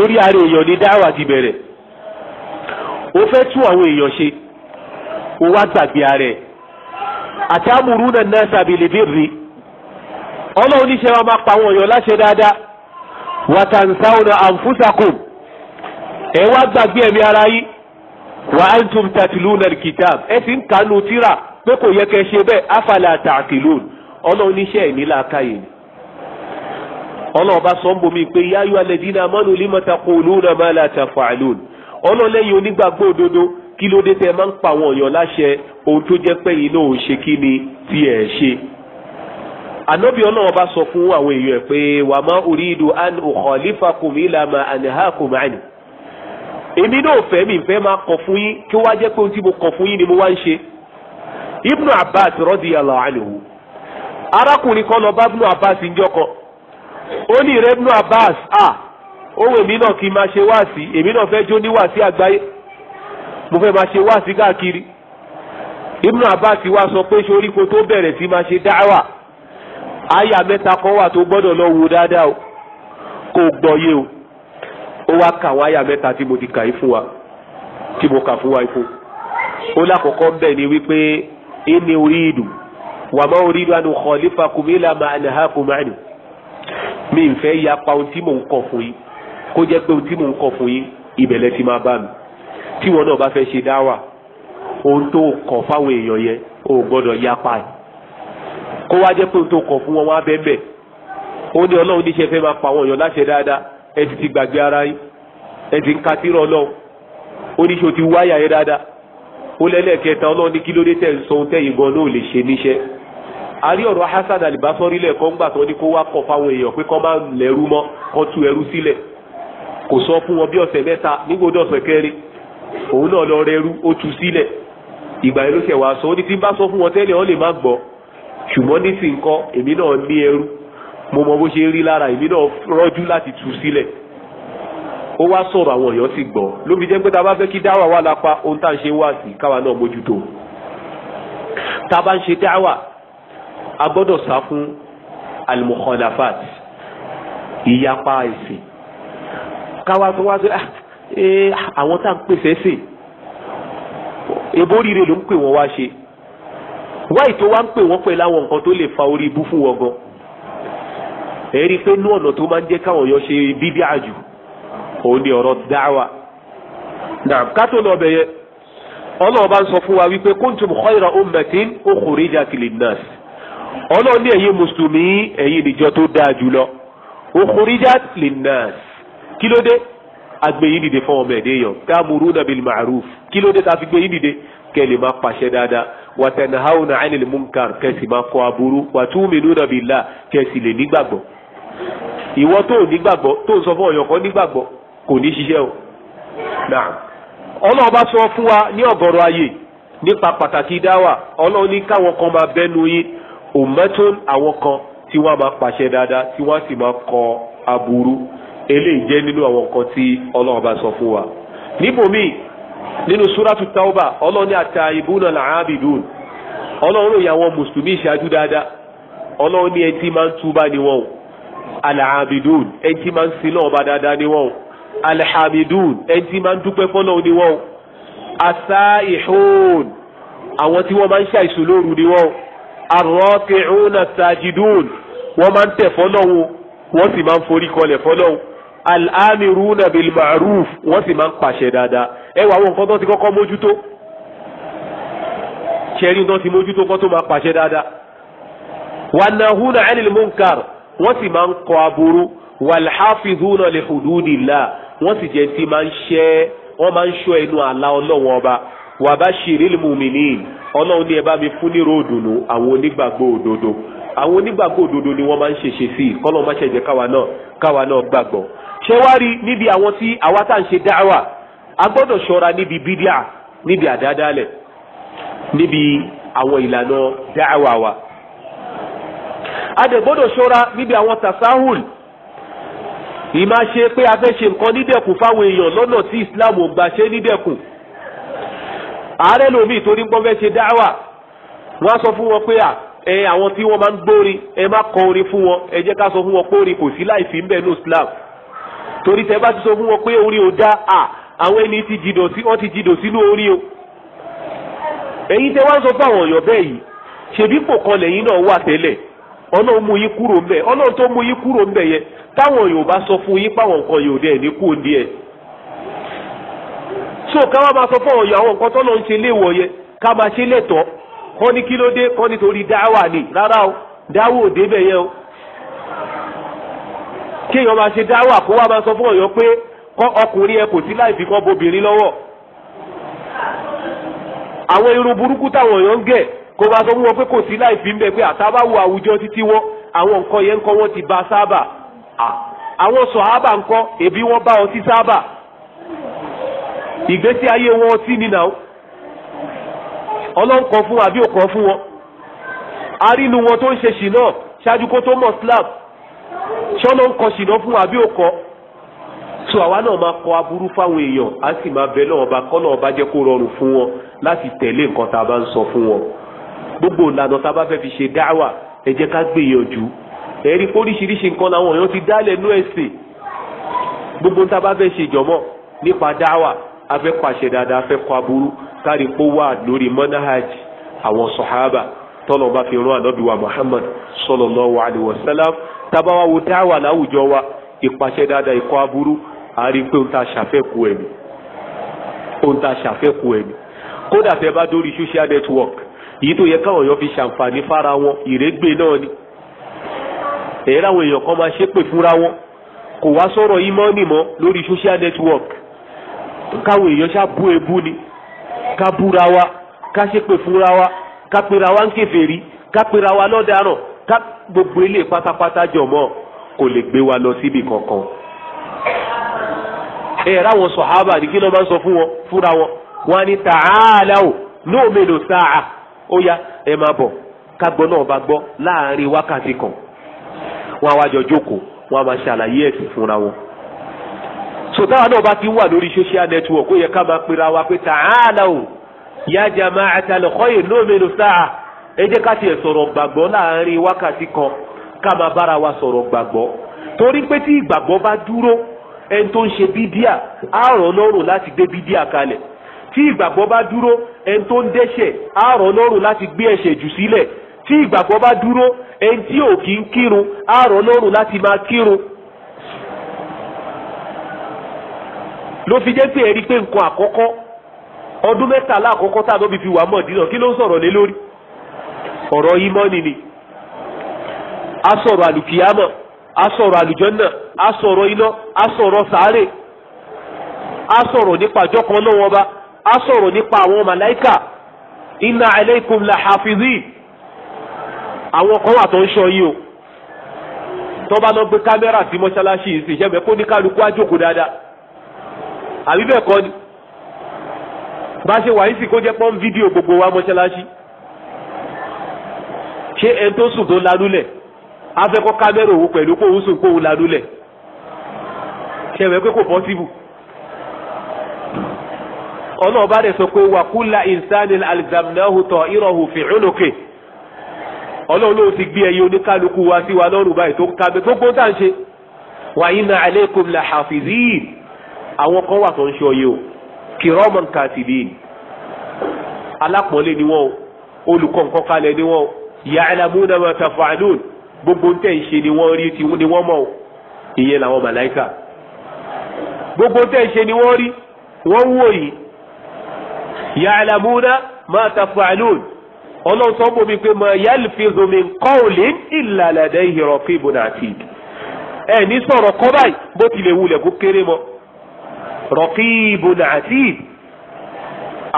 orí ara èèyàn ni dáwà ti bẹ̀rẹ̀ o fẹ́ tún àwọn èèyàn ṣe o wá gbàgbé ara àti amúrúnà náà sàbìlì bèrè ọlọ́run níṣẹ́ wa máa pa àwọn èèyàn láṣẹ dáadáa wàtàǹsáwọ̀nà àǹfùsàkùn ẹ wá gbàgbé ẹ̀mí ara yín wa antum tatluna al-kitab ẹ sì ń kanu tíra pé kò yẹ kẹ́ ṣe bẹ́ẹ̀ afala ta'qilun ọlọ́run níṣẹ́ ẹ̀ nílà káyè ni ọlọ́run bá sọ ń bomi pé ya ayyuha alladhina amanu lima taquluna ma la taf'alun ọlọ́run lẹ́yìn onígbàgbọ́ òdodo kí ló dé tẹ́ máa ń pa àwọn èèyàn láṣẹ ohun tó jẹ́ pé yìí náà ò ṣe kí ni tí ẹ̀ ṣe. ànábì ọlọ́run bá sọ fún àwọn èèyàn pé wa ma uridu an ukhalifakum ila ma anhakum anhu èmi náà fẹ́ mi fẹ́ máa kọ̀ fún yín kí wá jẹ́ pé ohun tí mo kọ̀ fún yín ni mo wá ń ṣe ibnu abbas radiyallahu anhu arákùnrin kan lọ bá ibnu abbas ń jọkọ ó ní ìrẹ́ ibnu abbas a ohun èmi náà kì í máa ṣe wáàsí èmi náà fẹ́ jó ní wáàsí àgbáyé mo fẹ́ máa ṣe wáàsí káàkiri ibnu abbas wá sọ pé sori kó tó bẹ̀rẹ̀ sí máa ṣe dáwà àyà mẹ́ta kan wà tó gbọ́dọ̀ lọ wò dáadáa o kò gbọ́yé o ó wá kà wáyà mẹ́ta tí mo ti kà í fún wa tí mo kà fún wa fún ó lákòókò bẹ́ẹ̀ ni wípé inni uridu wa ma uridu an ukhalifakum ila ma anhakum anhu mi ń fẹ́ yapa ohun tí mò ń kọ̀ fún yín kó jẹ́ pé ohun tí mò ń kọ̀ fún yín ìbẹ̀lẹ̀ ti máa bá mi tí wọn náà bá fẹ́ ṣe dáwà ohun tó kọ̀ fáwọn èèyàn yẹn ò gbọ́dọ̀ yapa ẹ̀ kó wá jẹ́ pé ohun tó kọ̀ fún wọn wá bẹ́ẹ̀ bẹ́ẹ̀ ó ní ọlọ́run níṣẹ́ fẹ́ máa pa àwọn èèyàn láṣẹ dáadáa ẹ ti gbàgbé ara yín ẹ ti ń ka tírọ̀ ọlọ́run ti wáyà yẹn dáadáa ó lẹ́lẹ́kẹta ọlọ́run ní kí ló dé tẹ̀ ń sọ ohun tẹ̀yìn gan náà lè ṣe níṣẹ́ àrí ọ̀rọ̀ hasan alibasori lẹ́ẹ̀kan gbà tán ní kó wá kọ fáwọn èèyàn pé kán má lẹ́rú mọ́ kán tú ẹrú sílẹ̀ kò sọ fún wọn bí ọ̀sẹ̀ mẹ́ta ọ̀sẹ̀ kẹrin òun náà lọ ó sílẹ̀ ìgbà yẹn ló ṣẹ̀ wá sọ ó fún wọn tẹ́lẹ̀ wọn lè má gbọ́ ṣùgbọ́n ní èmi náà mo mọ bó ṣe rí lára èmi náà rọ́jú láti tú sílẹ̀ ó wá sọ̀rọ̀ àwọn èèyàn sì gbọ́ ló fi jẹ́ pé ta bá fẹ́ kí dáwà wà lápá ohun tá à ń ṣe wá sí káwa náà mójútó ta bá ń ṣe dáwà a gbọ́dọ̀ sá fún al-mukhalafat ìyapa ẹ̀sìn káwa tó wá sí ah, eh, àwọn tá à ń pèsè ẹ̀sìn ebóríire ló ń pè wọ́n wá ṣe wáì tó wá ń pè wọ́n pẹ̀lú àwọn nǹkan tó lè fa orí ibú fún wọn gan-an èrí pé ní ọ̀nà tó máa ń jẹ́ káwọn èèyàn ṣe bíbí àjù òun ni ọ̀rọ̀ dáwà náà kátó lọ bẹ̀yẹ ọlọ́run bá ń sọ fún wa wípé kuntum khayra ummatin ukhrijat linnas ọlọ́run ní ẹ̀yin mùsùlùmí ẹ̀yin níjọ tó dáa jùlọ ukhrijat linnas kí ló dé agbẹ̀yìn dìde fún ọmọ ẹ̀dẹ́ yàn ta'muruna bil ma'ruf kí ló dé fi gbẹ̀yìn dìde kẹ́lì máa pàṣẹ dáadáa wa tanhawna 'anil munkar kẹ́sì kọ́ aburú wa tu'minuna billah kẹ́sì lè nígbàgbọ́ ìwọ tó nígbàgbọ́ tó sọ fún ọ̀yàn kan nígbàgbọ́ kò ní ṣiṣẹ́ o náà ọlọ́run bá sọ fún wa ní ọ̀gọ̀rọ̀ ayé nípa pàtàkì dáwà ọlọ́run ní káwọn kan máa bẹ́nu yín òmẹ́tún àwọn kan tí wọ́n máa pàṣẹ dáadáa tí wọ́n sì máa kọ aburú eléyìí jẹ́ nínú àwọn nǹkan tí ọlọ́run bá sọ fún wa níbòmíì nínú súrátù tauba ọlọ́run ní ata ibùnà làábìdùn ọlọ́run ròyìn àwọn mùsùlùmí ìṣáájú dáadáa ọlọ́run ní ẹtí máa ń túbá ni wọ́n o alaabidun ẹni tí máa ń sin lọ́wọ́ bá dáadáa ni wọ́n alhamidun ẹni tí máa ń dúpẹ́ fọ́lọ́wọ́ ni wọ́n asaihun àwọn tí wọ́n máa ń ṣàìsùn lóru ni wọ́n arọ́kìrún asajidun wọ́n máa ń tẹ̀ fọ́lọ́wọ́ wọ́n sì máa ń forí kọlẹ̀ fọ́lọ́wọ́ al'amiruna bil ma'ruf sì máa ń pàṣẹ dáadáa ẹ wà àwọn nǹkan ti kọ́kọ́ mójútó ṣẹ́rí tó ti mójútó kọ́ tó máa pàṣẹ dáadáa wà náà hùnà wọ́n sì máa ń kọ aburú wàlhàfíhùnà lè hùdúdìlà wọ́n sì jẹ́ ti máa ń ṣẹ́ wọ́n máa ń ṣọ́ ẹnu àlá ọlọ́wọ́n ọba wàbáṣiril mùmìnín ọlọ́run ní ẹ bá mi fún ní ròdùnú àwọn onígbàgbọ́ òdodo àwọn onígbàgbọ́ òdodo ni wọ́n máa ń ṣèṣe sí i kọ́lọ́ má ṣẹ̀jẹ̀ káwa náà káwa náà gbàgbọ́. ṣé wá rí níbi àwọn tí àwa tá à ń ṣe dáwà a gbọ́dọ̀ ṣọ́ra níbi bídíà níbi àdádálẹ̀ níbi àwọn ìlànà dáwà wa adẹ̀gbọ́dọ̀ ṣọ́ra níbi àwọn tasahul ìmá pé a fẹ́ ṣe nǹkan nídẹ̀kùn fáwọn èèyàn lọ́nà tí islam ò gbà ṣe nídẹ̀kùn ààrẹ lomi torí ń gbọ́ fẹ́ ṣe dáwà wọ́n á sọ fún wọn pé à ẹ àwọn tí wọ́n máa ń gbórin ẹ má kọ orin fún wọn ẹ jẹ́ ká sọ fún wọn pé orin kò sí láì fi ń bẹ̀ ní islam torí tẹ bá ti sọ fún wọn pé orin ò dá à àwọn ẹni tí jìdọ̀ sí wọ́n ti jìdọ̀ sínú orin o ẹ̀yin tẹ wá ń sọ fún àwọn èèyàn bẹ́ẹ̀ yìí ṣèbí pò kan lẹ́yìn náà wà tẹ́lẹ̀ ọlọ́run mú yín kúrò ńbẹ ọlọ́run tó mú yín kúrò ńbẹ yẹn táwọn yóò bá sọ fún yín páwọn nǹkan yóò dẹ̀ ní kú ní ẹ̀. so ká wá máa sọ fún ọ̀yọ́ àwọn nǹkan tó lọ ń ṣe léèwọ̀ ká máa ṣe lẹ́tọ̀ọ́ kọ́ o dáwà o. kéèyàn máa ṣe dáwà kó wá máa sọ fún ọ̀yọ́ pé ọkùnrin ẹ kò sí láì fi kó bá sọ fún wọn pé kò sí láì fi ń bẹ pé àtàbáwò àwùjọ títí wọn àwọn nǹkan yẹn ńkọ́ wọn ti ba sábà àwọn sọ̀hábà ńkọ́ ẹbí wọn bá ọtí sábà ìgbésí ayé wọn ọtí nínà ó ọlọ́nkọ fún àbí òkọ fún wọn arínú wọn tó ń ṣe ṣìnà ṣáájú kó tó mọ̀ slab ṣọ́nà ń kọ ṣìnà fún àbí òkọ so àwa náà máa kọ aburú fáwọn èèyàn á sì máa bẹ lọ́wọ́ bá kọ́ náà bá jẹ́ kó rọrùn fún wọn láti tẹ̀lé nǹkan tá a bá ń sọ fún wọn gbogbo ìlànà tá a bá fẹ́ fi ṣe dáwà ẹ jẹ́ ká gbìyànjú ẹ̀rí póríṣiríṣi nǹkan làwọn èèyàn ti dálẹ̀ nú ẹ̀sìn gbogbo tá a bá fẹ́ ṣe jọ̀mọ́ nípa dáwà a fẹ́ pàṣẹ dáadáa fẹ́ kọ aburú kárí kó wà lórí manahaj àwọn sọ̀hábà tọ́lọ̀ bá fi rán ànábì wa Muhammad sallallahu alaihi wasallam tábà wá wo dáwà láwùjọ wa ìpàṣẹ dáadáa ìkọ aburú a rí pé òun ta ṣàfẹ́kù ẹ̀mí ṣàfẹ́kù ẹ̀mí kódà fẹ́ bá dórí social network èyí tó yẹ káwọn èèyàn fi ṣàǹfààní fára wọn ìrégbè náà ni èyí láwọn èèyàn kan máa ṣépè fúnra wọn kò wá sọ̀rọ̀ ìmọ̀ọ́nì mọ́ lórí social network káwọn èèyàn ṣàbú ebú ni ká búra wa ká ṣépè fúnra wa ká pera wa ń kèfèrí ká pera wa lọ́daràn ká gbogbo ilé pátápátá jọ mọ́ kò lè gbé wa lọ síbi kankan. ẹ ráwọn sọ̀hábà ní kí ló máa ń sọ fún wọn fúnra wọn wọn ni tààlà ò nóòmè lò sáà ó yá ẹ máa bọ̀ kágbọ́ náà bá gbọ́ láàrin wákàtí kan wọn àwa jọ jókòó wọn a máa ṣàlàyé ẹ̀sìn fúnra wọn. sòtáwa náà bá ti wà lórí social network ó yẹ ká máa pera wa pé tààlà o yá jama'at al-khayr nu'minu sáà ẹ jẹ́ ká tiẹ̀ sọ̀rọ̀ gbàgbọ́ láàrin wákàtí kan ká máa bára wa sọ̀rọ̀ gbàgbọ́ torí pé tí ìgbàgbọ́ bá dúró ẹni tó ń ṣe bídíà á ràn lọ́rùn láti gbé bídíà kalẹ̀ tí ìgbàgbọ́ bá dúró ẹni tó ń dẹ́ṣẹ̀ á lọ́rùn láti gbé ẹ̀ṣẹ̀ jù sílẹ̀ tí ìgbàgbọ́ bá dúró ẹni tí ò kí ń kírun á lọ́rùn láti máa kírun. ló fi jẹ́ pé ẹ̀rí pé nǹkan àkọ́kọ́ ọdún mẹ́tàlá àkọ́kọ́ tá a lóbi fi wà mọ̀ dínà kí ló ń sọ̀rọ̀ lé lórí ọ̀rọ̀ yìí mọ́ nìní a sọ̀rọ̀ a sọ̀rọ̀ a sọ̀rọ̀ iná a sọ̀rọ̀ sàárè a sọ̀rọ̀ náà á sọ̀rọ̀ nípa àwọn màláìkà inna alaykum la hafizin àwọn kan wà tó ń ṣọ́ yín o tó bá lọ gbé kámẹ́rà sí mọ́ṣáláṣí yìí sí ìṣẹ́bẹ̀ kó ní kálukú á jókòó dáadáa àbí bẹ́ẹ̀ kọ́ ni bá ṣe wà yìí sì kó jẹ́ pọ́n fídíò gbogbo wa mọ́ṣáláṣí ṣé ẹni tó sùn tó lanúlẹ̀ afẹ́kọ́ kámẹ́rà òun pẹ̀lú kó òun sùn kó òun lanúlẹ̀ ṣẹ̀wẹ̀ pé kò pọ́síbù ọ̀nà ọba rẹ̀ sọ pé wàkúlà ìsánil alzamnahu ta'irahu fi unuqi ọlọ́run ló ti gbé ẹyẹ oníkálukú wa sí wa lọ́rùn báyìí tó ń kábẹ́ tó gbóńtà ń ṣe wa inna alaykum la hafizin àwọn kan wà tó ń ṣe ọyẹ o kiraman katibin alápọ̀nlé ni wọ́n olùkọ́ nǹkan kalẹ̀ ni wọ́n o ya'lamuna ma taf'alun gbogbo tẹ̀ ń ṣe ni wọ́n rí ti ni wọ́n mọ̀ o ìyẹn làwọn màláìkà gbogbo tẹ̀ ń ṣe ni wọ́n rí wọ́n wò yìí ya'lamuna ma taf'alun ọlọ́run tó ń bomi pé ma yalfizu min qawlin illa ladayhi raqibun atid ẹ ní sọ̀rọ̀ kọ́ báyìí bó tilẹ̀ wulẹ̀ kó kéré mọ́ raqibun atid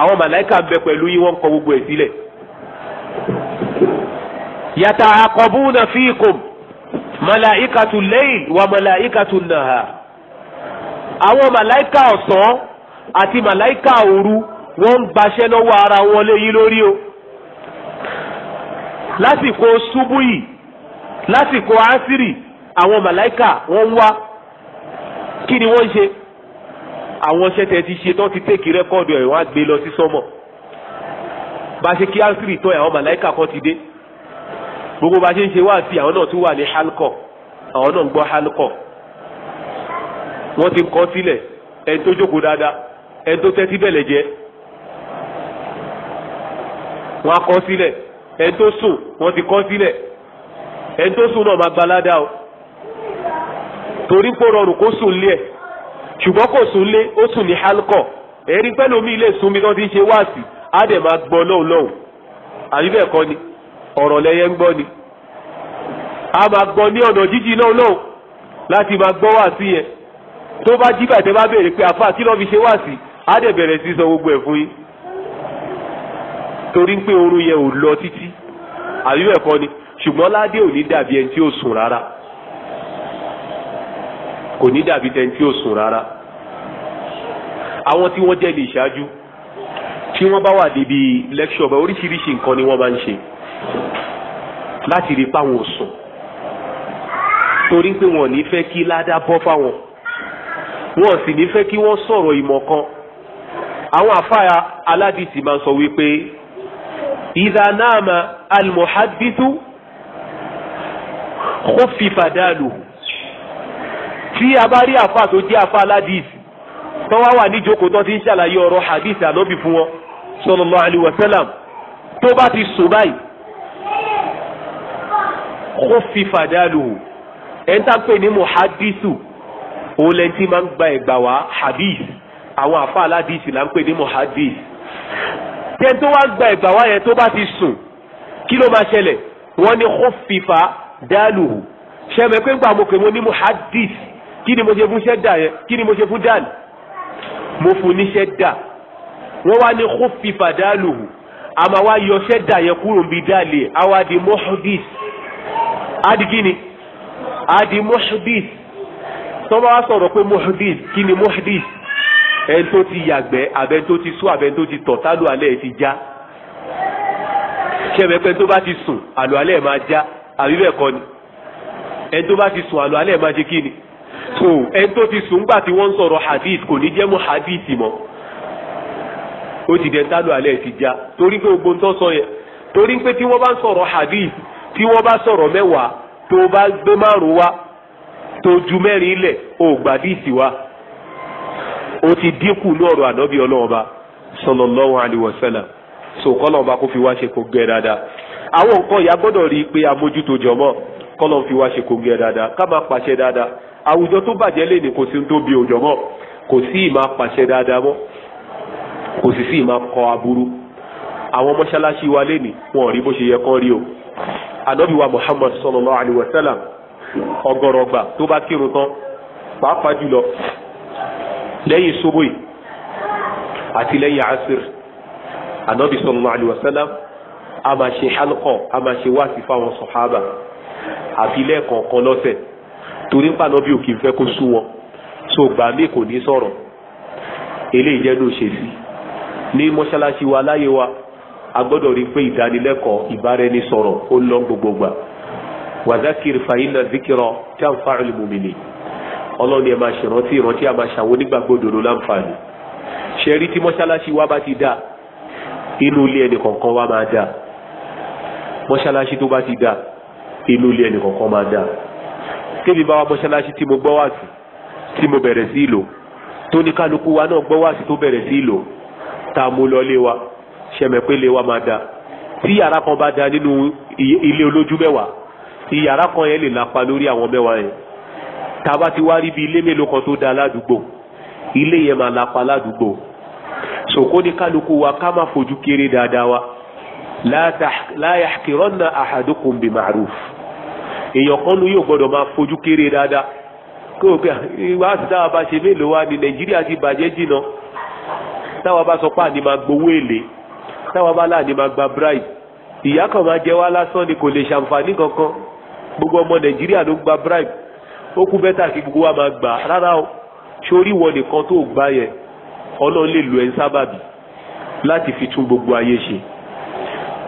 àwọn màláìka ń bẹ pẹ̀lú yín wọ́n ń kọ gbogbo ẹ̀ sílẹ̀ yata'aqabuna fikum malaikatu leil wa malaikatu naha àwọn malaika ọ̀sán àti malaika òru wọ́n ń gbaṣẹ́ lọ́wọ́ ara wọn lé yín lórí o lásìkò ṣubú yìí lásìkò àṣírí àwọn màláìkà wọ́n ń wá kí ni wọ́n ń ṣe àwọn ṣẹ́tẹ̀ ti ṣe tán ti tèkì rẹ́kọ́ọ̀dù ẹ̀ wọ́n á gbé lọ sí sọ́mọ̀ bá ṣe kí àṣírí tán àwọn màláìkà kan ti dé gbogbo bá ń ṣe wá sí àwọn náà tún wà ní halkọ àwọn náà ń gbọ́ halkọ wọ́n ti kọ́ sílẹ̀ ẹni tó jókòó dáadáa ẹni tó tẹ́tí bẹ̀lẹ̀ jẹ́ wọ́n á kọ sílẹ̀ ẹni tó sùn wọ́n ti kọ sílẹ̀ ẹni tó sùn náà máa gbalada o torí pé ó rọrùn kó sùn lé ẹ̀ ṣùgbọ́n kò sùn lé ó sùn ní halkọ̀ èrí pẹ́ lómi ilé sùn mi tó ti ṣe wáàsì á dẹ̀ máa gbọ́ lọ́hùn lọ́hùn àbí kọ́ ni ọ̀rọ̀ lẹ́yẹ ń gbọ́ ni a máa gbọ́ ní ọ̀nà jíjìn náà lọ́hùn láti máa gbọ́ wáàsì yẹn tó bá jí bàtẹ́ bá béèrè pé àfa kí ló fi ṣe wáàsì á dẹ̀ bẹ̀rẹ̀ sí sọ gbogbo ẹ̀ fún yín torí pé oorun yẹn ò lọ títí àbí bẹ́ẹ̀ kọ́ ni ṣùgbọ́n ládé ò ní dàbí ẹni tí ò sùn rárá kò ní dàbí ẹni tí ò sùn rárá àwọn tí wọ́n jẹ́ lè ṣáájú tí wọ́n bá wà níbi lẹ́kṣọ̀ oríṣiríṣi nǹkan ni wọ́n máa ń ṣe láti rí páwọn ò sùn torí pé wọn ò ní fẹ́ kí ládá bọ́ fáwọn wọn ò sì ní fẹ́ kí wọ́n sọ̀rọ̀ ìmọ̀ kan àwọn àfáà aládìsí máa ń sọ wípé ìdá náàmà almuhadithu khufifa daluhu tí a bá rí àfa tó jẹ́ àfa aládìsí tó wá wà níjókòó tó ti ń ṣàlàyé ọ̀rọ̀ hadith ànábì fún wọn sallallahu alaihi wasallam tó bá ti sùn báyìí khufifa daluhu ẹni tá a pè ní muhadithu òun lẹ́ni tí máa ń gba ẹ̀gbà wá hadith àwọn àfa aládìsí là ń pè ní muhadith tẹ́ tó wá gba ẹ̀gbà wá yẹn tó bá ti sùn kí ló máa ṣẹlẹ̀ wọ́n ní khuffifa daluhu ṣẹ́mi pé gbà mo pè mo ní muhaddis kí ni mo ṣe fún ṣẹ́dà yẹn kí ni mo ṣe fún dàlù mo fún ní ṣẹ́dà wọ́n wá ní khuffifa daluhu àmà wá yọ ṣẹ́dà yẹn kúrò bí dàlù yẹn àwa di muhaddis adi kí ni adi muhaddis tọ́ bá wá sọ̀rọ̀ pé muhaddis kí ni muhaddis ẹni tó ti yàgbẹ́ àbẹ́ni tó ti sùn àbẹ́ni tó ti tọ̀ tálù alẹ́ ẹ̀ ti já ṣé ẹ̀mẹ́pẹ́ tó bá ti sùn àlọ́ alẹ́ ẹ̀ máa já àbí bẹ́ẹ̀ kọ́ ni ẹni tó bá ti sùn àlọ́ alẹ́ ẹ̀ máa ṣe kí ni so ẹni tó ti sùn gbà tí wọ́n ń sọ̀rọ̀ hadith kò ní jẹ́ mọ́ hadith mọ́ ó ti dẹ̀ tálù alẹ́ ẹ̀ ti já torí pé gbogbo ń sọ yẹn torí pé tí wọ́n bá ń sọ̀rọ̀ hadith tí wọ́n bá sọ̀rọ̀ mẹ́wàá tó bá gbé márùn-ún wá tó ju mẹ́rin lẹ̀ ò gbàdíìsì wa ó ti dínkù ní ọ̀rọ̀ ànábì ọlọ́ọ̀ba sallallahu alaihi wasallam so kọ́lọ̀ ọba kó fi wá ṣe kó gẹ́ dáadáa àwọn nǹkan ìyá gbọ́dọ̀ rí i pé amójútó jọmọ́ kọ́lọ̀ fi wá ṣe kó gẹ́ dáadáa ká máa pàṣẹ dáadáa àwùjọ tó bàjẹ́ lè ní kò sí tó bí òjò mọ́ kò sí ìmá pàṣẹ dáadáa mọ́ kò sì sí ìmá kọ aburú àwọn mọ́ṣáláṣí wa lè ní wọn rí bó ṣe yẹ kán rí o ànábì wa Muhammad sallallahu alaihi wasallam ọgọrọgba tó bá kírun tán pàápàá jùlọ lẹ́yìn ṣubú yìí àti lẹ́yìn asir anabi sallallahu alaihi wasallam a máa ṣe halqa a máa ṣe wáàsí fáwọn sọ̀hábà àfi lẹ́ẹ̀kọ̀ọ̀kan lọ́sẹ̀ torí ń pa anabi òkè fẹ́ kó sú wọn so gbà mí kò ní sọ̀rọ̀ eléyìí jẹ́ ló ṣe sí ní mọ́ṣáláṣí wa láyé wa a gbọ́dọ̀ rí pé ìdánilẹ́kọ̀ọ́ ìbáraẹnisọ̀rọ̀ ó lọ gbogbo wàzákìrì fàyínà zikirọ̀ tí a ń fa ìlú ọlọ́run ni ẹ máa ṣèrántí ìrántí a máa ṣàwọn onígbàgbọ́ òdodo láǹfààní ṣe rí tí mọ́ṣáláṣí wa bá ti dá inú ilé ẹnì kọ̀ọ̀kan wa máa dá mọ́ṣáláṣí tó bá ti dá inú ilé ẹnì kọ̀ọ̀kan máa dá kébi bá wa mọ́ṣáláṣí tí mo gbọ́ wá sí tí mo bẹ̀rẹ̀ sí ìlò tó ní kálukú wa náà gbọ́ wá sí tó bẹ̀rẹ̀ sí ìlò tá a mú lọ lé wa ṣẹ̀mẹ̀ pé lé wa máa dá tí yàrá kan bá dá nínú ilé olójú mẹ́wàá ìyàrá kan yẹn lè lápa lórí àwọn mẹ́wàá yẹn tàbá ti wá rí bí ilé mélòó kan tó da ládùúgbò ilé yẹn máa lapa ládùúgbò sòkó ní kálukú wa ká má fojú kéré dáadáa wa la yahqiranna ahadukum bi ma'ruf èèyàn kan nu yóò gbọdọ̀ máa fojú kéré dáadáa kí o wá sí táwa bá ṣe mélòó wa ní nàìjíríà ti bàjẹ́ jìnnà táwa bá sọ pé àní máa gbowó èlé táwa bá láàní máa gba bribe ìyá kan máa jẹ wá lásán ni kò lè ṣàǹfààní kankan gbogbo ọmọ nàìjíríà ló gba bribe ó kú bẹ́tà kí gbogbo wa máa gbà rárá o sórí ìwọ nìkan tó gbà yẹn ọlọ́run lè lo ẹni sábàbí láti fi tún gbogbo ayé ṣe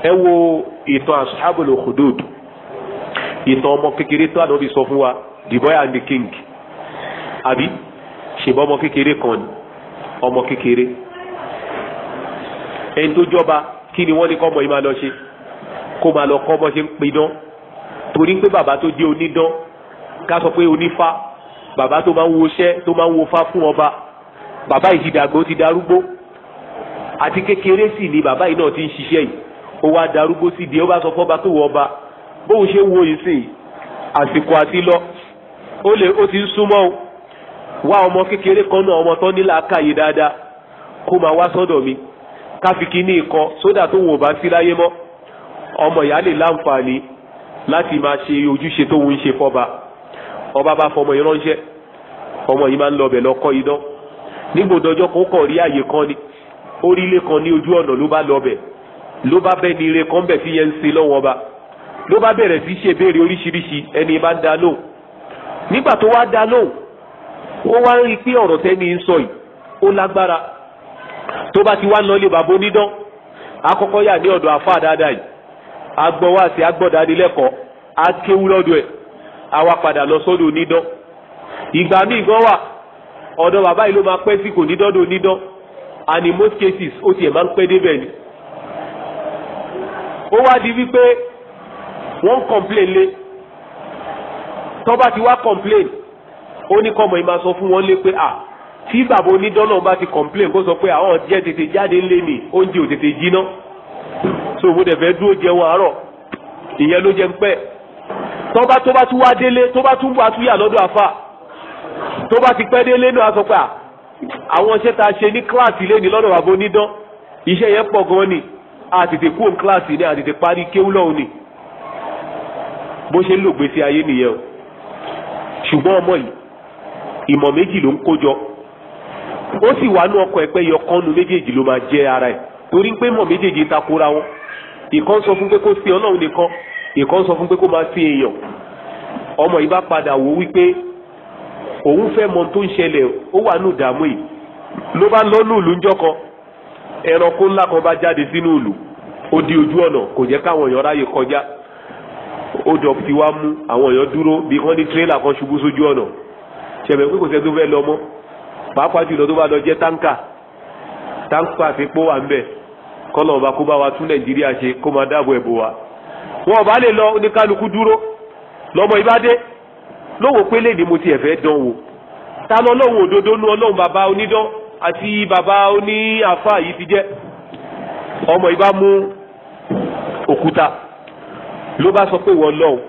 ẹ wo ìtàn ashabul khudud ìtàn ọmọ kékeré tó àná fi sọ fún wa the boy and the king àbí ṣèbọn ọmọ kékeré kan ni ọmọ kékeré ẹni tó jọba kí ni wọ́n ní kọ́mọ yìí máa lọ ṣe kó máa lọ kọ́ bọ́ ṣe ń pidán torí pé bàbá tó jẹ́ onídán ká sọ pé onífá bàbá tó máa ń woṣẹ́ tó máa ń wofá fún ọba bàbá yìí ti darúgbó àti kékeré sì ni bàbá yìí náà ti ń ṣiṣẹ́ yìí ó wá darúgbó sí di ó bá sọ fọ́ba tó wọ ọba bóun ṣe wo yìí sìn àsìkò àti lọ ó lè ó ti ń súnmọ́ o wá ọmọ kékeré kan náà ọmọ tó ní làákàyè dáadáa kó máa wá sọ́dọ̀ mi káfi kíní nǹkan sódà tó wò bá sí láyé mọ́ ọmọ ìyá lè láǹfààní láti máa ṣe ojúṣe tó ń ṣe fọ́ba ọba bá fọmọ yìí ránṣẹ́ ọmọ yìí máa ń lọ ọbẹ̀ lọ kọ́ idán nígbòdọjọ́ kan kàn rí àyè kan ni ó rí ilé kan ní ojú ọ̀nà ló bá lọ bẹ̀ ló bá bẹ́ ni ire kan bẹ̀ fi yẹn ń ṣe lọ́wọ́ ọba ló bá bẹ̀rẹ̀ sí ṣe béèrè oríṣiríṣi ẹni bá ń da lóhùn nígbà tó wá da lóhùn ó wá ń rí pé ọ̀rọ̀ tẹ́ni ń sọ yìí ó lágbára tó bá ti wá ń lọ ilé bàbá onídán akọ́kọ́ yà ní ọ̀dọ̀ àfáà dáadáa yìí agbọ́wọ́ àti agbọ́dánilẹ́kọ̀ọ́ akéwúrọ́dọ̀ ẹ̀ àwa padà lọ sọ́dọ̀ onídán ìgbà míì gan wà ọ̀dọ̀ bàbá yìí ló máa pẹ́ sí kò ní dọ́dọ̀ onídán and in most cases ó tiẹ̀ máa ń pẹ́ débẹ̀ ni. ó wá di wípé wọ́n ń complain lé tó bá ti wá complain ó ní kọ́mọ yìí máa sọ fún wọn lé pé à tí bàbá onídán náà bá ti complain kó sọ pé àwọn jẹ́ tètè jáde ńlẹ̀ ni oúnjẹ ò tètè jiná so mo dẹ̀ fẹ́ dúró jẹun àárọ̀ ìyẹn ló jẹ́ ń pẹ́ tọ́ba tó bá tún wá délé tó bá tún wá tún yà lọ́dọ̀ àfà tó bá ti pẹ́ délé náà sọ pé àwọn iṣẹ́ tá a ṣe ní kíláàsì lé ní lọ́dọ̀ àbò nídán iṣẹ́ yẹn pọ̀ gan ni a tètè kú òun kíláàsì ni a tètè parí kéwú lọ́hùn ni bó ṣe ń lò gbèsè ayé nìyẹn o ṣùgbọ́n ọmọ yìí ìmọ̀ méjì ló ń kójọ ó sì wà ní ọkọ̀ ẹ̀pẹ́ yọkànnù méjèèjì ló máa jẹ́ ara ẹ̀ torí pé mọ̀ méjèèjì takora wọn ìkan sọ fún pé kó sí ọlọ́run nìkan ìkan sọ fún pé kó máa sí èèyàn ọmọ yìí bá padà wò wípé òun fẹ́ mọ tó ń ṣẹlẹ̀ ó wà nù dààmú yìí ló bá lọ ní ìlú ńjọ́ kan ẹranko ńlá kan bá jáde sínú ìlú ó di ojú ọ̀nà kò jẹ́ káwọn èèyàn ráyè kọjá ó dọ̀ fi wá mú àwọn èèyàn dúró bí wọ́n ní tírélà kan ṣubú sójú ọ̀nà ṣẹ̀bẹ̀ pé kò sẹ́ tó fẹ́ lọ mọ́ pàápàá jùlọ tó bá lọ jẹ́ táǹkà táǹkà fi wà ń bẹ̀ kọ́lọ̀ ọba kó bá wa tún nàìjíríà ṣe kó máa dáàbò ẹ̀bò wa wọn ò bá lè lọ oníkálukú dúró lọ́mọ ìbádé lówó pé léde mo tiẹ̀ fẹ́ dán wò ta lọ lọ́hùn òdodo nu ọlọ́hùn bàbá onídán àti bàbá oní àfa yìí ti jẹ́ ọmọ ìbá mú òkúta ló bá sọ pé wọ́n lọ́hùn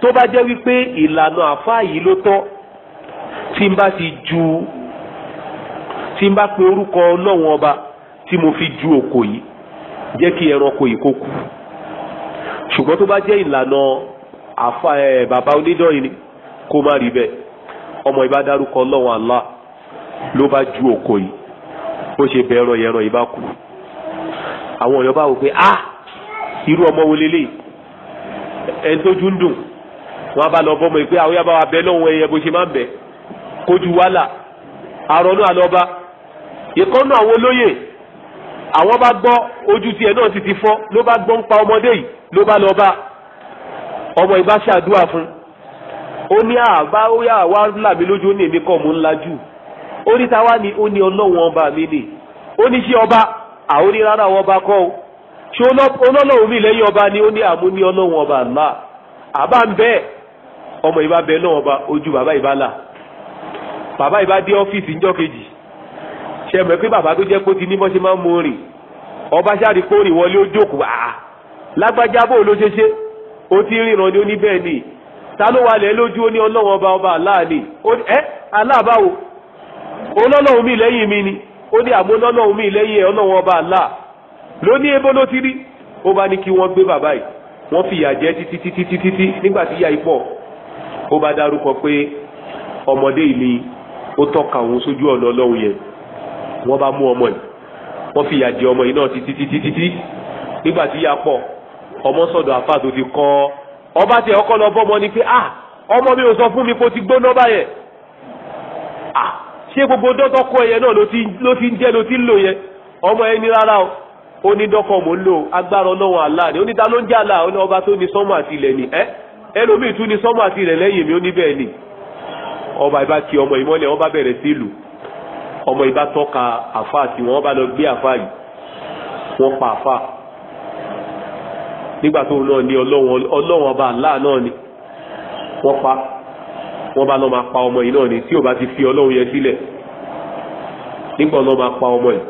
tó bá jẹ́ wípé ìlànà àfa yìí ló tọ́ tí n bá ti ju tí n bá pe orúkọ ọlọ́hùn ọba tí mo fi ju òkò yìí jẹ́ kí ẹranko yìí kó kú ṣùgbọ́n tó bá jẹ́ ìlànà àfa ẹ̀ bàbá onídọ́rin ni kó má rí bẹ́ẹ̀ ọmọ ìbá dárúkọ ọlọ́run Allah ló bá ju òkò yìí ó ṣe bẹ ẹran yẹran ìbá kú àwọn èèyàn bá wò pé a ah, irú ọmọ wo lélẹ̀ ẹni tójú ń dùn wọn bá lọ bọmọ ìpè àwọn yàrá wa bẹ lọ́wọ́ ẹyẹ bó ṣe máa ń bẹ kójú wàhálà àrọ̀nù àlọ́ba ìkọ́nù àwọn olóyè àwọn bá gbọ́ ojú tiẹ̀ náà sì ti fọ́ ló bá gbọ́ ń pa ọmọdé yìí ló bá lọ bá ọmọ ìbá ṣàdúrà fún ó ní àbá ó yà wá làmí lójú ó ní èmi kọ́ mò ń lajú ó ní táwa ni ó ní ọlọ́wọ́n ọba mi nì ó ní ṣé ọba àwọn ní rárá àwọn ọba kọ́ o ṣé ọlọ́wọ́n mi lẹ́yìn ọba ni ó ní àmú ní ọlọ́wọ́n ọba àlá àbá ń bẹ́ẹ̀ ọmọ ìbá bẹ́ẹ̀ náà ọba ojú bàbá ìbá là bàbá ìbá dé ọ́fíìsì ńjọ́ kejì ṣe mọ̀ pé bàbá tó jẹ́ pé ó ti ní bọ́ ṣe máa ń mú rìn ọba ṣáàrí kó rìn wọlé ó jókòó àá lágbájá bò ló ṣe ṣe ó ti ríran ni ó ní bẹ́ẹ̀ ni ta ló wà lẹ́ lójú ó ní ọlọ́run ọba ọba aláàní ẹ aláàbáwo olọ́lọ́run mi lẹ́yìn mi ni ó ní àmọ́ olọ́lọ́run mi lẹ́yìn ẹ ọlọ́run ọba aláà ló ní ebó ló ti rí ó bá ní kí wọ́n gbé bàbá yìí wọ́n fìyà jẹ títí nígbà tí ìyá yìí ó bá dárúkọ pé ọmọdé yìí ni ó tọ́ka òun sójú ọ̀nà ọlọ́run yẹn wọ́n bá mú ọmọ yìí wọ́n fi ìyà jẹ ọmọ yìí náà títí títí títí nígbà tí ìyá pọ̀ ọmọ sọ̀dọ̀ àfa tó ti kọ́ ọba tí ọkọ lọ bọ́mọ ni pé ah ọmọ mi ò sọ fún mi kó ti gbóná báyẹn ah ṣé gbogbo dọ́tọ̀ kọ́ ẹ̀yẹ náà ló ti ń jẹ́ ló ti ń lò yẹn ọmọ ẹni rárá o ó ní dọ́kọ̀ mò ń lò agbára ọlọ́run àlá ni ó ní ta ló ń jẹ́ àlá ọ̀nà ọba tó ní sọ́mọ àti ilẹ̀ ni ẹ ẹlòmíì tún ní sọ́mọ àti ilẹ̀ lẹ́yìn mi ó ní bẹ́ẹ̀ ni ọba ìbá kí ọmọ ìmọ́lẹ̀ ọba bẹ̀rẹ̀ sí ìlú ọmọ ìbá tọ́ka àfa àti wọn bá lọ gbé àfa yìí wọ́n pa àfa nígbà tó náà ní ọlọ́wọ́n ọba Allah náà ni wọ́n pa wọ́n bá lọ máa pa ọmọ yìí náà ni tí ò bá ti fi ọlọ́run yẹn sílẹ̀ nígbà náà máa pa ọmọ yìí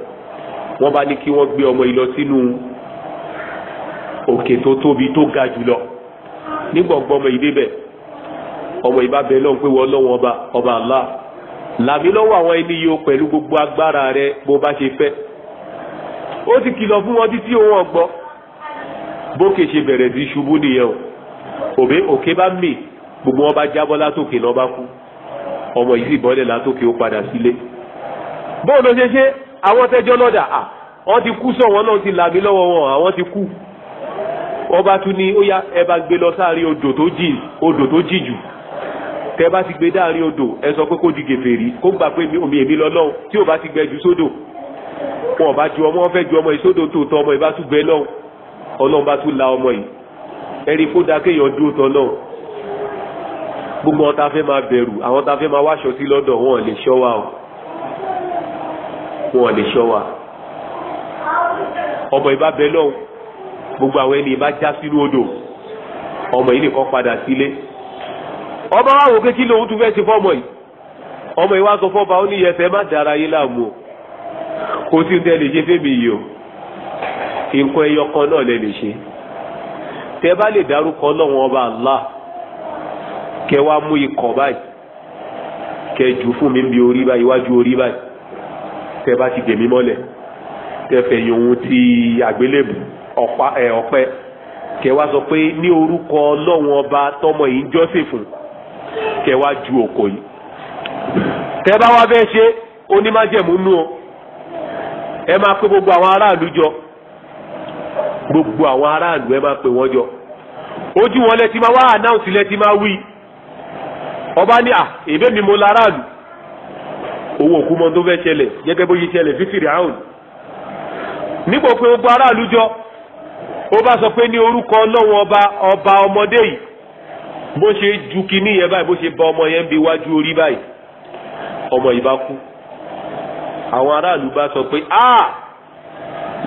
wọ́n bá ní kí wọ́n gbé ọmọ yìí lọ sínú òkè tó tóbi tó ga jùlọ nígbà ọgbọ́n ọmọ yìí débẹ̀ ọmọ yìí bá bẹ lọ́n pé wọ́n ọlọ́wọ́n ọba ọba làmí lọ́wọ́ àwọn ẹni yìí ó pẹ̀lú gbogbo agbára rẹ bó bá ṣe fẹ́ ó ti kìlọ̀ fún wọn títí òun ọgbọ́ bókè ṣe bẹ̀rẹ̀ sí ṣubú nìyẹn o òbí òkè bá mì gbogbo wọn bá jábọ́ látòkè náà bá kú ọmọ yìí sì bọ́lẹ̀ látòkè ó padà sílé bóun ló ṣe ṣe àwọn tẹjọ́ lọ́dà à wọ́n ti kú sọ wọn náà ti làmí lọ́wọ́ wọn àwọn ti kú ọba tún ní ó yá ẹ bá gbé lọ sáàrin odò tó jì odò tó jì jù tẹ́ bá ti gbé dáàrin odò ẹ sọ pé kó di gèfèrí kó gbà pé omi èmi lọ́lọ́run tí ò bá ti gbẹ ju sódò wọn ò bá ju ọmọ wọn fẹ́ ju ọmọ yìí sódò tó tọ ọmọ yìí bá tún bẹ lọ́hùn ọlọ́run bá tún la ọmọ yìí ẹni kó da kéèyàn dúró tọ náà gbogbo wọn ta fẹ́ máa bẹ̀rù àwọn ta fẹ́ máa wáṣọ sí lọ́dọ̀ wọn lè ṣọ́ wa o wọn lè ṣọ́ wa ọmọ yìí bá bẹ lọ́hùn gbogbo àwọn ẹni yìí bá já sínú odò ọmọ yìí nìkan padà sílé. Si ọba wa wò pé kí lòun tún fẹ́ ṣe fọ́mọ yìí ọmọ yìí wá sọ fọ́ba ó ní yẹfẹ́ má dára yín láàmú o kò tí tẹ́ lè ṣe fẹ́mi yìí o nǹkan ẹyọ kan náà lè lè ṣe tẹ́ bá lè dárúkọ lọ́wọ́n ọba Allah kẹ wá mú ikọ̀ báyìí kẹ jù fún mi bí orí báyìí iwájú orí báyìí tẹ́ bá ti dè mí mọ́lẹ̀ tẹ́ fẹ́ yìn ohun ti àgbélébù ọ̀pẹ kẹ wá sọ pé ní orúkọ lọ́wọ́n ọba tọmọ yìí ń jọ́sìn fún un kẹwa ju òkò yìí ṣe onímájẹ̀mú nú o ẹ máa pé gbogbo àwọn aráàlú jọ gbogbo àwọn aráàlú ẹ máa pè wọn jọ ojú wọn lẹ ti máa wá ànáùsì lẹ ti máa wí ọba ní à èbé mi mo owó òkú mọ tó gbogbo aráàlú jọ ó bá sọ pé ní orúkọ ọlọ́wọ́n ọba bó ṣe ju kinní yẹn báyìí bó ṣe ba ọmọ yẹn bí iwájú orí báyìí ọmọ yìí bá kú àwọn aráàlú bá sọ pé a ah!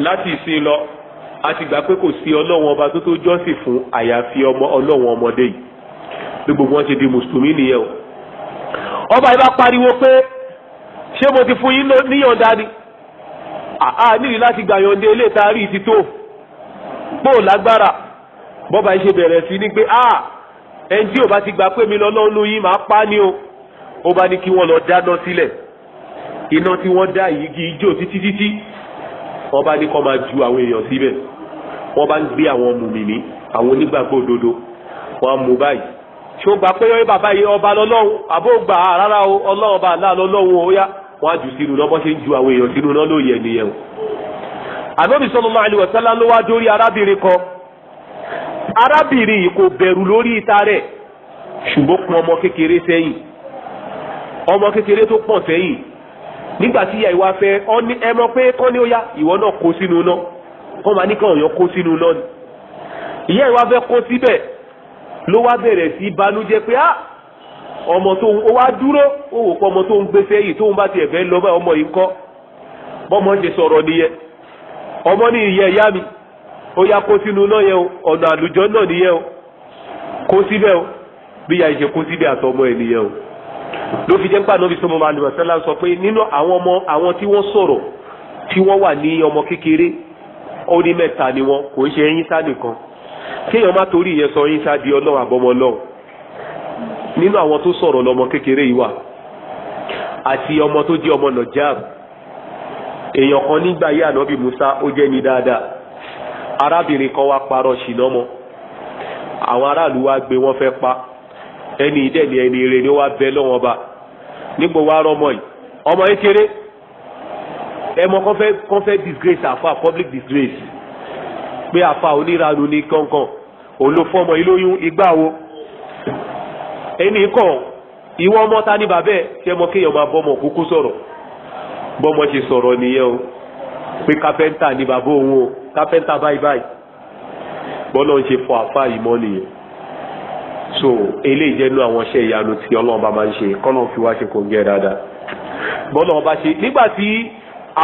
láti ìsìn lọ a ti gbà pé kò sí ọlọ́wọ́n ọba tó tó jọ́sìn fún àyàfi ọmọ ọlọ́wọ́n ọmọdé yìí gbogbo wọn ṣe di mùsùlùmí nìyẹn o ọba yìí bá pariwo pé ṣé mo ti fún yín níyànda ni àá ah, nílì láti gbà yọ̀ǹde ilé ìtaari ti tó bó lágbára bọ́ba yìí ṣe bẹ̀rẹ̀ sí ní pé a. Ah! ẹni tí ò bá ti gbà pé mi lọ́lọ́ ló yín máa pa ni o ó bá ní kí wọ́n lọ dáná sílẹ̀ iná tí wọ́n dá yìí kì í jó títí títí wọ́n bá ní kó máa ju àwọn èèyàn síbẹ̀ wọ́n bá ń gbé àwọn mùmìnì àwọn onígbàgbọ́ òdodo wọ́n á mú báyìí ṣé ó gbà pé yọ bàbá yìí ọba lọ́lọ́run àbó gbà á rárá o ọlọ́run ọba àlá lọ́lọ́run ó yá wọ́n á jù sínú náà bọ́ ṣe ń ju àwọn èèyàn sínú náà lóye ẹnìyẹn o ànábì sallallahu alaihi wasallam ló wá dórí arábìnrin kan arábìnrin yìí kò bẹ̀rù lórí ìta rẹ̀ ṣùgbọ́n pọ́n ọmọ kékeré sẹ́yìn ọmọ kékeré tó pọ̀ sẹ́yìn nígbà tí ìyá ìwà fẹ́ ẹ mọ̀ pé kọ́ ni ó yá ìwọ náà kó sínú náà kọ́ máa ní káwọn kó sínú náà ni ìyá ìwà fẹ́ kó síbẹ̀ ló wá bẹ̀rẹ̀ sí banújẹ́ pé ah, ọmọ tó ń wá dúró ó wò ọmọ tó ń gbé sẹ́yìn bá tiẹ̀ fẹ́ ó yá kó sínú náà yẹn o ọ̀nà àlùjọ náà nìyẹn o kó síbẹ̀ o bí ya ìṣe kó síbẹ̀ àtọmọ ẹ̀ nìyẹn o ló fi jẹ́ pé ànábi sọmọ máa lùmọ̀ sẹ́lá sọ pé nínú àwọn ọmọ àwọn tí wọ́n sọ̀rọ̀ tí wọ́n wà ní ọmọ kékeré ó ní mẹ́ta ni wọn kò ń ṣe ẹyin sá nìkan kéèyàn má torí ìyẹn sọ ẹyin sá di ọlọ́run àbọ̀mọ ọlọ́run nínú àwọn tó sọ̀rọ̀ lọ́mọ kékeré yìí wà àti ọmọ tó jẹ́ ọmọ nàjáàbù èèyàn kan nígbà yé ànábì Musa ó jẹ́ ni dáadáa arábìnrin kan wá parọ́ ṣìnà mọ́ àwọn aráàlú wá gbé wọ́n fẹ́ pa ẹni ìdẹ́ ni ẹni eré ni ó wá bẹ lọ́wọ́n ba nígbò wá rọmọ yìí ọmọ yìí kéré ẹmọ kan fẹ́ kan fẹ́ disgrace àfa public disgrace pé àfa oníranu ní kankan òun ló fọmọ yìí lóyún igbá wo ẹnì kan ìwọ ọmọ ta ní bàbá ẹ tí ẹmọ kéèyàn máa bọmọ kúkú sọ̀rọ̀ bọmọ ṣe sọ̀rọ̀ nìyẹn o pé kápẹ́ńtà ni bàbá òun o kápẹ́ńtà báyìí báyìí bọ́lá ń ṣe fọ àfa ìmọ̀ nìyẹn so eléyìí jẹ́ nú àwọn iṣẹ́ ìyanu tí ọlọ́run bá máa ń ṣe kọ́nà fi wá ṣe kò ń gẹ́ dáadáa bọ́lá ọba ṣe nígbà tí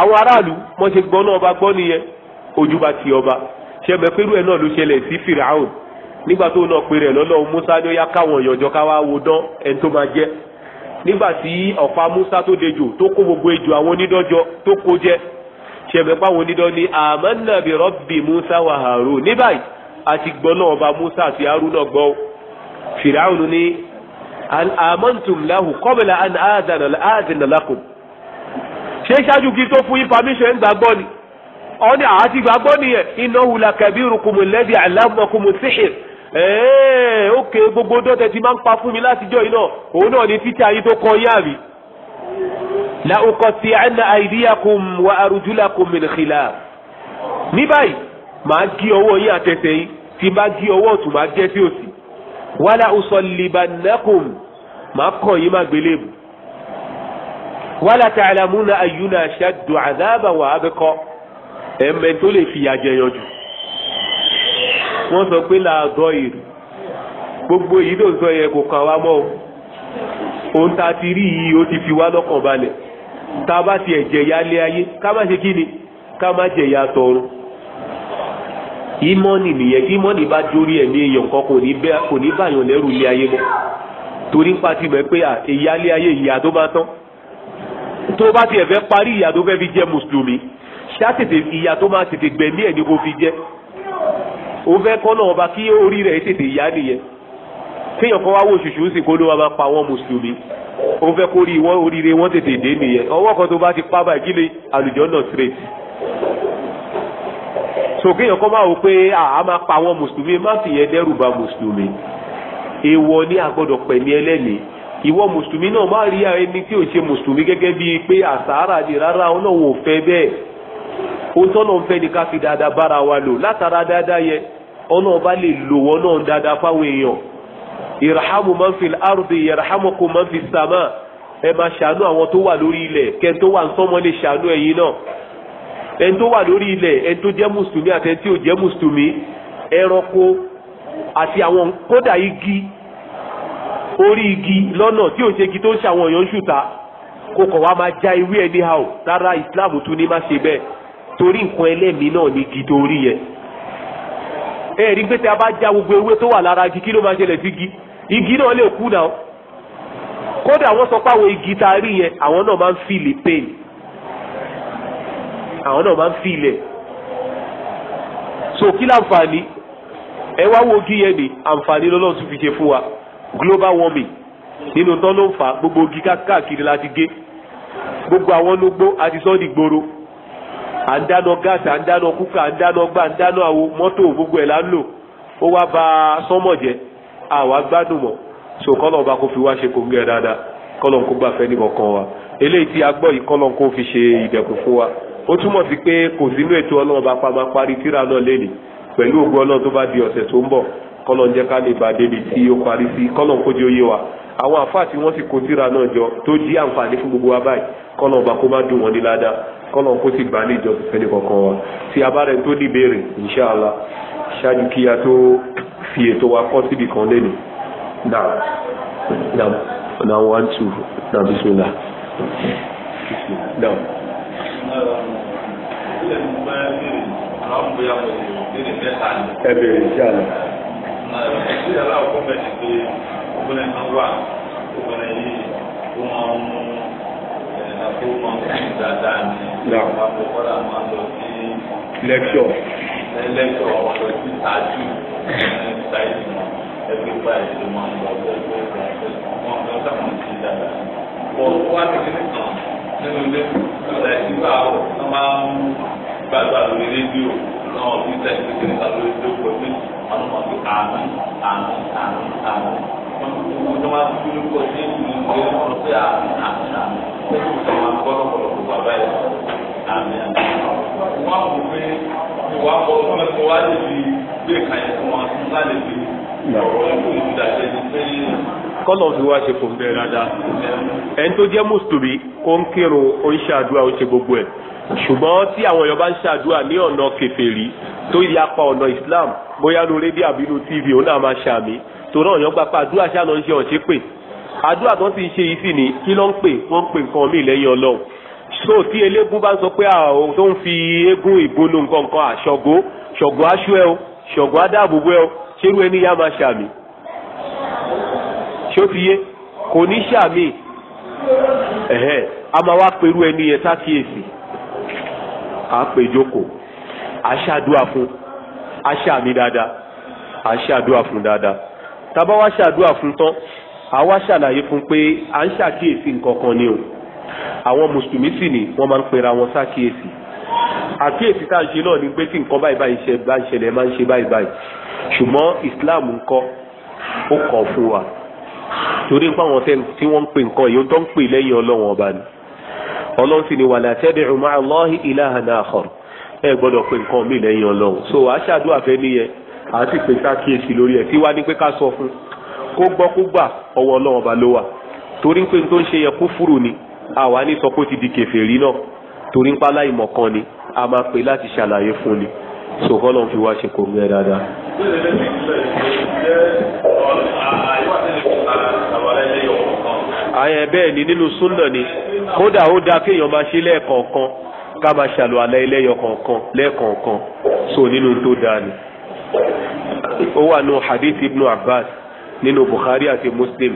àwọn aráàlú wọ́n ṣe gbọ́ náà ọba gbọ́ nìyẹn ojú bá ti ọba ṣe mẹ́ pẹ́rú ẹ̀ náà ló ṣẹlẹ̀ sí firaun nígbà tó náà pèrè lọ́lọ́run musa ní ó yá káwọn ìyànjọ ká wá wo dán ẹni tó máa jẹ́ nígbà tí ọ̀pá musa tó dejò tó kó gbogbo ejò àwọn onídọ́jọ tó kó jẹ́ ṣe ẹ̀mẹ́ páwọn onídán ní amanna bi rabbi musa wa harun ní báyìí àti gbọ́ náà ọba musa àti harun náà gbọ́ fìràhùn ní amantum lahu qabla an aadana lakum ṣé ṣáájú kí tó fún yín pàmíṣẹ́ ń gbàgbọ́ ni ọ̀nà àti gbàgbọ́ nìyẹn innahu lakabirukum alladhi allamakum as-sihr ẹ̀ẹ́ òkè gbogbo ti máa ń pa fún mi látijọ́ yìí náà òun náà ni títí ayé tó kọ́ yín la ukọ̀tì àná àìdíyàkùn wa arújúlàkùn mìlìkìlà. ní báyìí màá gé ọwọ́ yín àtẹsẹ̀ yín tí bá gé ọwọ́ ọ̀tún máa gé sí òsì. wàlà usọ̀lìbànàkùn màá kọ̀ yín má gbélébù. wàlà tààlàmúnà àyùnà aṣáàdùn àdáàbà wà abẹ́kọ́ ẹ̀mẹ́ tó lè fìyà jẹyàn jù. wọ́n sọ pé làádọ́ ìrù gbogbo èyí tó ń sọ yẹn kò kàn wá mọ́ o ohun tá a ti rí yìí ó ti fi wá lọ́kàn balẹ̀ ká bá tiẹ̀ jẹ̀yà lé ayé ká má ṣe kí ni ká má jẹ̀yà tọ̀run ìmọ̀nì nìyẹn kí ìmọ̀nì bá dórí ẹ̀mí èèyàn kan kò ní bẹ́ kò ní báyàn lẹ́rù ilé ayé mọ́ torí ń pa ti mọ̀ pé ìyá lé ayé ìyá tó bá tán tó bá tiẹ̀ fẹ́ parí ìyá tó fẹ́ fi jẹ́ mùsùlùmí ṣá tètè ìyá tó máa tètè gbẹ̀mí ẹ̀ ní kó fi jẹ́ ó fẹ́ kọ́ náà ọba kí orí rẹ̀ tètè yá nìyẹn kéèyàn kan wá wò ṣùṣù ń sìn kó ló wá máa pa àwọn mùsùlùmí ó fẹ́ kó rí wọn oríire wọn tètè dé nìyẹn ọwọ́ kan tó bá ti pa báyìí kí ni àlùjọ náà straight sòkè kọ́ máa wò pé àá máa pa àwọn mùsùlùmí má fi yẹn dẹ́rù ba mùsùlùmí èèwọ̀ ní àgbọ̀dọ̀ pẹ̀lú ẹlẹ́ni ìwọ mùsùlùmí náà má rí ẹni tí ò ṣe mùsùlùmí gẹ́gẹ́ bíi pé àsàárà ni rárá ọlọ́run ò fẹ́ bẹ́ẹ̀ ohun tọ́nà ń fẹ́ ni ká fi dáadáa bára wa lò látara dáadáa yẹn ọlọ́run bá lè lò wọ́n náà dáadáa fáwọn èèyàn ìràhámù máa ń fi àrùdì ìràhámù kò máa ń fi sàmà ẹ máa ṣàánú àwọn tó wà lórí ilẹ̀ kẹ́ni tó wà ń sọ́mọ́ lè ṣàánú ẹ̀yin náà ẹni tó wà lórí ilẹ̀ ẹni tó jẹ́ mùsùlùmí àti ẹni tí ò jẹ́ mùsùlùmí ẹranko àti àwọn kódà igi orí igi lọ́nà tí ò ṣe igi tó ń ṣàwọn èèyàn ṣùtà kò kọ̀ wá máa já ewé anyhow rárá Islam tún ní má ṣe bẹ́ẹ̀ torí nǹkan ẹlẹ́mìí náà ní igi tó rí yẹn ẹ rí pé tí a bá já gbogbo ewé tó wà lára igi kí ló máa ṣẹlẹ̀ sí igi igi náà lè kú náà kódà wọ́n sọ pé àwọn igi tá a rí yẹn àwọn náà máa ń fìlè pain àwọn náà máa ń fìlè so kí láǹfààní ẹ wá wo igi yẹn ni àǹfààní lọ́lọ́run tún fi ṣe fún wa global warming nínú tán ló ń fa gbogbo igi káàkiri láti gé gbogbo àwọn ológbó àti sọ́ọ̀dì gbòòrò à ń dáná gáàsì à ń dáná kúkà à ń dáná gbà à ń dáná àwo mọ́tò gbogbo ẹ̀ là ń lò ó wá ba sánmọ̀ jẹ́ àwa gbádùn mọ́ so kọ́lọ̀ ọba kò fi wá ṣe kòǹgẹ́ dáadáa kọ́lọ̀ kó gbà fẹ́ nìkan kan wa eléyìí tí a gbọ́ yìí kọ́lọ̀ kó fi ṣe ìdẹ̀kùn fún wa ó túmọ̀ sí pé kò sínú ètò ọlọ́ọ̀ba pamọ́ parí tíra náà lélẹ̀ pẹ̀lú ògùn ọlọ́ọ̀ tó bá di ọ̀sẹ̀ tó ń bọ̀ kọ́lọ̀ ń jẹ́ ká lè bàdé ibi tí ó parí sí kọ́lọ̀ kó jẹ́ òye wa àwọn àfáà tí wọ́n sì kó síra náà jọ tó jí àǹfààní fún gbogbo wa báyìí kọ́nà ọba kó má dùn wọ́n ní ládàá kọ́nà kó sì gbà ní ìjọsìn fẹ́ni kankan wa tí a bá rẹ̀ tó ní ìbéèrè inṣàlá ṣáájú kí a tó fi ètò wa kọ́ síbi kan na, na náà one two náà bisimilá náà. ẹ bèrè inṣàlá ẹ̀sí ìdàlá ọ̀pọ̀ mẹ́tì pé obìnrin kan wà obìnrin yìí ó máa ń mú ẹ̀ẹ́dà tó máa ń kú dáadáa ní ìgbà tó kọ́dà máa lọ sí lẹ́kṣọ̀ lẹ́kṣọ̀ àwọn lọ sí tájú ṣáìsì ẹgbẹ́ gba ìṣe máa ń lọ lọ́wọ́ wọn lọ sáwọn sí dáadáa. Wọ́n wá ní kíní kan nínú ilé ìgbà ìgbà ọ̀ máa ń gbàgbà lórí rédíò àwọn òbí tẹ̀ ní kíni ká lórí tó pọ̀ sí àwọn ọmọ bíi àmì àmì àmì àmì wọn ti kú tó máa fi lóko sí ìlú ìwé ọ̀rọ̀ sí àmì àmì àmì tó kù tó máa gbọ́ lọ́pọ̀lọpọ̀ bàbá yẹn àmì àmì. wọ́n á mú pé ìwà kọ fún mi kó wá lè fi gbé ìkànnì fún wọn láti fi ọ̀rọ̀ ẹ̀kọ́ ìdàgbẹ́ni pé kọ́lọ̀ fi wá ṣe kò ń bẹ̀rẹ̀ dáadáa ẹni tó jẹ́ mùsùlùmí ó ń kírun ó ń ṣàdúrà ó ń ṣe gbogbo ẹ̀ ṣùgbọ́n tí àwọn èèyàn bá ń ṣàdúrà ní ọ̀nà kèfèrí tó yapa ọ̀nà Islam bóyá nu rédíò àbí nu tv òun náà máa ṣàmì torí ọ̀yàn gbapá àdúrà ṣáná ń ṣe ọ̀ṣẹ́ pè àdúrà tó ti ṣe yìí sì ni kí ló ń pè wọ́n ń pè nǹkan míì lẹ́yìn Ọlọ́run so tí eléégún bá ń sọ pé àwọn ah, tó ń fi eégún ìgbónú nǹkan kan àṣọgó ṣọgó aṣọ ẹ o ṣọgó adáàbòbò ẹ o ṣerú ẹni yá máa ṣàmì ṣé ó ti yé kò ní sàmì ẹ̀hẹ́ a máa wá perú ẹni yẹn sákìyèsí à ń pè jókòó aṣáàdúrà fún aṣáàmì dáadáa aṣáàdúrà fún dáadáa tábà wá ṣàdúrà fún tán a wá ṣàlàyé fún pé à ń ṣàkíyèsí nǹkan kan ni o àwọn mùsùlùmí sì ni wọ́n máa ń pera wọn ṣàkíyèsí àkíyèsí tá à ṣe náà ni pé tí nǹkan báyìí báyìí ṣe bá ń ṣẹlẹ̀ máa ń ṣe báyìí báyìí ṣùgbọ́n Islam ń kọ́ ó kọ̀ fún wa torí pé àwọn tí wọ́n ń pè nǹkan yìí ó dán pè lẹ́yìn ọlọ́run ọba ni ọlọ́run sì ni wàlá tad'u ma'a Allahi ilahan akhar ẹ gbọ́dọ̀ pè nǹkan mi lẹ́yìn ọlọ́run so aṣáájú àfẹ́ nìyẹn à ti pè ká kíyèsí lórí ẹ̀ tí wá ní pé ká sọ fún kó gbọ́ kó gbà ọwọ́ ọlọ́run ọba ló wà torí pé n tó ń ṣe yẹ kúfùrù ni àwa ní sọ pé ó ti di kèfèrí náà torí ń pálá ìmọ̀ kan a máa pè láti ṣàlàyé fún ni sòkọ́ lọ́n fi wá ṣe kò ń gẹ́ àyẹn bẹ́ẹ̀ ni nínú súnà ni kódà ó dáa kéèyàn máa ṣe lẹ́ẹ̀kọ̀ọ̀kan ká máa ṣàlù alẹ́ ẹlẹ́yọ kọ̀ọ̀kan lẹ́ẹ̀kọ̀ọ̀kan so nínú tó dáa ni. ó wà nù hadith ibnu abbas nínú bukhari àti muslim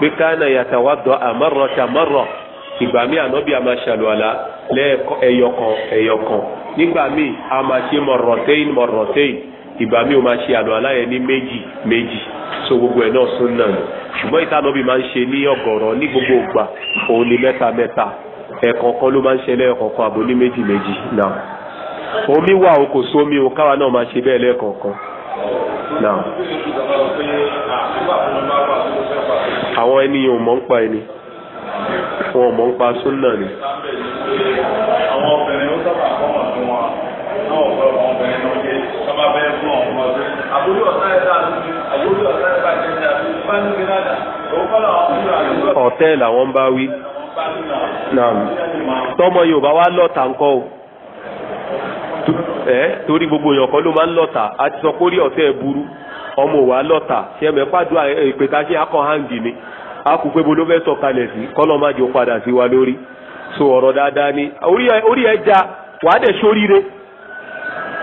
pé kánà yàtàwádọ́ àmọ́rọ̀ tàmọ́rọ̀ ìgbà míì ànábì a máa ṣàlù àlá lẹ́ẹ̀kọ̀ ẹ̀yọ̀kan ẹ̀yọ̀kan nígbà míì a máa ṣe mọ̀rọ̀tẹ́yìn mọ̀rọ̀tẹ́yìn ìgbà mi ò máa ṣe àlọ́ aláyẹ ní méjì méjì so gbogbo ẹ̀ náà sún náà ṣùgbọ́n ìtànà bí máa ń ṣe ní ọ̀gọ̀rọ̀ ní gbogbo ìgbà òun ni mẹ́ta mẹ́ta ẹ̀kọ̀ọ̀kan ló máa ń ṣẹlẹ̀ ẹ̀kọ̀ọ̀kan àbò ní méjì méjì náà omi wà o kò sómi o káwa náà máa ṣe bẹ́ẹ̀ lẹ́ẹ̀kọ̀ọ̀kan náà. àwọn ènìyàn ò mọ̀ ń pa ẹni wọn ò mọ̀ ń pa sún náà ni. ọ̀tẹ́ làwọn bá wí tọmọ yorùbá wa lọ́ta nkọ o ẹ torí gbogbo èèyàn kan ló máa ń lọ́ta a ti sọ pé orí ọ̀tẹ́ burú ọmọ wa lọ́ta ṣe mẹ́fàdúrà ìpèkà akọ hangi ni a kò pé bolo fẹ́ sọ̀kalẹ̀ sí kọ́lọ́ má padà sí wa lórí so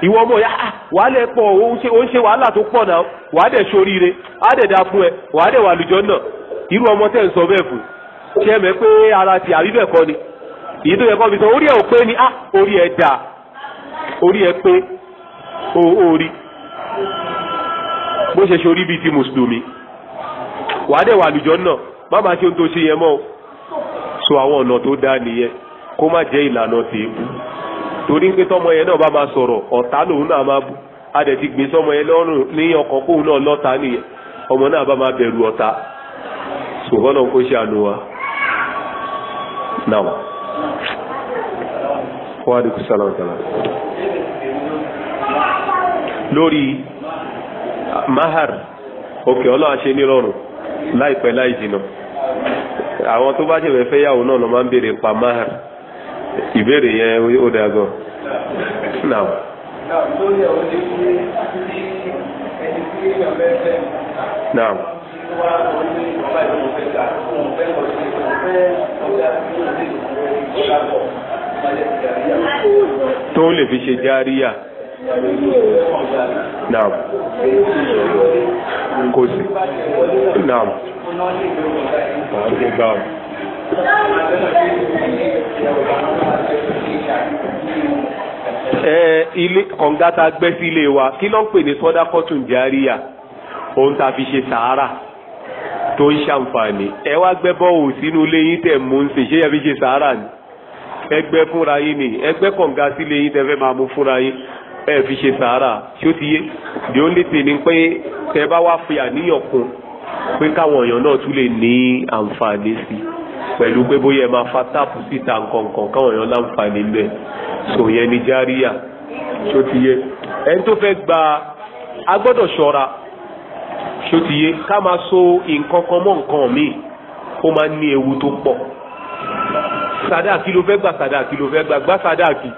ìwọ ọmọ ya ah, wàhálẹ̀ pọ̀ ó ń ṣe wàhálà tó pọ̀ náà wàá dẹ̀ ṣoríire á dẹ̀ da fún ẹ wàá dẹ̀ wà lùjọ́ náà irú ọmọ tẹ́ ń sọ bẹ́ẹ̀ fún ṣe mẹ́ pé ara ti àbí bẹ́ẹ̀ kọ́ ni èyí tó yẹ kọ́ fi sọ orí ẹ̀ ò pé ni á ah, orí ẹ̀ dà orí ẹ̀ pé orí bó ṣe ṣorí bíi ti mùsùlùmí wàá dẹ̀ wà lùjọ́ náà má máa ṣe ohun tó ṣe yẹn mọ́ so àwọn ọ̀nà tó dáa nìyẹn kó má jẹ́ ìlànà tèébù. torí pé tọmọ yẹn náà bá máa sọ̀rọ̀ ọ̀tá lòun náà máa bú a dẹ̀ ti sọmọ yẹn lọ́rùn ní ọkàn kóun náà lọta nìyẹn ọmọ náà bá máa bẹ̀rù ọ̀tá ṣùgbọ́n náà ṣe àánú náà wà ní ìbéèrè yẹn ó dáa gan. náà lórí àwọn ẹni tí ẹni tí èèyàn bẹ́ẹ̀ fẹ́ náà wá wọ́n ní bàbá ìlú fẹ́ ká fún fẹ́ kọ́ sí fẹ́ ọ̀gá tí ó lè lò ó lápọ̀ tó lè fi ṣe járíyà naam kò sí naam gbogbo gbà ẹ ilé kọ̀ǹga tá a gbẹ́ sí ilé wa kí ló ń pè ní sọ́dá kọ́tùn járíyà ohun tá a fi ṣe sàárà tó ń ṣàǹfààní ẹ wá gbẹ́ bọ́ọ̀ sínú ilé yín tẹ̀ mú un sìn ṣé yẹ fi ṣe sàárà ni ẹ gbẹ́ fúnra yín ni ẹ gbẹ́ kọ̀ǹga sí yín tẹ́ fẹ́ máa mú fúnra yín ẹ fi ṣe sàárà ṣó ti yé the only thing ni pé tẹ́ bá wá fi àníyàn pé káwọn èèyàn náà tún lè ní àǹfààní sí i pẹ̀lú pé bóyá ẹ máa fa táàpù síta nǹkankan káwọn èèyàn láǹfààní bẹ́ẹ̀ so yẹn ni járíyà ṣó ti yé ẹni tó fẹ́ gba a gbọ́dọ̀ ṣọ́ra ṣó ti yé ká máa so nǹkan kan mọ́ nǹkan míì ó máa ń ní ewu tó pọ̀ sàdáàkì ló fẹ́ gbà sàdáàkì ló fẹ́ gbà gbà sàdáàkì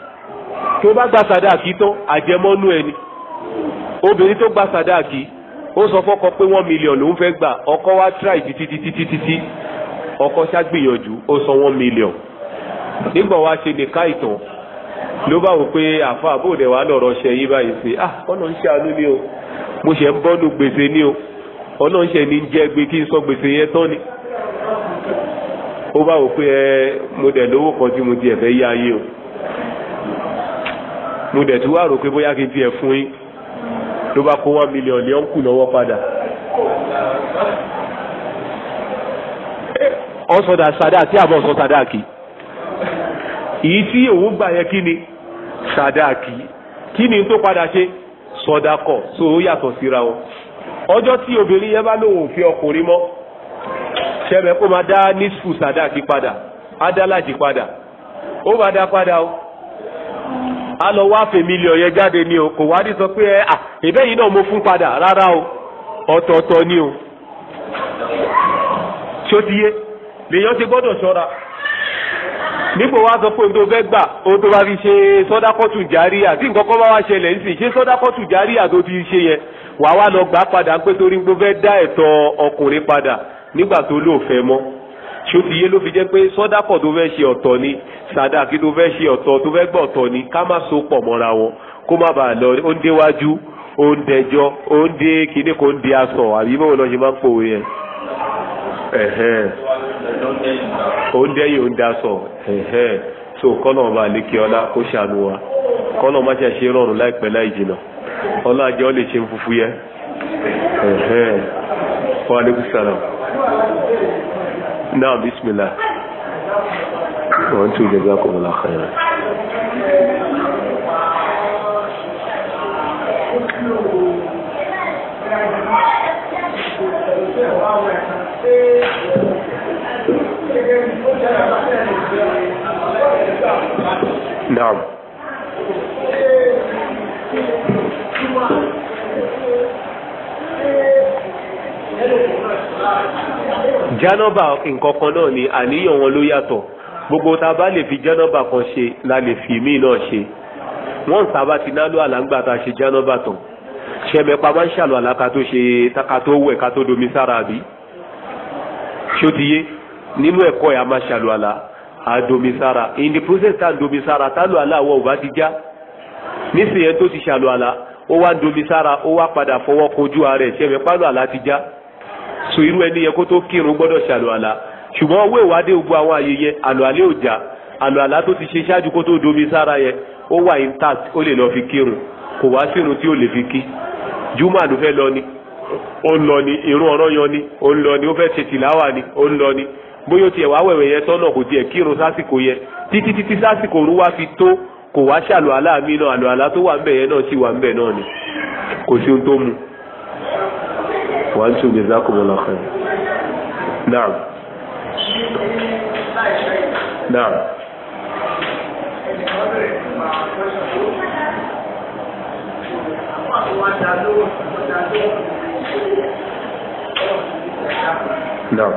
tó bá gba sàdáàkì tán àjẹmọ́nú ẹni obìnrin tó gba sàdáàkì ó sọ fọ́kọ pé one million lòún fẹ́ gbà ọkọ wa try títí títí títí ọkọ ṣàgbìyànjú ó san one million nígbà wá ṣe lè ká ìtàn ló bá wò pé àfa àbòdè wa lọ̀rọ̀ ṣe yí báyìí sí ah ọ̀nà ń ṣe àánú ni o mo ṣe ń bọ́nu gbèsè ni o ọ̀nà ń ṣe ní jẹ́ gbé kí n sọ gbèsè yẹn tán ni ó bá wò pé ẹ mo dẹ̀ lówó kan tí mo ti ẹ̀fẹ́ yá yé o mo dẹ̀ tún wá rò pé bóyá kí n tiẹ̀ fún yín ló bá kó one million lé ọ̀nkù lọ́wọ́ padà ọ̀sọ̀dà sàdáàkì àbọ̀ ọ̀sọ̀ sàdáàkì èyí tí òun gbà yẹ kí ni sàdáàkì kí ni tó padà ṣe sọdakọ̀ so ó yàtọ̀ síra o ọjọ́ tí obìnrin yẹn bá lóun fi ọkùnrin mọ́ ṣẹbẹ̀ kó máa dá nísfù sàdáàkì padà padà ó máa dá padà o a lọ wá fèmílì ọ̀yẹ́ jáde ni o kò wá ní sọ pé ẹ à ìbẹ́ yìí náà mo fún padà ni o lèyàn ṣe gbọ́dọ̀ ṣọ́ra nípò wá sọ pé ohun tó fẹ́ gbà ohun tó bá fi ṣe sọ́dákọ́tù járíà tí nǹkan kan bá wá ṣẹlẹ̀ ń sìn ṣé sọ́dákọ́tù járíà tó ti ṣe yẹn wà wá lọ gbà padà pé torí gbogbo fẹ́ dá ẹ̀tọ́ ọkùnrin padà nígbà tó lò fẹ́ mọ́ ṣó ti yé ló fi jẹ́ pé sọ́dákọ̀ tó fẹ́ ṣe ọ̀tọ̀ ni sàdáàkì tó fẹ́ ṣe ọ̀tọ̀ tó fẹ́ gbọ́ ọ̀tọ̀ ni ká má so pọ̀ mọ́ra wọn kó má bàa lọ ó ń déwájú ó ń dẹjọ́ ó ń dé kinní kó ń di asọ̀ àbí báwo lọ ṣe máa ń pòwe yẹn oúnjẹ yìí ó dá sọ so kọ́nà ọba àlékè ọlá kó ṣàánú wa kọ́nà má ṣe ṣe rọrùn láìpẹ́ láì jìnà ọlá àjẹ́ lè ṣe ń fufu yẹ Naam. jánọ́bà nǹkan kan náà ni àníyàn wọn ló yàtọ̀ gbogbo ta bá lè fi jánọ́bà kan ṣe la lè fi míì náà ṣe wọ́n ń sábà ti nálò àlágbà tá a ṣe jánọ́bà tán ṣẹ̀mẹ̀pá máa ń ṣàlọ́ àlá ká tó ṣe ká tó wẹ̀ ká tó domi sára bí ṣó ti yé nínú ẹ̀kọ́ yà máa ṣàlùwàlà àdomisára in the process tá domisára tálùwàlà àwọn ò bá ti já nísìnyẹn tó ti ṣàlùwàlà ó wá domisára ó wá padà fọwọ́ kojú ara ẹ̀ ṣẹ́mi pálùwàlà ti já so irú ẹni yẹn kó tó kírun gbọ́dọ̀ ṣàlùwàlà ṣùgbọ́n owó ìwádìí gbogbo àwọn àyè yẹn àlùwàlẹ̀ ò já àlùwàlà tó ti ṣe ṣáájú kó tó domisára yẹn ó wà intact ó lè lọ fi kírun kò wá sírun tí ó lè fi kí jùmọ̀ àdúfẹ́ lọ ni ó ń lọ ni irun ọ̀rọ̀ yan ni ó ń lọ ni ó fẹ́ ṣe tìláwà ni ó ń lọ ni bóyá ó tiẹ̀ wá wẹ̀wẹ̀ yẹn tọ́nà kò tiẹ̀ kírun sásìkò yẹn títí títí sásìkò òru wá fi tó kò wá ṣàlù aláàmì náà àlù àlá tó wà ń bẹ̀ yẹn náà sì wà ń bẹ̀ náà ni kò sí ohun tó mu. wàá tún mi zákò mọ́ lọ́kàn naam naam. Thank you. Não.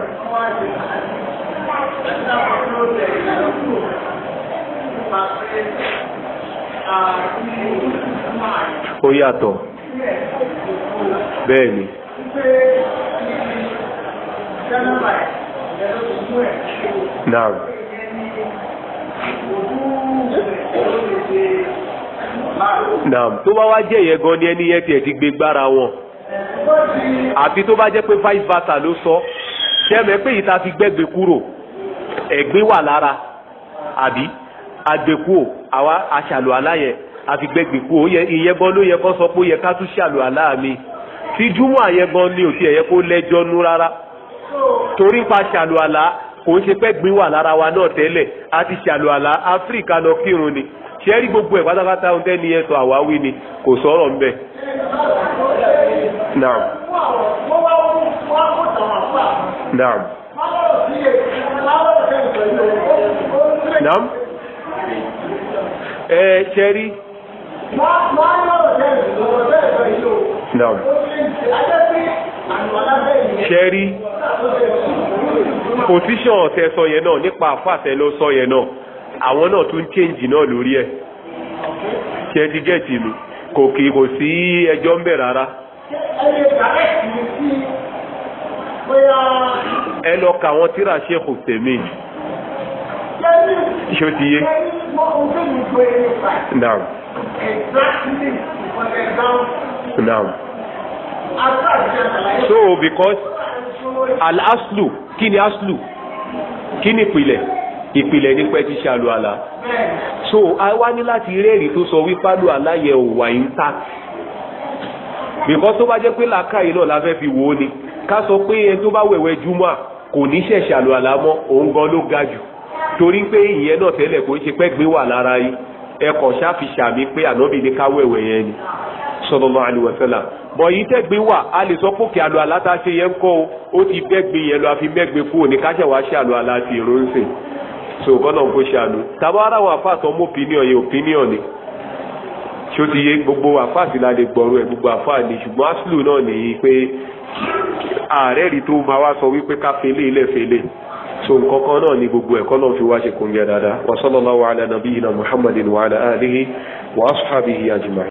Ó yàtọ̀. Bẹ́ẹ̀ ni. Náà. Náà tó bá wá jẹ́ ìyẹn gan ni ẹni yẹn tiẹ̀ ti gbé gbára wọn àfi tó bá jẹ́ pé vice versa ló sọ ṣẹ́mi pé ìta fi gbẹ́gbẹ́ kúrò ẹ̀gbin wà lára àbí agbèkúò àwa aṣàlù aláyẹ àfi gbẹ́gbẹ́ kúrò ìyẹn gan ló yẹ kó sọ pé ó yẹ ká tún ṣàlù àlá mi tí júmọ̀ àyẹn gan ni ò tiẹ̀ yẹ kó lẹ́jọ́ nú rárá torí pa ṣàlù àlá kò ń ṣe pé gbin wà lára wa náà tẹ́lẹ̀ àti ṣàlù àlá áfíríkà lọ kírun ni ṣe rí gbogbo ẹ̀ pátápátá ohun tẹ́ni ẹ̀ sọ àwáwí ni kò sọ̀rọ̀ ń bẹ̀. naam naam naam ẹ ṣe rí. naam ṣe rí position ọ̀tẹ̀ sọ yẹn náà nípa àfàtẹ̀ ló sọ yẹn náà àwọn náà tún change náà lórí ẹ̀ ṣe ti gẹ̀ẹ́tì nu kò kì kò sí ẹjọ́ ń bẹ̀ rárá. ẹ lọ ka àwọn tíra ṣe kò tèmi ṣé ti yé. so because al aslu kí ni aslu kí ni ìpìlẹ̀ ìpìlẹ̀ ní pẹ́ ti ṣàlù àlá so a wá ní láti rẹ́ẹ̀rí tó sọ wípé àlù àlá yẹ ò wà intact because tó bá jẹ́ pé làákàyè náà la fẹ́ fi wò ó ni ká sọ pé ẹni tó bá wẹ̀wẹ̀ júmọ́ kò ní ṣẹ̀ṣẹ̀ àlù àlá mọ́ òun gan ló ga jù torí pé ìyẹn náà tẹ́lẹ̀ kò ń ṣe pẹ́ gbé wà lára yìí ẹkọ̀ ṣàfihàn mi pé ànábì ní ká wẹ̀wẹ̀ yẹn ni sallallahu alaihi wasallam bọ̀ yìí tẹ́gbin wà a lè sọ pókè àlọ́ aláta ṣe yẹn kọ́ o ó ti bẹ́gbin yẹn lọ àfi mẹ́gbin fún òní káṣẹ̀ wá ṣe àlọ́ aláta ìró so bọ́lá ń kó ṣàánú tàbá ara àwọn àfáà sọ mú opinion yẹn opinion ni ṣó ti yé gbogbo àfáà sì la lè gbọ́rọ̀ ẹ̀ gbogbo àfáà ni ṣùgbọ́n aslu náà nìyí pé ààrẹ rí tó máa wá sọ wípé ká fele ilẹ̀ fele so nǹkan kan náà ni gbogbo ẹ̀kọ́ náà fi wá ṣe kóńgẹ́ dáadáa wa sallallahu ala nabiyina muhammadin wa alihi wa